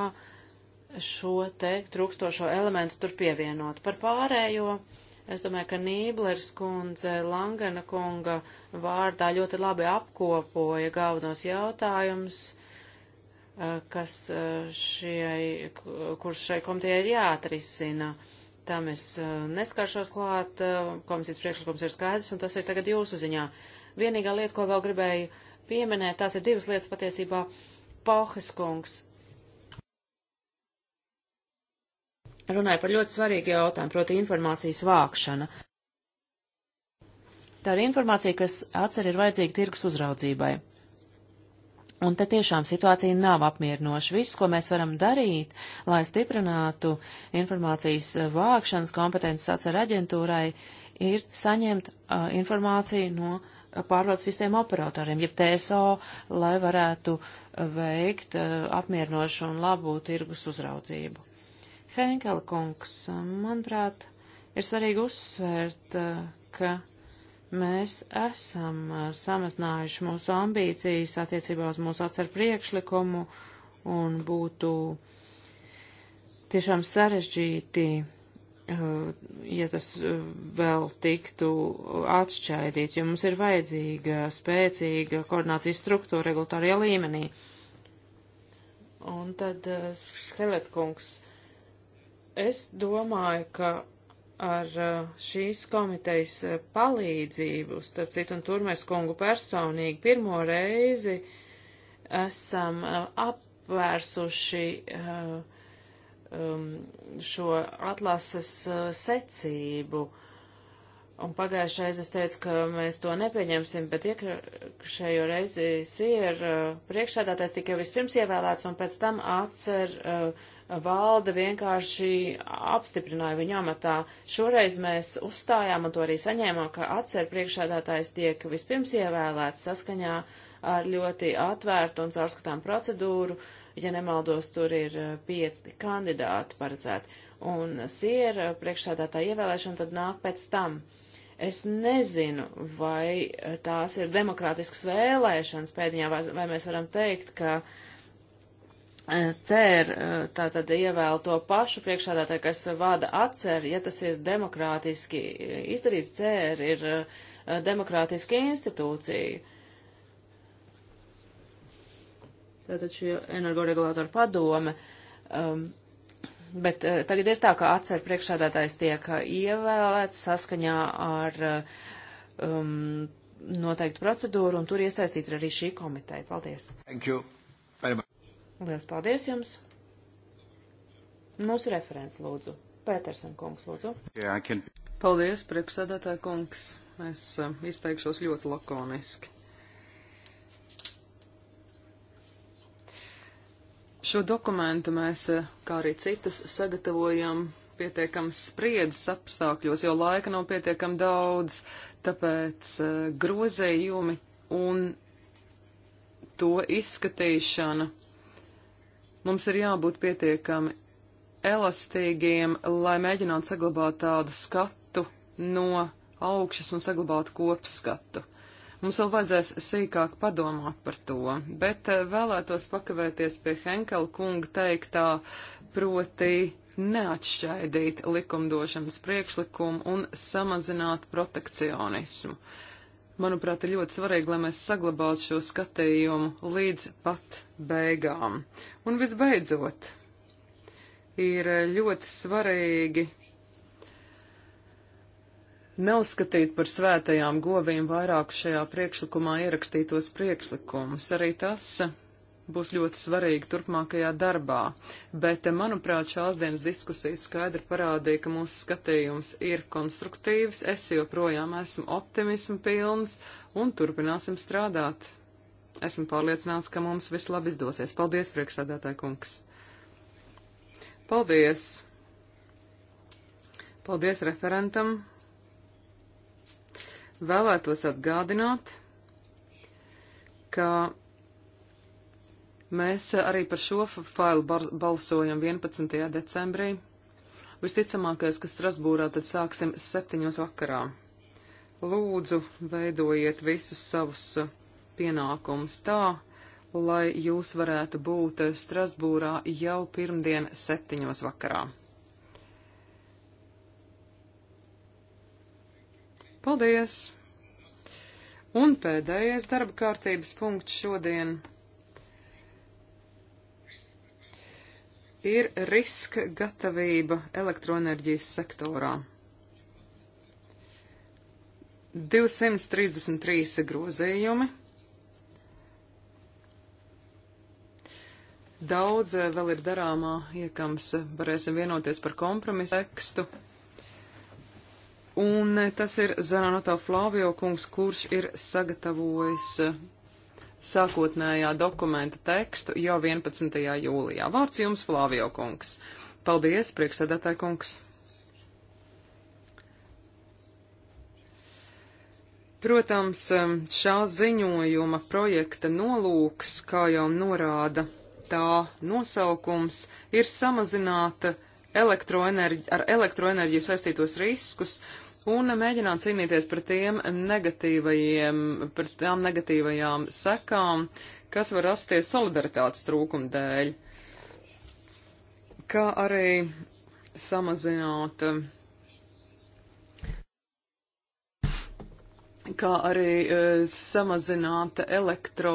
šo te trūkstošo elementu tur pievienot. Par pārējo. Uh, Es domāju, ka Nīblers kundze Langana kunga vārdā ļoti labi apkopoja galvenos jautājumus, eh, kas eh, šai, kurš šai komitejai ir jāatrisina. Tam es eh, neskaršos klāt, komisijas priekšlikums ir skaidrs, un tas ir tagad jūsu ziņā. Vienīgā lieta, ko vēl gribēju pieminēt, tās ir divas lietas patiesībā. Pohes kungs runāja par ļoti svarīgu jautājumu, proti informācijas vākšana. Tā ir informācija, kas atcer ir vajadzīga tirgus uzraudzībai. Un te tiešām situācija nav apmierinoša. Viss, ko mēs varam darīt, lai stiprinātu informācijas vākšanas kompetences atcer aģentūrai, ir saņemt uh, informāciju no pārvaldes sistēmu operatoriem, jeb TSO, lai varētu veikt uh, apmierinošu un labu tirgus uzraudzību. Henkela kungs, manuprāt, ir svarīgi uzsvērt, eh, ka mēs esam eh, samazinājuši mūsu ambīcijas attiecībā uz mūsu atceru priekšlikumu un būtu tiešām sarežģīti, eh, ja tas vēl tiktu atšķaidīts, jo mums ir vajadzīga spēcīga koordinācijas struktūra regulatorijā līmenī. Un tad Skeletkungs. Uh, Es domāju, ka ar uh, šīs komitejas uh, palīdzību, starp citu, un tur mēs kungu personīgi pirmo reizi esam uh, apvērsuši um, šo atlases secību. Un pagājušajā reizē es teicu, ka mēs to nepieņemsim, bet iekšējo reizi ir priekšādātais tikai vispirms ievēlēts un pēc tam atcer uh, valde vienkārši apstiprināja viņu amatā. Šoreiz mēs uzstājām un to arī saņēmām, ka atcer priekšādātājs tiek vispirms ievēlēts saskaņā ar ļoti atvērtu un caurskatām procedūru. Ja nemaldos, tur ir eh, pieci kandidāti paredzēti. Un siera eh, priekšādātāja ievēlēšana tad nāk pēc tam. Es nezinu, vai eh, tās ir demokrātiskas vēlēšanas pēdiņā, vai, vai mēs varam teikt, ka uh, E, CER e, tātad ievēl to pašu priekšādātāju, kas vada atcer, ja tas ir demokrātiski izdarīts, CER ir e, demokrātiski institūcija. Tātad šī energoregulātora padome. Um, bet uh, tagad ir tā, ka atcer priekšādātājs tiek ievēlēts saskaņā ar um, noteiktu procedūru, un tur iesaistīt arī šī komiteja. Paldies! Thank you. Liels paldies jums! Mūsu referents lūdzu. Pētersen kungs lūdzu. Yeah, can... Paldies, priekšsēdētāja kungs. Es uh, izteikšos ļoti lakoniski. Šo dokumentu mēs, uh, kā arī citus, sagatavojam pietiekams spriedzes apstākļos, jo laika nav pietiekam daudz, tāpēc uh, grozējumi un to izskatīšana Mums ir jābūt pietiekami elastīgiem, lai mēģinātu saglabāt tādu skatu no augšas un saglabāt kopskatu. Mums vēl vajadzēs sīkāk padomāt par to, bet eh, vēlētos pakavēties pie Henkela kunga teiktā, proti neatšķaidīt likumdošanas priekšlikumu un samazināt protekcionismu. Uh, manuprāt, ir ļoti svarīgi, lai mēs saglabātu šo skatījumu līdz pat beigām. Un visbeidzot, ir ļoti svarīgi neuzskatīt par svētajām govīm vairāk šajā priekšlikumā ierakstītos priekšlikumus. Arī tas būs ļoti svarīgi turpmākajā darbā. Bet, eh, manuprāt, šās dienas diskusijas skaidri parādīja, ka mūsu skatījums ir konstruktīvs, es joprojām esmu optimismu pilns un turpināsim strādāt. Esmu pārliecināts, ka mums viss labi izdosies. Paldies, priekšsēdētāja kungs! Paldies! Paldies referentam! Vēlētos atgādināt, ka Mēs arī par šo failu balsojam 11. decembrī. Visticamākais, ka Strasbūrā tad sāksim septiņos vakarā. Lūdzu, veidojiet visus savus uh, pienākumus tā, lai jūs varētu būt uh, Strasbūrā jau pirmdien septiņos vakarā. Paldies! Un pēdējais darba kārtības punkts šodien. ir riska gatavība elektroenerģijas sektorā. 233 grozījumi. Daudz eh, vēl ir darāmā iekams, varēsim vienoties par kompromisu tekstu. Un eh, tas ir Zananato Flavio kungs, kurš ir sagatavojis eh, sākotnējā dokumenta tekstu jau 11. jūlijā. Vārds jums, Flāvio kungs. Paldies, priekšsēdētāji kungs. Protams, um, šā ziņojuma projekta nolūks, kā jau norāda tā nosaukums, ir samazināt elektroenerģi, ar elektroenerģiju saistītos riskus un mēģināt cīnīties par tiem negatīvajiem, par tām negatīvajām sekām, kas var rasties solidaritātes trūkuma dēļ, kā arī samazināt, kā arī uh, samazināt elektro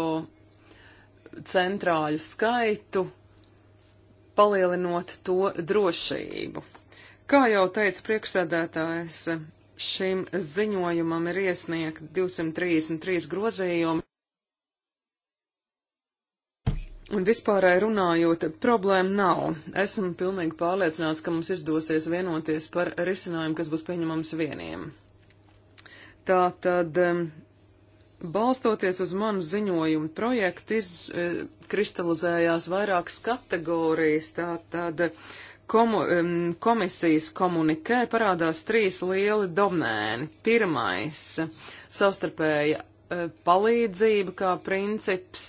centrāļu skaitu, palielinot to drošību. Kā jau teica priekšsēdētājs, Šim ziņojumam ir iesniegt 233 grozījumi. Un vispārēji runājot, problēma nav. Esmu pilnīgi pārliecināts, ka mums izdosies vienoties par risinājumu, kas būs pieņemams vieniem. Tā tad, balstoties uz manu ziņojumu projektu, izkristalizējās eh, vairākas kategorijas. Tā tad, uh, komu, komisijas komunikē parādās trīs lieli domēni. Pirmais - savstarpēja eh, palīdzība kā princips,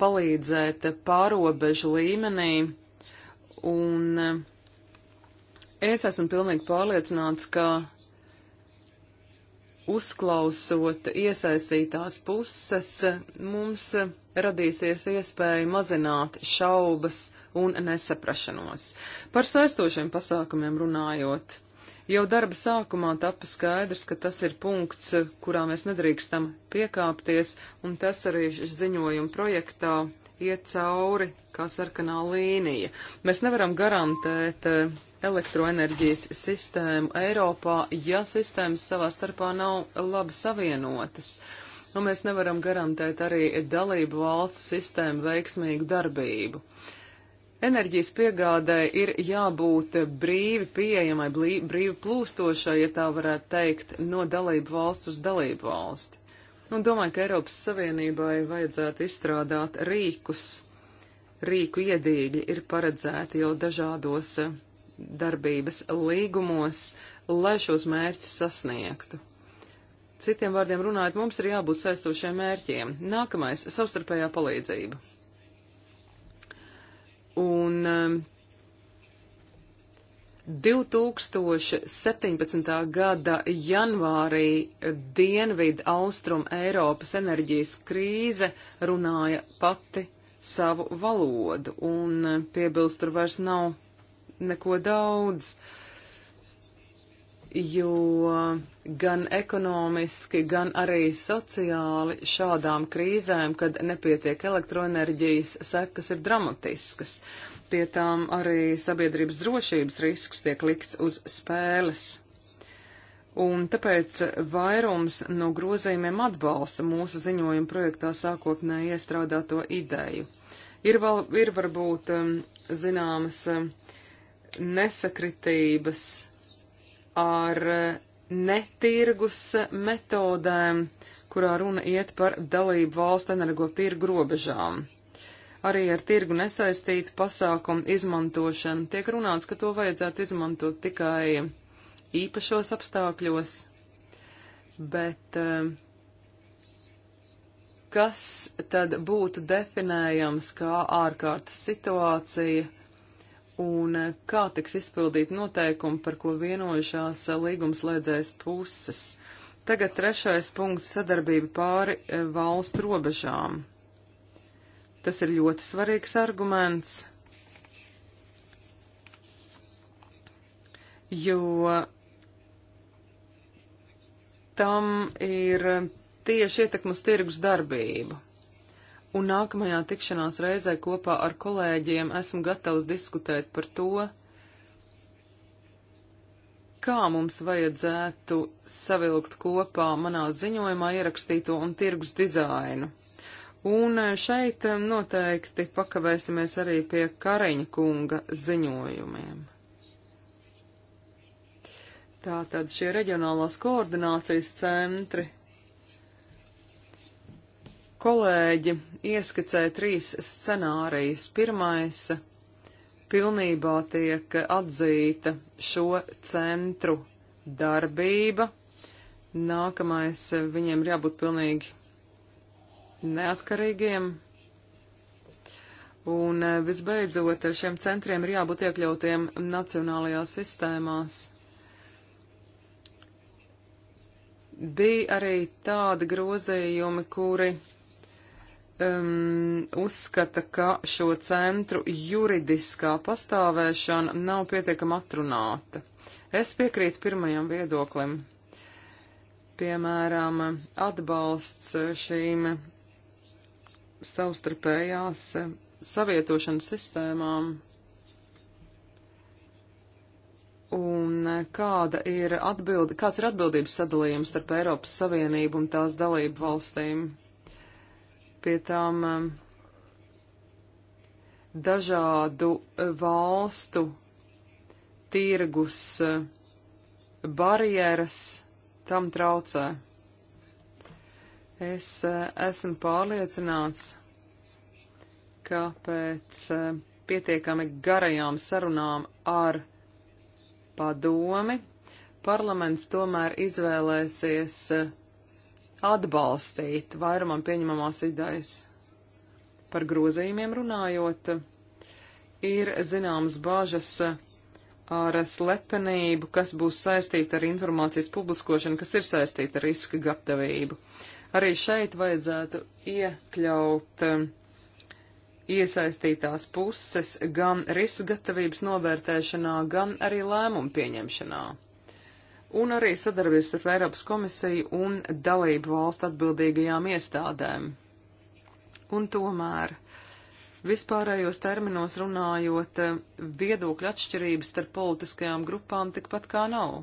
palīdzēt pārobežu līmenī, un eh, es esmu pilnīgi pārliecināts, ka uzklausot iesaistītās puses, mums radīsies iespēja mazināt šaubas un nesaprašanos. Par saistošiem pasākumiem runājot. Jau darba sākumā tapu skaidrs, ka tas ir punkts, kurā mēs nedrīkstam piekāpties, un tas arī ziņojuma projektā iet cauri kā sarkanā līnija. Mēs nevaram garantēt eh, elektroenerģijas sistēmu Eiropā, ja sistēmas savā starpā nav labi savienotas. Un mēs nevaram garantēt arī dalību valstu sistēmu veiksmīgu darbību. Uh, Enerģijas piegādē ir jābūt brīvi pieejamai, brīvi plūstošai, ja tā varētu teikt, no dalību valsts uz dalību valsti. Un nu, domāju, ka Eiropas Savienībai vajadzētu izstrādāt rīkus. Rīku iedīgi ir paredzēti jau dažādos eh, darbības līgumos, lai šos mērķus sasniegtu. Citiem vārdiem runājot, mums ir jābūt saistošiem mērķiem. Nākamais - savstarpējā palīdzība. Un 2017. Um, gada janvārī Dienvidu Austrum Eiropas enerģijas krīze runāja pati savu valodu, un uh, piebilst tur vairs nav neko daudz. Uh, jo gan ekonomiski, gan arī sociāli šādām krīzēm, kad nepietiek elektroenerģijas, sekas ir dramatiskas. Pie tām arī sabiedrības drošības risks tiek likts uz spēles. Un tāpēc vairums no grozījumiem atbalsta mūsu ziņojuma projektā sākotnēji iestrādāto ideju. Ir, val, ir varbūt um, zināmas um, nesakritības ar e, netirgus metodēm, kurā runa iet par dalību valstu energotirgu robežām. Arī ar tirgu nesaistītu pasākumu izmantošanu tiek runāts, ka to vajadzētu izmantot tikai īpašos apstākļos, bet e, kas tad būtu definējams kā ārkārtas situācija? un eh, kā tiks izpildīt noteikumi, par ko vienojušās eh, līgumslēdzējas puses. Tagad trešais punkts - sadarbība pāri eh, valstu robežām. Tas ir ļoti svarīgs arguments, jo tam ir tieši ietekmas tirgus darbību un nākamajā tikšanās reizē kopā ar kolēģiem esmu gatavs diskutēt par to, kā mums vajadzētu savilkt kopā manā ziņojumā ierakstīto un tirgus dizainu. Un šeit noteikti pakavēsimies arī pie Kariņa kunga ziņojumiem. Tātad šie reģionālās koordinācijas centri kolēģi ieskicēja trīs scenārijus. Pirmais - pilnībā tiek atzīta šo centru darbība. Nākamais - viņiem ir jābūt pilnīgi neatkarīgiem. Un eh, visbeidzot, šiem centriem ir jābūt iekļautiem nacionālajās sistēmās. Bija arī tādi grozījumi, kuri um, uzskata, ka šo centru juridiskā pastāvēšana nav pietiekama atrunāta. Es piekrītu pirmajam viedoklim. Piemēram, atbalsts šīm savstarpējās savietošanas sistēmām un kāda ir atbildi, kāds ir atbildības sadalījums starp Eiropas Savienību un tās dalību valstīm? pie tām um, dažādu uh, valstu tirgus uh, barjeras tam traucē. Es uh, esmu pārliecināts, ka pēc pietiekami garajām sarunām ar padomi parlaments tomēr izvēlēsies atbalstīt vairumam pieņemamās idejas. Par grozījumiem runājot, ir zināmas bāžas ar slepenību, kas būs saistīta ar informācijas publiskošanu, kas ir saistīta ar riska gatavību. Arī šeit vajadzētu iekļaut um, iesaistītās puses gan riska gatavības novērtēšanā, gan arī lēmumu pieņemšanā un arī sadarbības starp Eiropas komisiju un dalību valstu atbildīgajām iestādēm. Un tomēr, vispārējos terminos runājot, viedokļu atšķirības starp politiskajām grupām tikpat kā nav.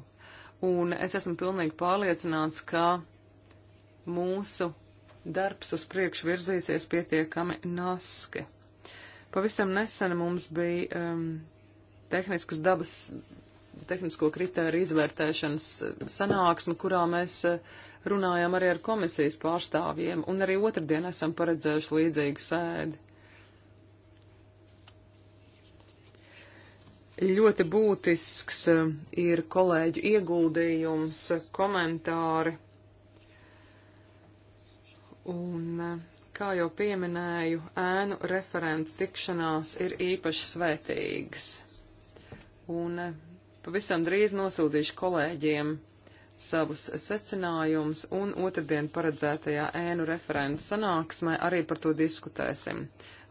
Un es esmu pilnīgi pārliecināts, ka mūsu darbs uz priekšu virzīsies pietiekami naski. Pavisam nesen mums bija um, tehniskas dabas tehnisko kritēriju izvērtēšanas eh, sanāksmi, kurā mēs eh, runājam arī ar komisijas pārstāvjiem, un arī otrdien esam paredzējuši līdzīgu sēdi. Ļoti būtisks eh, ir kolēģu ieguldījums, komentāri. Un, kā jau pieminēju, ēnu referentu tikšanās ir īpaši svētīgas. Un Pavisam drīz nosūtīšu kolēģiem savus secinājumus, un otrdien paredzētajā ēnu referentu sanāksmē arī par to diskutēsim.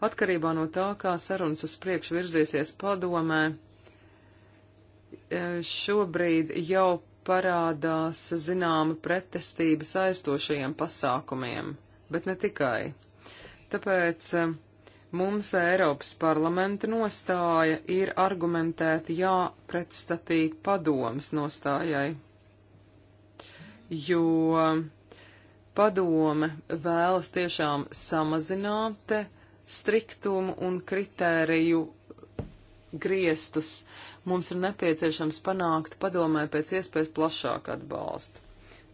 Atkarībā no tā, kā sarunas uz priekšu virzīsies padomē, e, šobrīd jau parādās zināma pretestība saistošajiem pasākumiem, bet ne tikai. Tāpēc e, Mums Eiropas parlamenta nostāja ir argumentēti jāpretstatī padomas nostājai, jo padome vēlas tiešām samazināt striktumu un kritēriju griestus. Mums ir nepieciešams panākt padomē pēc iespējas plašāku atbalstu.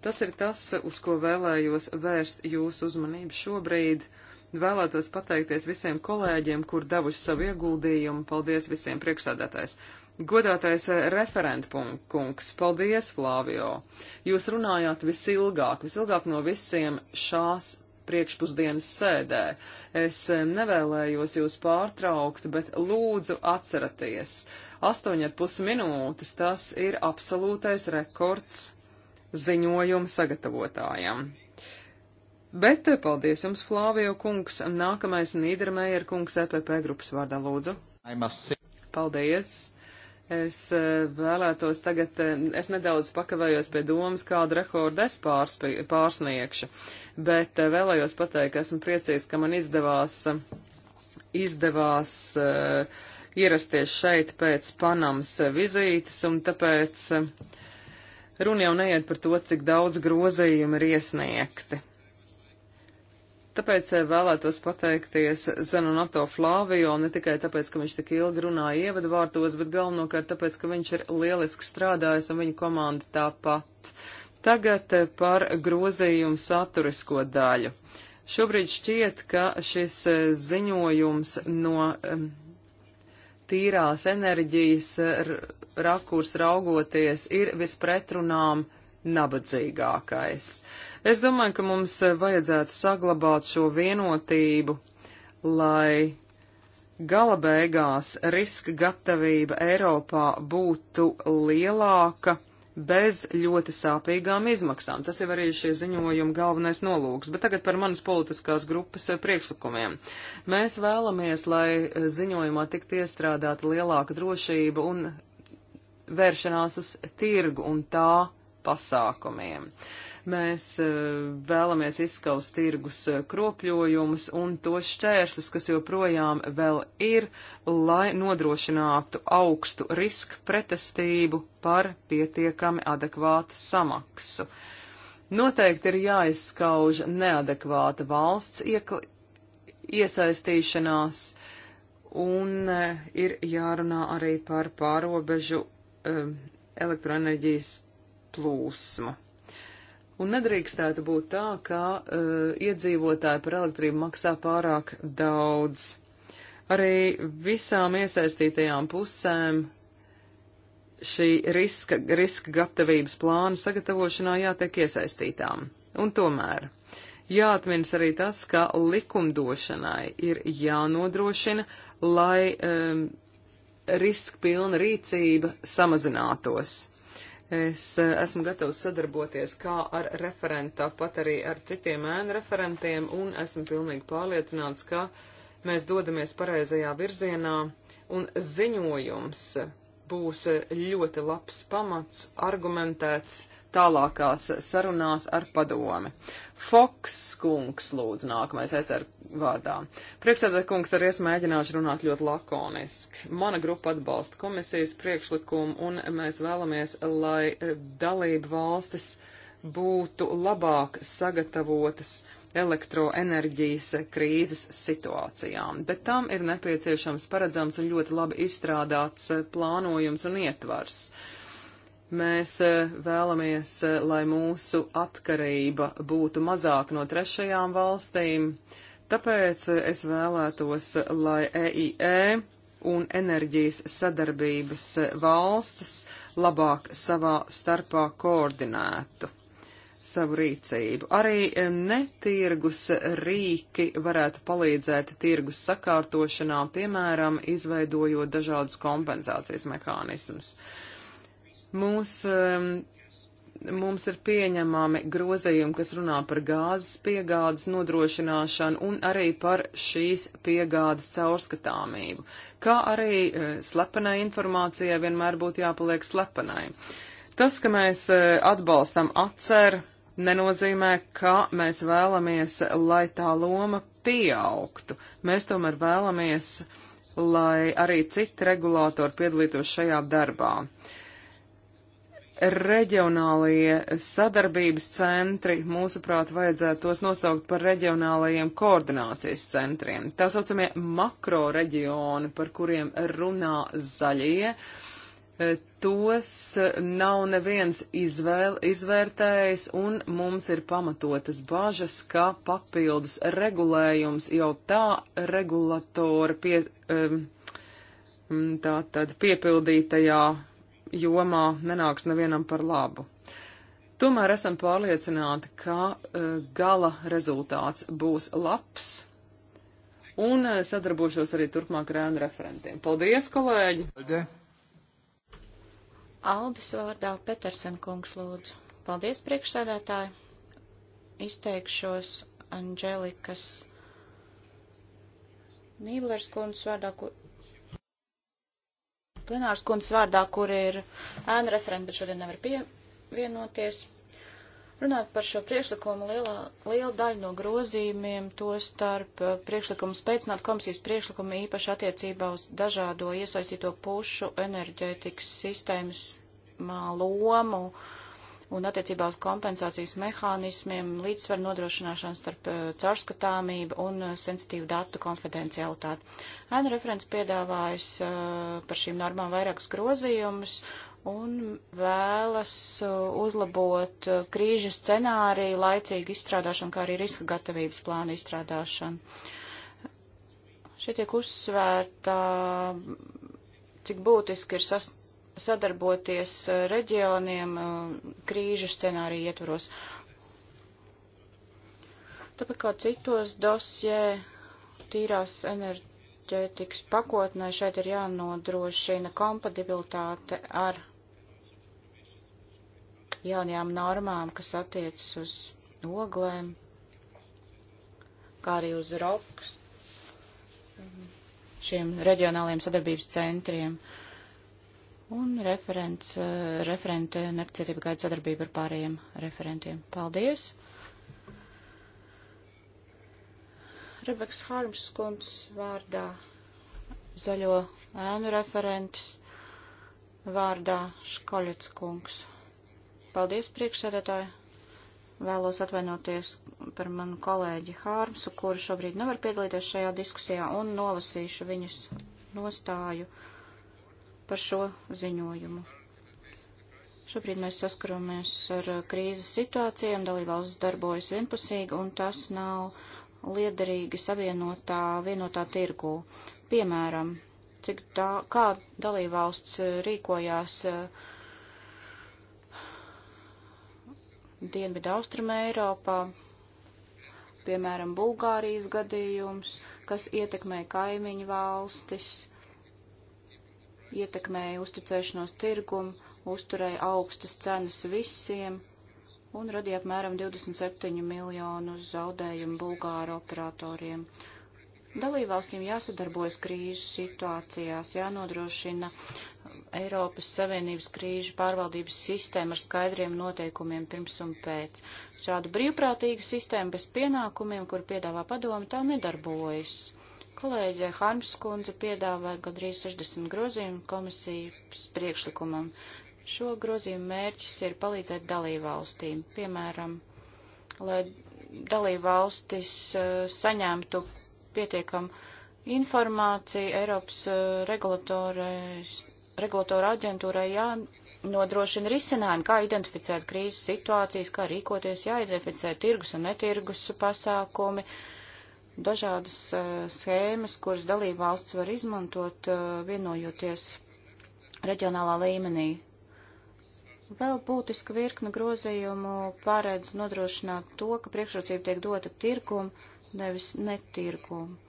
Tas ir tas, uz ko vēlējos vērst jūsu uzmanību šobrīd Vēlētos pateikties visiem kolēģiem, kur devuši savu ieguldījumu. Paldies visiem priekšsādātājs. Godātais eh, referentkungs, paldies, Flāvio. Jūs runājāt visilgāk, visilgāk no visiem šās priekšpusdienas sēdē. Es eh, nevēlējos jūs pārtraukt, bet lūdzu atceraties. 8,5 minūtes tas ir absolūtais rekords ziņojumu sagatavotājam. Bet eh, paldies jums, Flāvio kungs. Nākamais Nīdermējer kungs EPP grupas vārdā lūdzu. Paldies. Es eh, vēlētos tagad, eh, es nedaudz pakavējos pie domas, kādu rekordu es pārspī, pārsniegšu, bet vēlējos pateikt, ka esmu priecīgs, ka man izdevās, izdevās uh, ierasties šeit pēc Panamas vizītes, un tāpēc runa jau neiet par to, cik daudz grozījumu ir iesniegti Tāpēc eh, vēlētos pateikties Zenonato Flāvio ne tikai tāpēc, ka viņš tik ilgi runāja ievadu vārtos, bet galvenokārt tāpēc, ka viņš ir lieliski strādājis un viņa komanda tāpat. Tagad eh, par grozījumu saturisko daļu. Šobrīd šķiet, ka šis eh, ziņojums no tīrās enerģijas rakurs raugoties ir vispretrunām nabadzīgākais. Es domāju, ka mums eh, vajadzētu saglabāt šo vienotību, lai gala beigās riska gatavība Eiropā būtu lielāka bez ļoti sāpīgām izmaksām. Tas jau arī šie ziņojumi galvenais nolūks. Bet tagad par manas politiskās grupas eh, priekšlikumiem. Mēs vēlamies, lai eh, ziņojumā tiktu iestrādāta lielāka drošība un vēršanās uz tirgu un tā pasākumiem. Mēs eh, vēlamies izskaust tirgus eh, kropļojumus un tos šķērsus, kas joprojām vēl ir, lai nodrošinātu augstu risku pretestību par pietiekami adekvātu samaksu. Noteikti ir jāizskauž neadekvāta valsts iesaistīšanās, un eh, ir jārunā arī par pārobežu elektroenerģijas plūsmu. Un nedrīkstētu būt tā, ka uh, iedzīvotāji par elektrību maksā pārāk daudz. Arī visām iesaistītajām pusēm šī riska, riska gatavības plāna sagatavošanā jātiek iesaistītām. Un tomēr jāatminas arī tas, ka likumdošanai ir jānodrošina, lai um, ehm, riska pilna rīcība samazinātos. Es eh, esmu gatavs sadarboties kā ar referentu, tāpat arī ar citiem ēnu referentiem, un esmu pilnīgi pārliecināts, ka mēs dodamies pareizajā virzienā, un ziņojums būs eh, ļoti labs pamats, argumentēts, tālākās sarunās ar padomi. Foks kungs lūdzu nākamais SR vārdā. Priekšsēdē kungs arī es mēģināšu runāt ļoti lakoniski. Mana grupa atbalsta komisijas priekšlikumu un mēs vēlamies, lai eh, dalību valstis būtu labāk sagatavotas elektroenerģijas krīzes situācijām, bet tam ir nepieciešams paredzams un ļoti labi izstrādāts eh, plānojums un ietvars. Uh, Mēs eh, vēlamies, eh, lai mūsu atkarība būtu mazāka no trešajām valstīm, tāpēc eh, es vēlētos, lai EIE e un enerģijas sadarbības valstis labāk savā starpā koordinētu savu rīcību. Arī netirgus rīki varētu palīdzēt tirgus sakārtošanā, piemēram, izveidojot dažādus kompensācijas mehānismus. Mūs, um, mums ir pieņemami grozījumi, kas runā par gāzes piegādes nodrošināšanu un arī par šīs piegādes caurskatāmību, kā arī uh, slepenai informācijai vienmēr būtu jāpaliek slepenai. Tas, ka mēs uh, atbalstam atceru, nenozīmē, ka mēs vēlamies, lai tā loma pieaugtu. Mēs tomēr vēlamies, lai arī citi regulātori piedalītos šajā darbā. Uh, reģionālie sadarbības centri, mūsuprāt, vajadzētu tos nosaukt par reģionālajiem koordinācijas centriem. Tā saucamie makro reģioni, par kuriem runā zaļie, e, tos nav neviens izvēl, izvērtējis, un mums ir pamatotas bažas, ka papildus regulējums jau tā regulatora pie, e, tā tad piepildītajā jomā nenāks nevienam par labu. Tomēr esam pārliecināti, ka uh, gala rezultāts būs labs, un uh, sadarbošos arī turpmāk ar ēnu referentiem. Paldies, kolēģi! Alde. Aldis vārdā Petersen kungs lūdzu. Paldies, priekšsēdētāji! Izteikšos Anģelikas Nīblers kundas vārdā, kur plenāras kundas vārdā, kur ir ēna referenta, bet šodien nevar pievienoties. Runāt par šo priekšlikumu lielā, liela daļa no grozījumiem, to starp eh, priekšlikumu spēcināt komisijas priekšlikumu īpaši attiecībā uz dažādo iesaistīto pušu enerģētikas sistēmas lomu. Uh, un attiecībā uz kompensācijas mehānismiem līdzsver nodrošināšanu starp uh, caurskatāmību un uh, sensitīvu datu konfidencialitāti. Ēna referents piedāvājas uh, par šīm normām vairākus grozījumus un vēlas uzlabot krīžu scenāriju, laicīgu izstrādāšanu, kā arī riska gatavības plānu izstrādāšanu. Šeit tiek uzsvērta, cik būtiski ir sasniegt sadarboties eh, reģioniem eh, krīžu scenāriju ietvaros. Tāpēc kā citos dosjē tīrās enerģētikas pakotnē šeit ir jānodrošina kompatibilitāte ar jaunajām normām, kas attiecas uz oglēm, kā arī uz roks, šiem reģionāliem sadarbības centriem. Uh, Un referents, eh, referente nepacietība gaida sadarbību ar pārējiem referentiem. Paldies! Rebeks Harms kunds vārdā zaļo ēnu referents vārdā Škoļets kungs. Paldies, priekšsēdētāji! Vēlos atvainoties par manu kolēģi Hārmsu, kuru šobrīd nevar piedalīties šajā diskusijā, un nolasīšu viņas nostāju. Uh, par šo ziņojumu. Šobrīd mēs saskaramies ar krīzes situācijām, dalībvalsts darbojas vienpusīgi, un tas nav liederīgi savienotā vienotā tirgū. Piemēram, cik tā, kā dalībvalsts rīkojās eh, Dienvidu Austrumē Eiropā, piemēram, Bulgārijas gadījums, kas ietekmē kaimiņu valstis ietekmēja uzticēšanos tirgumu, uzturēja augstas cenas visiem un radīja apmēram 27 miljonu zaudējumu Bulgāru operatoriem. Dalībvalstīm jāsadarbojas krīžu situācijās, jānodrošina Eiropas Savienības krīžu pārvaldības sistēma ar skaidriem noteikumiem pirms un pēc. Šāda brīvprātīga sistēma bez pienākumiem, kur piedāvā padomu, tā nedarbojas. Kolēģe Harms kundze piedāvāja gadrīz 60 grozījumu komisijas priekšlikumam. Šo grozījumu mērķis ir palīdzēt dalībvalstīm, piemēram, lai dalībvalstis uh, saņemtu pietiekam informāciju Eiropas uh, regulatora aģentūrai jānodrošina risinājumi, kā identificēt krīzes situācijas, kā rīkoties, jāidentificē tirgus un netirgus pasākumi. Uh, dažādas uh, schēmas, kuras dalība valsts var izmantot, uh, vienojoties reģionālā līmenī. Vēl būtiska virkne grozījumu paredz nodrošināt to, ka priekšrocība tiek dota tirkumu, nevis netirkumu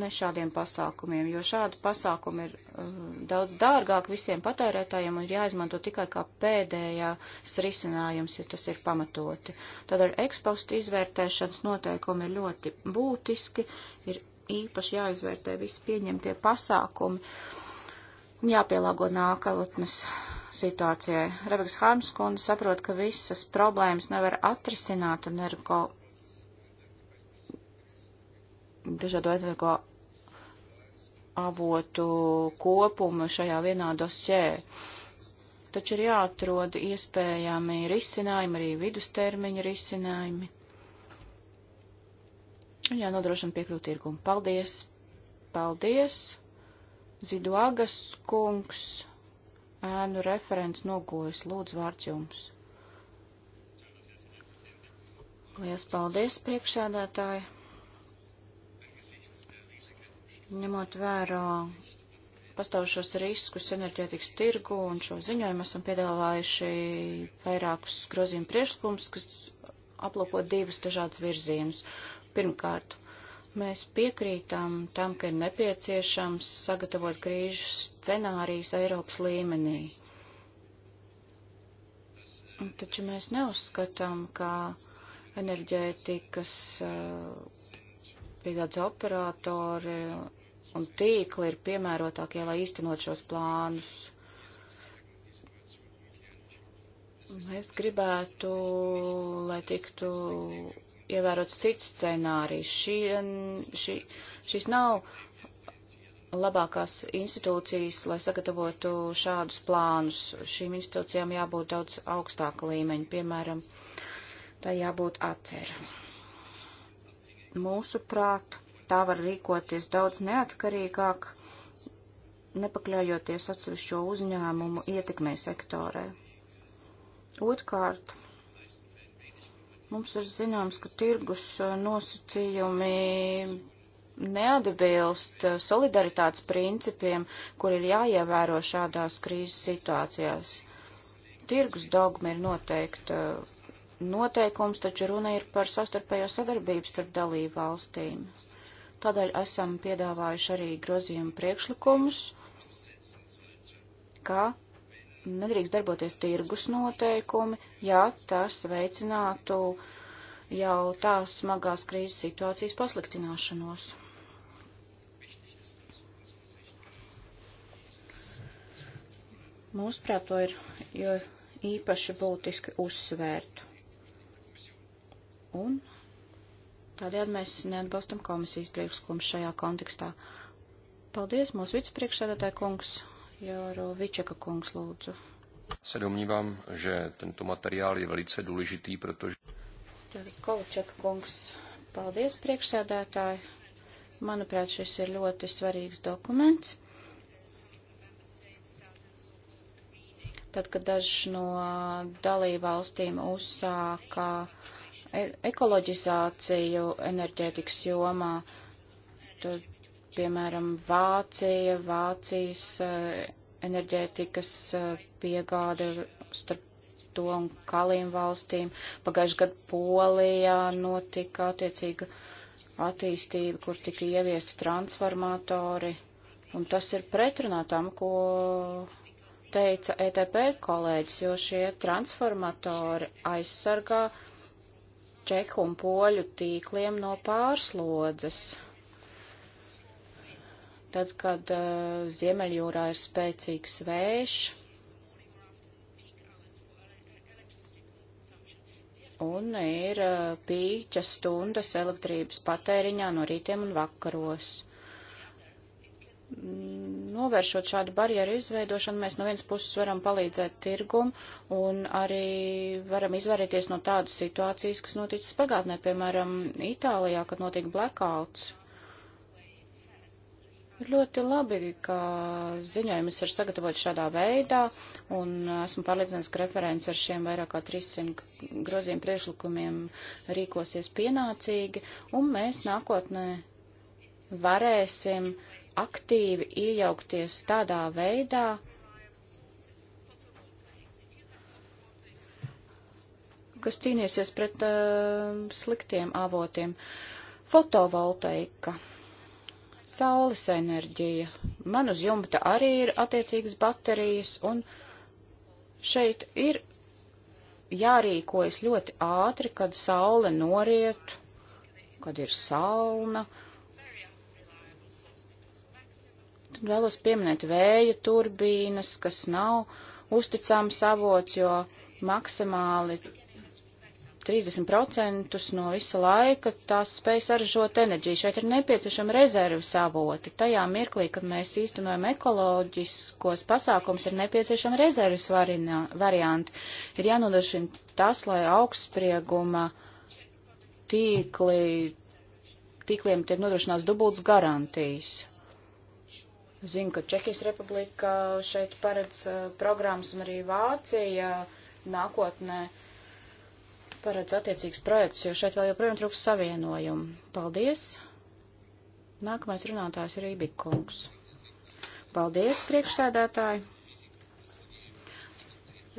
ne šādiem pasākumiem, jo šādi pasākumi ir uh, daudz dārgāk visiem patērētājiem un ir jāizmanto tikai kā pēdējās risinājums, ja tas ir pamatoti. Tādēļ ekspostu izvērtēšanas noteikumi ir ļoti būtiski, ir īpaši jāizvērtē visi pieņemtie pasākumi un jāpielāgo nākotnes situācijai. Rebekas Harmskundze saprot, ka visas problēmas nevar atrisināt un ir kaut dažādu etnisko avotu kopumu šajā vienā dosjē. Taču ir jāatrod iespējami risinājumi, arī vidustermiņa risinājumi. Un jānodrošina piekļūt tirgumu. Paldies! Paldies! Ziduagas kungs, ēnu referents nogojas, lūdzu vārds jums. Lielas paldies, priekšsēdētāji! Ņemot vērā pastāvušos riskus enerģētikas tirgu un šo ziņojumu esam piedāvājuši vairākus grozījumu priekšlikumus, kas aplūko divus dažādus virzienus. Pirmkārt, mēs piekrītam tam, ka ir nepieciešams sagatavot krīžu scenārijus Eiropas līmenī. Taču mēs neuzskatām, ka enerģētikas eh, piegādes operatori un tīkli ir piemērotākie, lai īstenot šos plānus. Mēs gribētu, lai tiktu ievērots cits scenārijs. Šī, šī, šis nav labākās institūcijas, lai sagatavotu šādus plānus. Šīm institūcijām jābūt daudz augstāka līmeņa, piemēram, tā jābūt atcera. Mūsu prāt, tā var rīkoties daudz neatkarīgāk, nepakļaujoties atsevišķo uzņēmumu ietekmē sektorē. Otkārt, mums ir zināms, ka tirgus uh, nosacījumi neatbilst uh, solidaritātes principiem, kur ir jāievēro šādās krīzes situācijās. Tirgus dogma ir noteikta uh, noteikums, taču runa ir par sastarpējo sadarbību starp dalību valstīm. Tādēļ esam piedāvājuši arī grozījumu priekšlikumus, ka nedrīkst darboties tirgus noteikumi, ja tas veicinātu jau tās smagās krīzes situācijas pasliktināšanos. Mūsuprāt, to ir īpaši būtiski uzsvērt. Un Tādējādi mēs neatbalstam komisijas priekšlikumu šajā kontekstā. Paldies, mūsu vicepriekšsēdētāja kungs, Jāro Vičeka kungs, lūdzu. Se domnívám, že tento materiál je velice důležitý, protože... Tātad Kolčeka kungs, paldies priekšsēdētāji. Manuprāt, šis ir ļoti svarīgs dokuments. Tad, kad daži no dalībvalstīm uzsāka uh, E, ekoloģizāciju enerģētikas jomā. Tur, piemēram, Vācija, Vācijas e, enerģētikas e, piegāde starp to un Kalīm valstīm. Pagājuši gadu Polijā notika attiecīga attīstība, kur tika ieviesti transformatori. Un tas ir pretrunā tam, ko teica ETP kolēģis, jo šie transformatori aizsargā čehu un poļu tīkliem no pārslodzes. Tad, kad uh, Ziemeļjūrā ir spēcīgs vējš un ir uh, pīķa stundas elektrības patēriņā no rītiem un vakaros novēršot šādu barjeru izveidošanu, mēs no vienas puses varam palīdzēt tirgumu un arī varam izvairīties no tādas situācijas, kas noticis pagātnē, piemēram, Itālijā, kad notika blackouts. Ir ļoti labi, ka ziņojumus ir sagatavot šādā veidā, un esmu pārliecināts, ka referents ar šiem vairāk kā 300 grozījumu priešlikumiem rīkosies pienācīgi, un mēs nākotnē varēsim uh, aktīvi iejaukties tādā veidā, kas cīnīsies pret uh, sliktiem avotiem. Fotovoltaika, saules enerģija, man uz jumta arī ir attiecīgas baterijas, un šeit ir jārīkojas ļoti ātri, kad saule noriet, kad ir sauna. Uh, Vēlos pieminēt vēja turbīnas, kas nav uzticams avots, jo maksimāli 30% no visa laika tās spēj saražot enerģiju. Šeit ir nepieciešama rezerves avoti. Tajā mirklī, kad mēs īstenojam ekoloģiskos pasākums, ir nepieciešama rezerves varianti. Ir jānodrošina tas, lai augstsprieguma tīkli, tīkliem tiek nodrošināts dubults garantijas. Zinu, ka Čehijas republika šeit paredz uh, programmas un arī Vācija nākotnē paredz attiecīgus projektus, jo šeit vēl joprojām trūks savienojumu. Paldies! Nākamais runātājs ir Ibikungs. Paldies, priekšsēdētāji!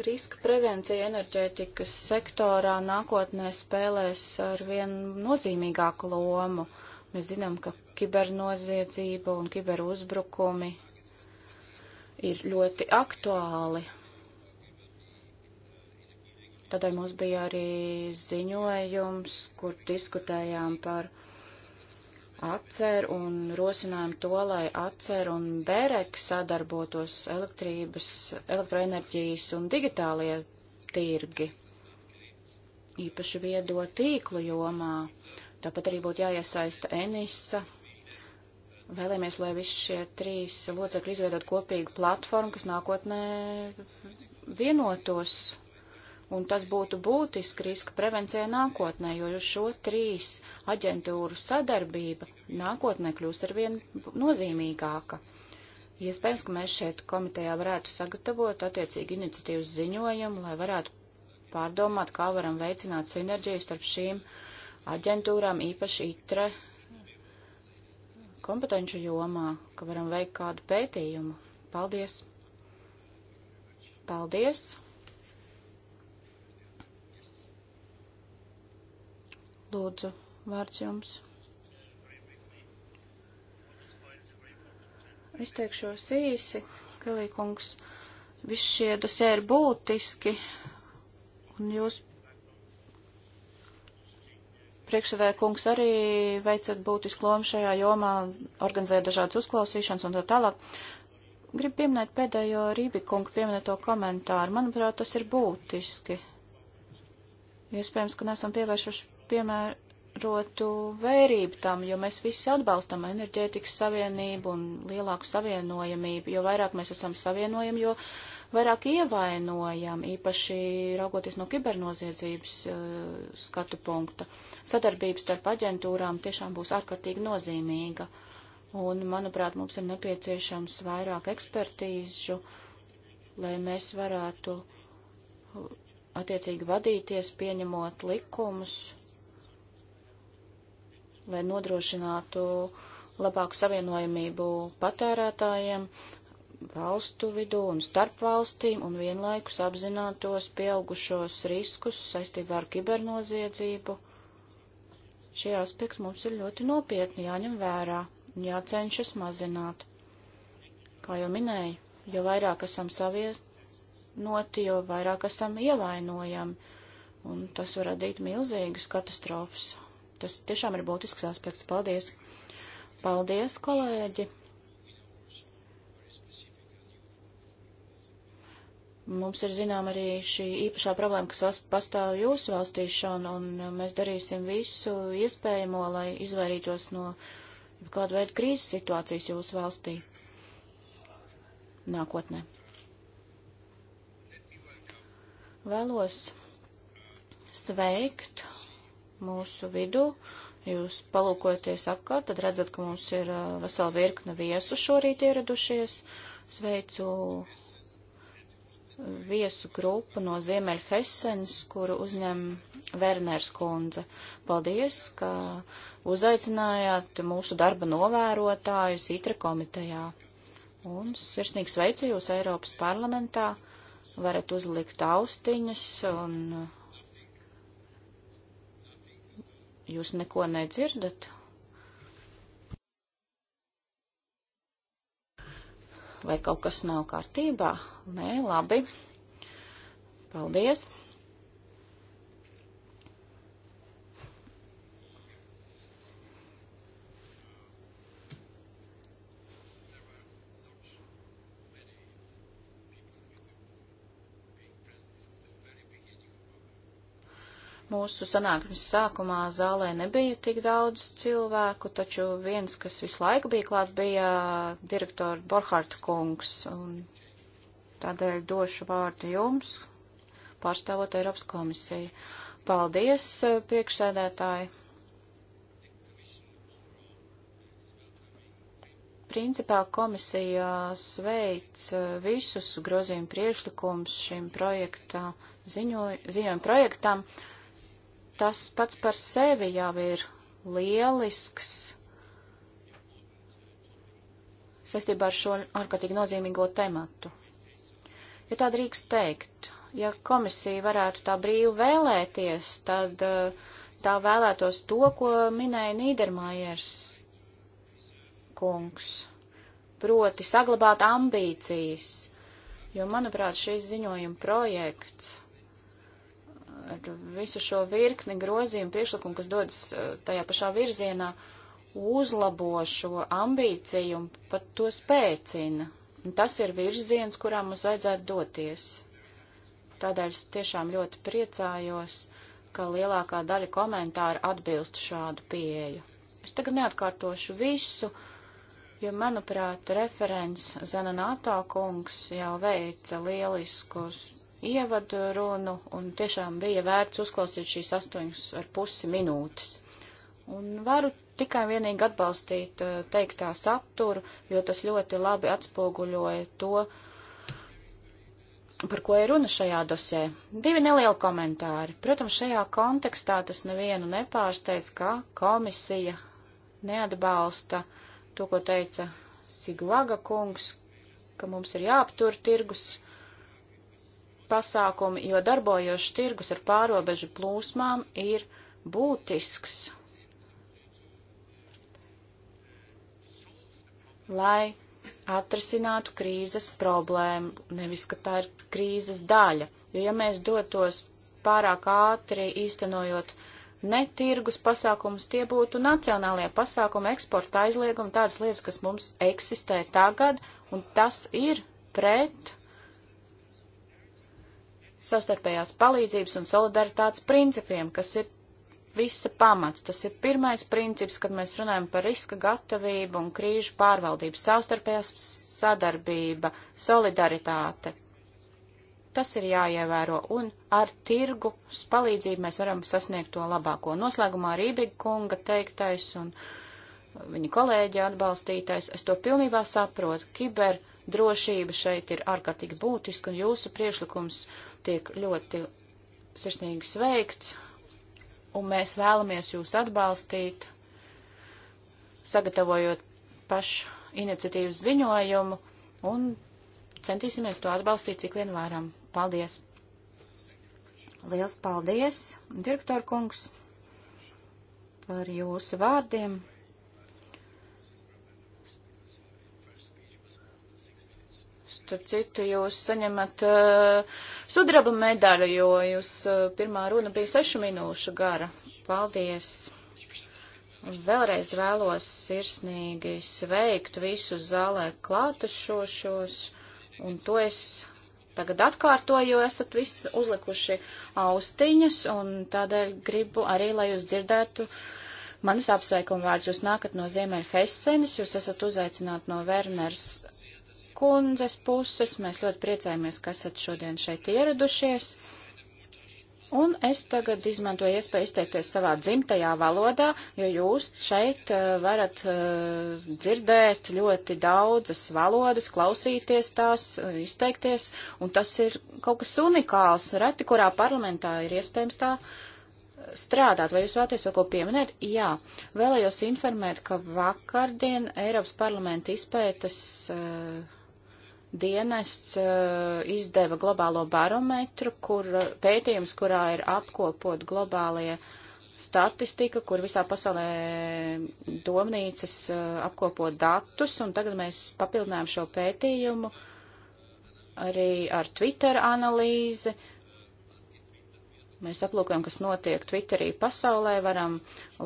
Riska prevencija enerģētikas sektorā nākotnē spēlēs ar vien nozīmīgāku lomu. Mēs zinām, ka kibernoziedzība un kiberuzbrukumi ir ļoti aktuāli. Tādēļ mums bija arī ziņojums, kur diskutējām par atceru un rosinājām to, lai atceru un berek sadarbotos elektrības, elektroenerģijas un digitālie tirgi, īpaši viedo tīklu jomā. Tāpat arī būtu jāiesaista Enisa Vēlamies, lai visi šie trīs locekļi izveidot kopīgu platformu, kas nākotnē vienotos, un tas būtu būtiski riska prevencijai nākotnē, jo šo trīs aģentūru sadarbība nākotnē kļūs arvien nozīmīgāka. Iespējams, ka mēs šeit komitejā varētu sagatavot attiecīgi iniciatīvas ziņojumu, lai varētu pārdomāt, kā varam veicināt sinerģiju starp šīm aģentūrām, īpaši ITRE kompetenču jomā, ka varam veikt kādu pētījumu. Paldies! Paldies! Lūdzu, vārds jums. Es teikšos īsi, Kalīkungs, visi šie dosē ir būtiski, un jūs priekšsēdē kungs arī veicat būtisku lomu šajā jomā, organizēja dažādas uzklausīšanas un tā tālāk. Gribu pieminēt pēdējo Rībikunga pieminēto komentāru. Manuprāt, tas ir būtiski. Iespējams, ka nesam pievēršuši piemērotu vērību tam, jo mēs visi atbalstam enerģētikas savienību un lielāku savienojamību. Jo vairāk mēs esam savienojami, jo vairāk ievainojam, īpaši raugoties no kibernoziedzības eh, skatu punkta. Sadarbības starp aģentūrām tiešām būs ārkārtīgi nozīmīga. Un, manuprāt, mums ir nepieciešams vairāk ekspertīžu, lai mēs varētu eh, attiecīgi vadīties, pieņemot likumus, lai nodrošinātu labāku savienojamību patērētājiem valstu vidū un starp valstīm un vienlaikus apzinātos pieaugušos riskus saistībā ar kibernoziedzību. Šie aspekti mums ir ļoti nopietni jāņem vērā un jācenšas mazināt. Kā jau minēju, jo vairāk esam savienoti, jo vairāk esam ievainojami, un tas var radīt milzīgas katastrofas. Tas tiešām ir būtisks aspekts. Paldies! Paldies, kolēģi! Mums ir zinām arī šī īpašā problēma, kas pastāv jūsu valstī šon, un uh, mēs darīsim visu iespējamo, lai izvairītos no kādu veidu krīzes situācijas jūsu valstī nākotnē. Vēlos sveikt mūsu vidu. Jūs palūkojaties apkārt, tad redzat, ka mums ir uh, vesela virkne viesu šorīt ieradušies. Sveicu viesu grupu no Ziemeļhesens, kuru uzņem Werners kundze. Paldies, ka uzaicinājāt mūsu darba novērotājus ITRA komitejā. Un sirsnīgi sveicu jūs Eiropas parlamentā. Varat uzlikt austiņas un jūs neko nedzirdat. Vai kaut kas nav kārtībā? Nē, labi. Paldies! Mūsu sanāksmes sākumā zālē nebija tik daudz cilvēku, taču viens, kas visu laiku bija klāt, bija direktora Borhārta kungs. Un tādēļ došu vārdu jums, pārstāvot Eiropas komisiju. Paldies, priekšsēdētāji! principā komisija sveic visus grozījumu priešlikums šim projektā, ziņo, ziņojumu projektam. Uh, tas pats par sevi jau ir lielisks saistībā ar šo ārkārtīgi nozīmīgo tematu. Ja tā drīkst teikt, ja komisija varētu tā brīvi vēlēties, tad uh, tā vēlētos to, ko minēja Nīdermājers kungs, proti saglabāt ambīcijas, jo, manuprāt, šis ziņojuma projekts ar visu šo virkni grozījumu priekšlikumu, kas dodas eh, tajā pašā virzienā, uzlabo šo ambīciju un pat to spēcina. Un tas ir virziens, kurā mums vajadzētu doties. Tādēļ es tiešām ļoti priecājos, ka lielākā daļa komentāru atbilst šādu pieeju. Es tagad neatkārtošu visu, jo, manuprāt, referents Zana Nātā kungs jau veica lieliskus ievadu runu, un tiešām bija vērts uzklausīt šīs astoņas ar pusi minūtes. Un varu tikai vienīgi atbalstīt eh, teiktā saturu, jo tas ļoti labi atspoguļoja to, par ko ir runa šajā dosē. Divi nelieli komentāri. Protams, šajā kontekstā tas nevienu nepārsteidz, ka komisija neatbalsta to, ko teica Sigvaga kungs, ka mums ir jāaptur tirgus pasākumi, jo darbojošs tirgus ar pārobežu plūsmām ir būtisks, lai atrisinātu krīzes problēmu, nevis, ka tā ir krīzes daļa. Jo, ja mēs dotos pārāk ātri īstenojot ne tirgus pasākumus, tie būtu nacionālajie pasākumi, eksporta aizliegumi, tādas lietas, kas mums eksistē tagad, un tas ir pret savstarpējās palīdzības un solidaritātes principiem, kas ir visa pamats. Tas ir pirmais princips, kad mēs runājam par riska gatavību un krīžu pārvaldību, savstarpējās sadarbība, solidaritāte. Tas ir jāievēro, un ar tirgus palīdzību mēs varam sasniegt to labāko. Noslēgumā Rībiga kunga teiktais un viņa kolēģi atbalstītais, es to pilnībā saprotu, kiber drošība šeit ir ārkārtīgi būtiska, un jūsu priekšlikums tiek ļoti sirsnīgi sveikts, un mēs vēlamies jūs atbalstīt, sagatavojot pašu iniciatīvas ziņojumu, un centīsimies to atbalstīt, cik vien varam. Paldies! Liels paldies, direktor kungs, par jūsu vārdiem! Starp citu, jūs saņemat uh, sudraba medaļu, jo jūs uh, pirmā runa bija sešu minūšu gara. Paldies! Un vēlreiz vēlos sirsnīgi sveikt visus zālē klātešošos, un to es tagad atkārtoju, jo esat visi uzlikuši austiņas, un tādēļ gribu arī, lai jūs dzirdētu manas apsveikuma vārdus. Jūs nākat no Ziemeļa Heisenes, jūs esat uzaicināti no Werners kundzes puses. Mēs ļoti priecājamies, ka esat šodien šeit ieradušies. Un es tagad izmantoju iespēju izteikties savā dzimtajā valodā, jo jūs šeit eh, varat eh, dzirdēt ļoti daudzas valodas, klausīties tās, eh, izteikties, un tas ir kaut kas unikāls. Reti, kurā parlamentā ir iespējams tā strādāt, vai jūs vēlaties vēl ko pieminēt? Jā, vēlējos informēt, ka vakardien Eiropas parlamenta izpētas uh, dienests eh, izdeva globālo barometru, kur eh, pētījums, kurā ir apkopot globālie statistika, kur visā pasaulē domnīcas eh, apkopo datus, un tagad mēs papildinājām šo pētījumu arī ar Twitter analīzi, uh, Mēs aplūkojam, kas notiek Twitterī pasaulē, varam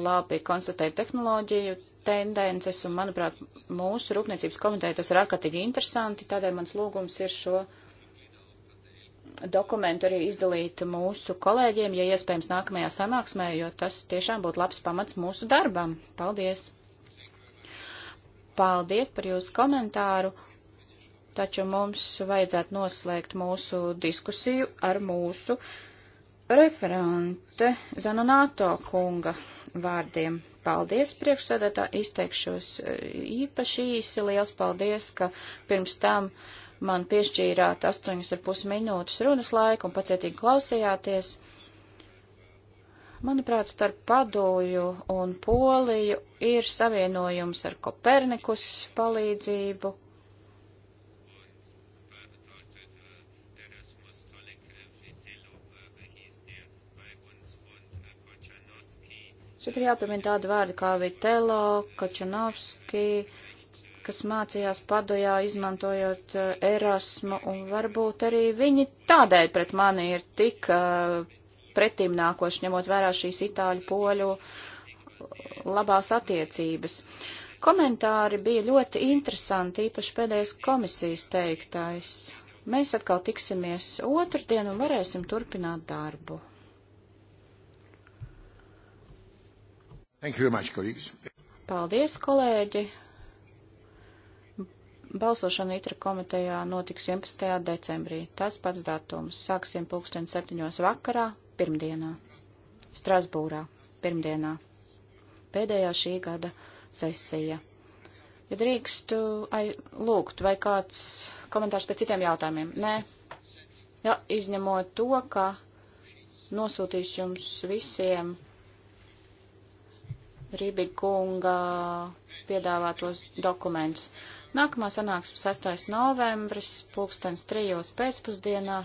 labi konstatēt tehnoloģiju tendences, un, manuprāt, mūsu rūpniecības komiteja tas ir ārkārtīgi interesanti, tādēļ mans lūgums ir šo dokumentu arī izdalīt mūsu kolēģiem, ja iespējams nākamajā sanāksmē, jo tas tiešām būtu labs pamats mūsu darbam. Paldies! Paldies par jūsu komentāru! taču mums vajadzētu noslēgt mūsu diskusiju ar mūsu referente Zanonāto kunga vārdiem. Paldies, priekšsēdētā, izteikšos eh, īpaši īsi. Liels paldies, ka pirms tam man piešķīrāt 8,5 minūtes runas laiku un pacietīgi klausījāties. Manuprāt, starp padoju un poliju ir savienojums ar Kopernikus palīdzību, Tad ir jāpiemina tādi vārdi kā Vitelo, Kačanovski, kas mācījās padojā, izmantojot eh, Erasmu, un varbūt arī viņi tādēļ pret mani ir tik uh, eh, pretīm nākoši, ņemot vērā šīs itāļu poļu eh, labās attiecības. Komentāri bija ļoti interesanti, īpaši pēdējais komisijas teiktais. Mēs atkal tiksimies otrdien un varēsim turpināt darbu. Much, Paldies, kolēģi! Balsošana itra komitejā notiks 11. decembrī. Tas pats datums. Sāksim pulksten 7. vakarā, pirmdienā. Strasbūrā, pirmdienā. Pēdējā šī gada sesija. Ja drīkstu ai, lūgt, vai kāds komentārs pēc citiem jautājumiem? Nē. Ja, izņemot to, ka nosūtīšu jums visiem Rībīga kunga piedāvātos dokumentus. Nākamā sanāksme 6. novembris, pulkstens 3. pēcpusdienā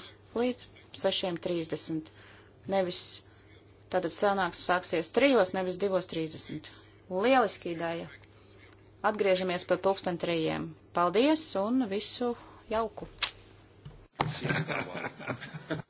līdz 6.30. Nevis, tātad sanāksme sāksies 3. nevis 2.30. Lieliski ideja. Atgriežamies pie pulksten 3. Paldies un visu jauku!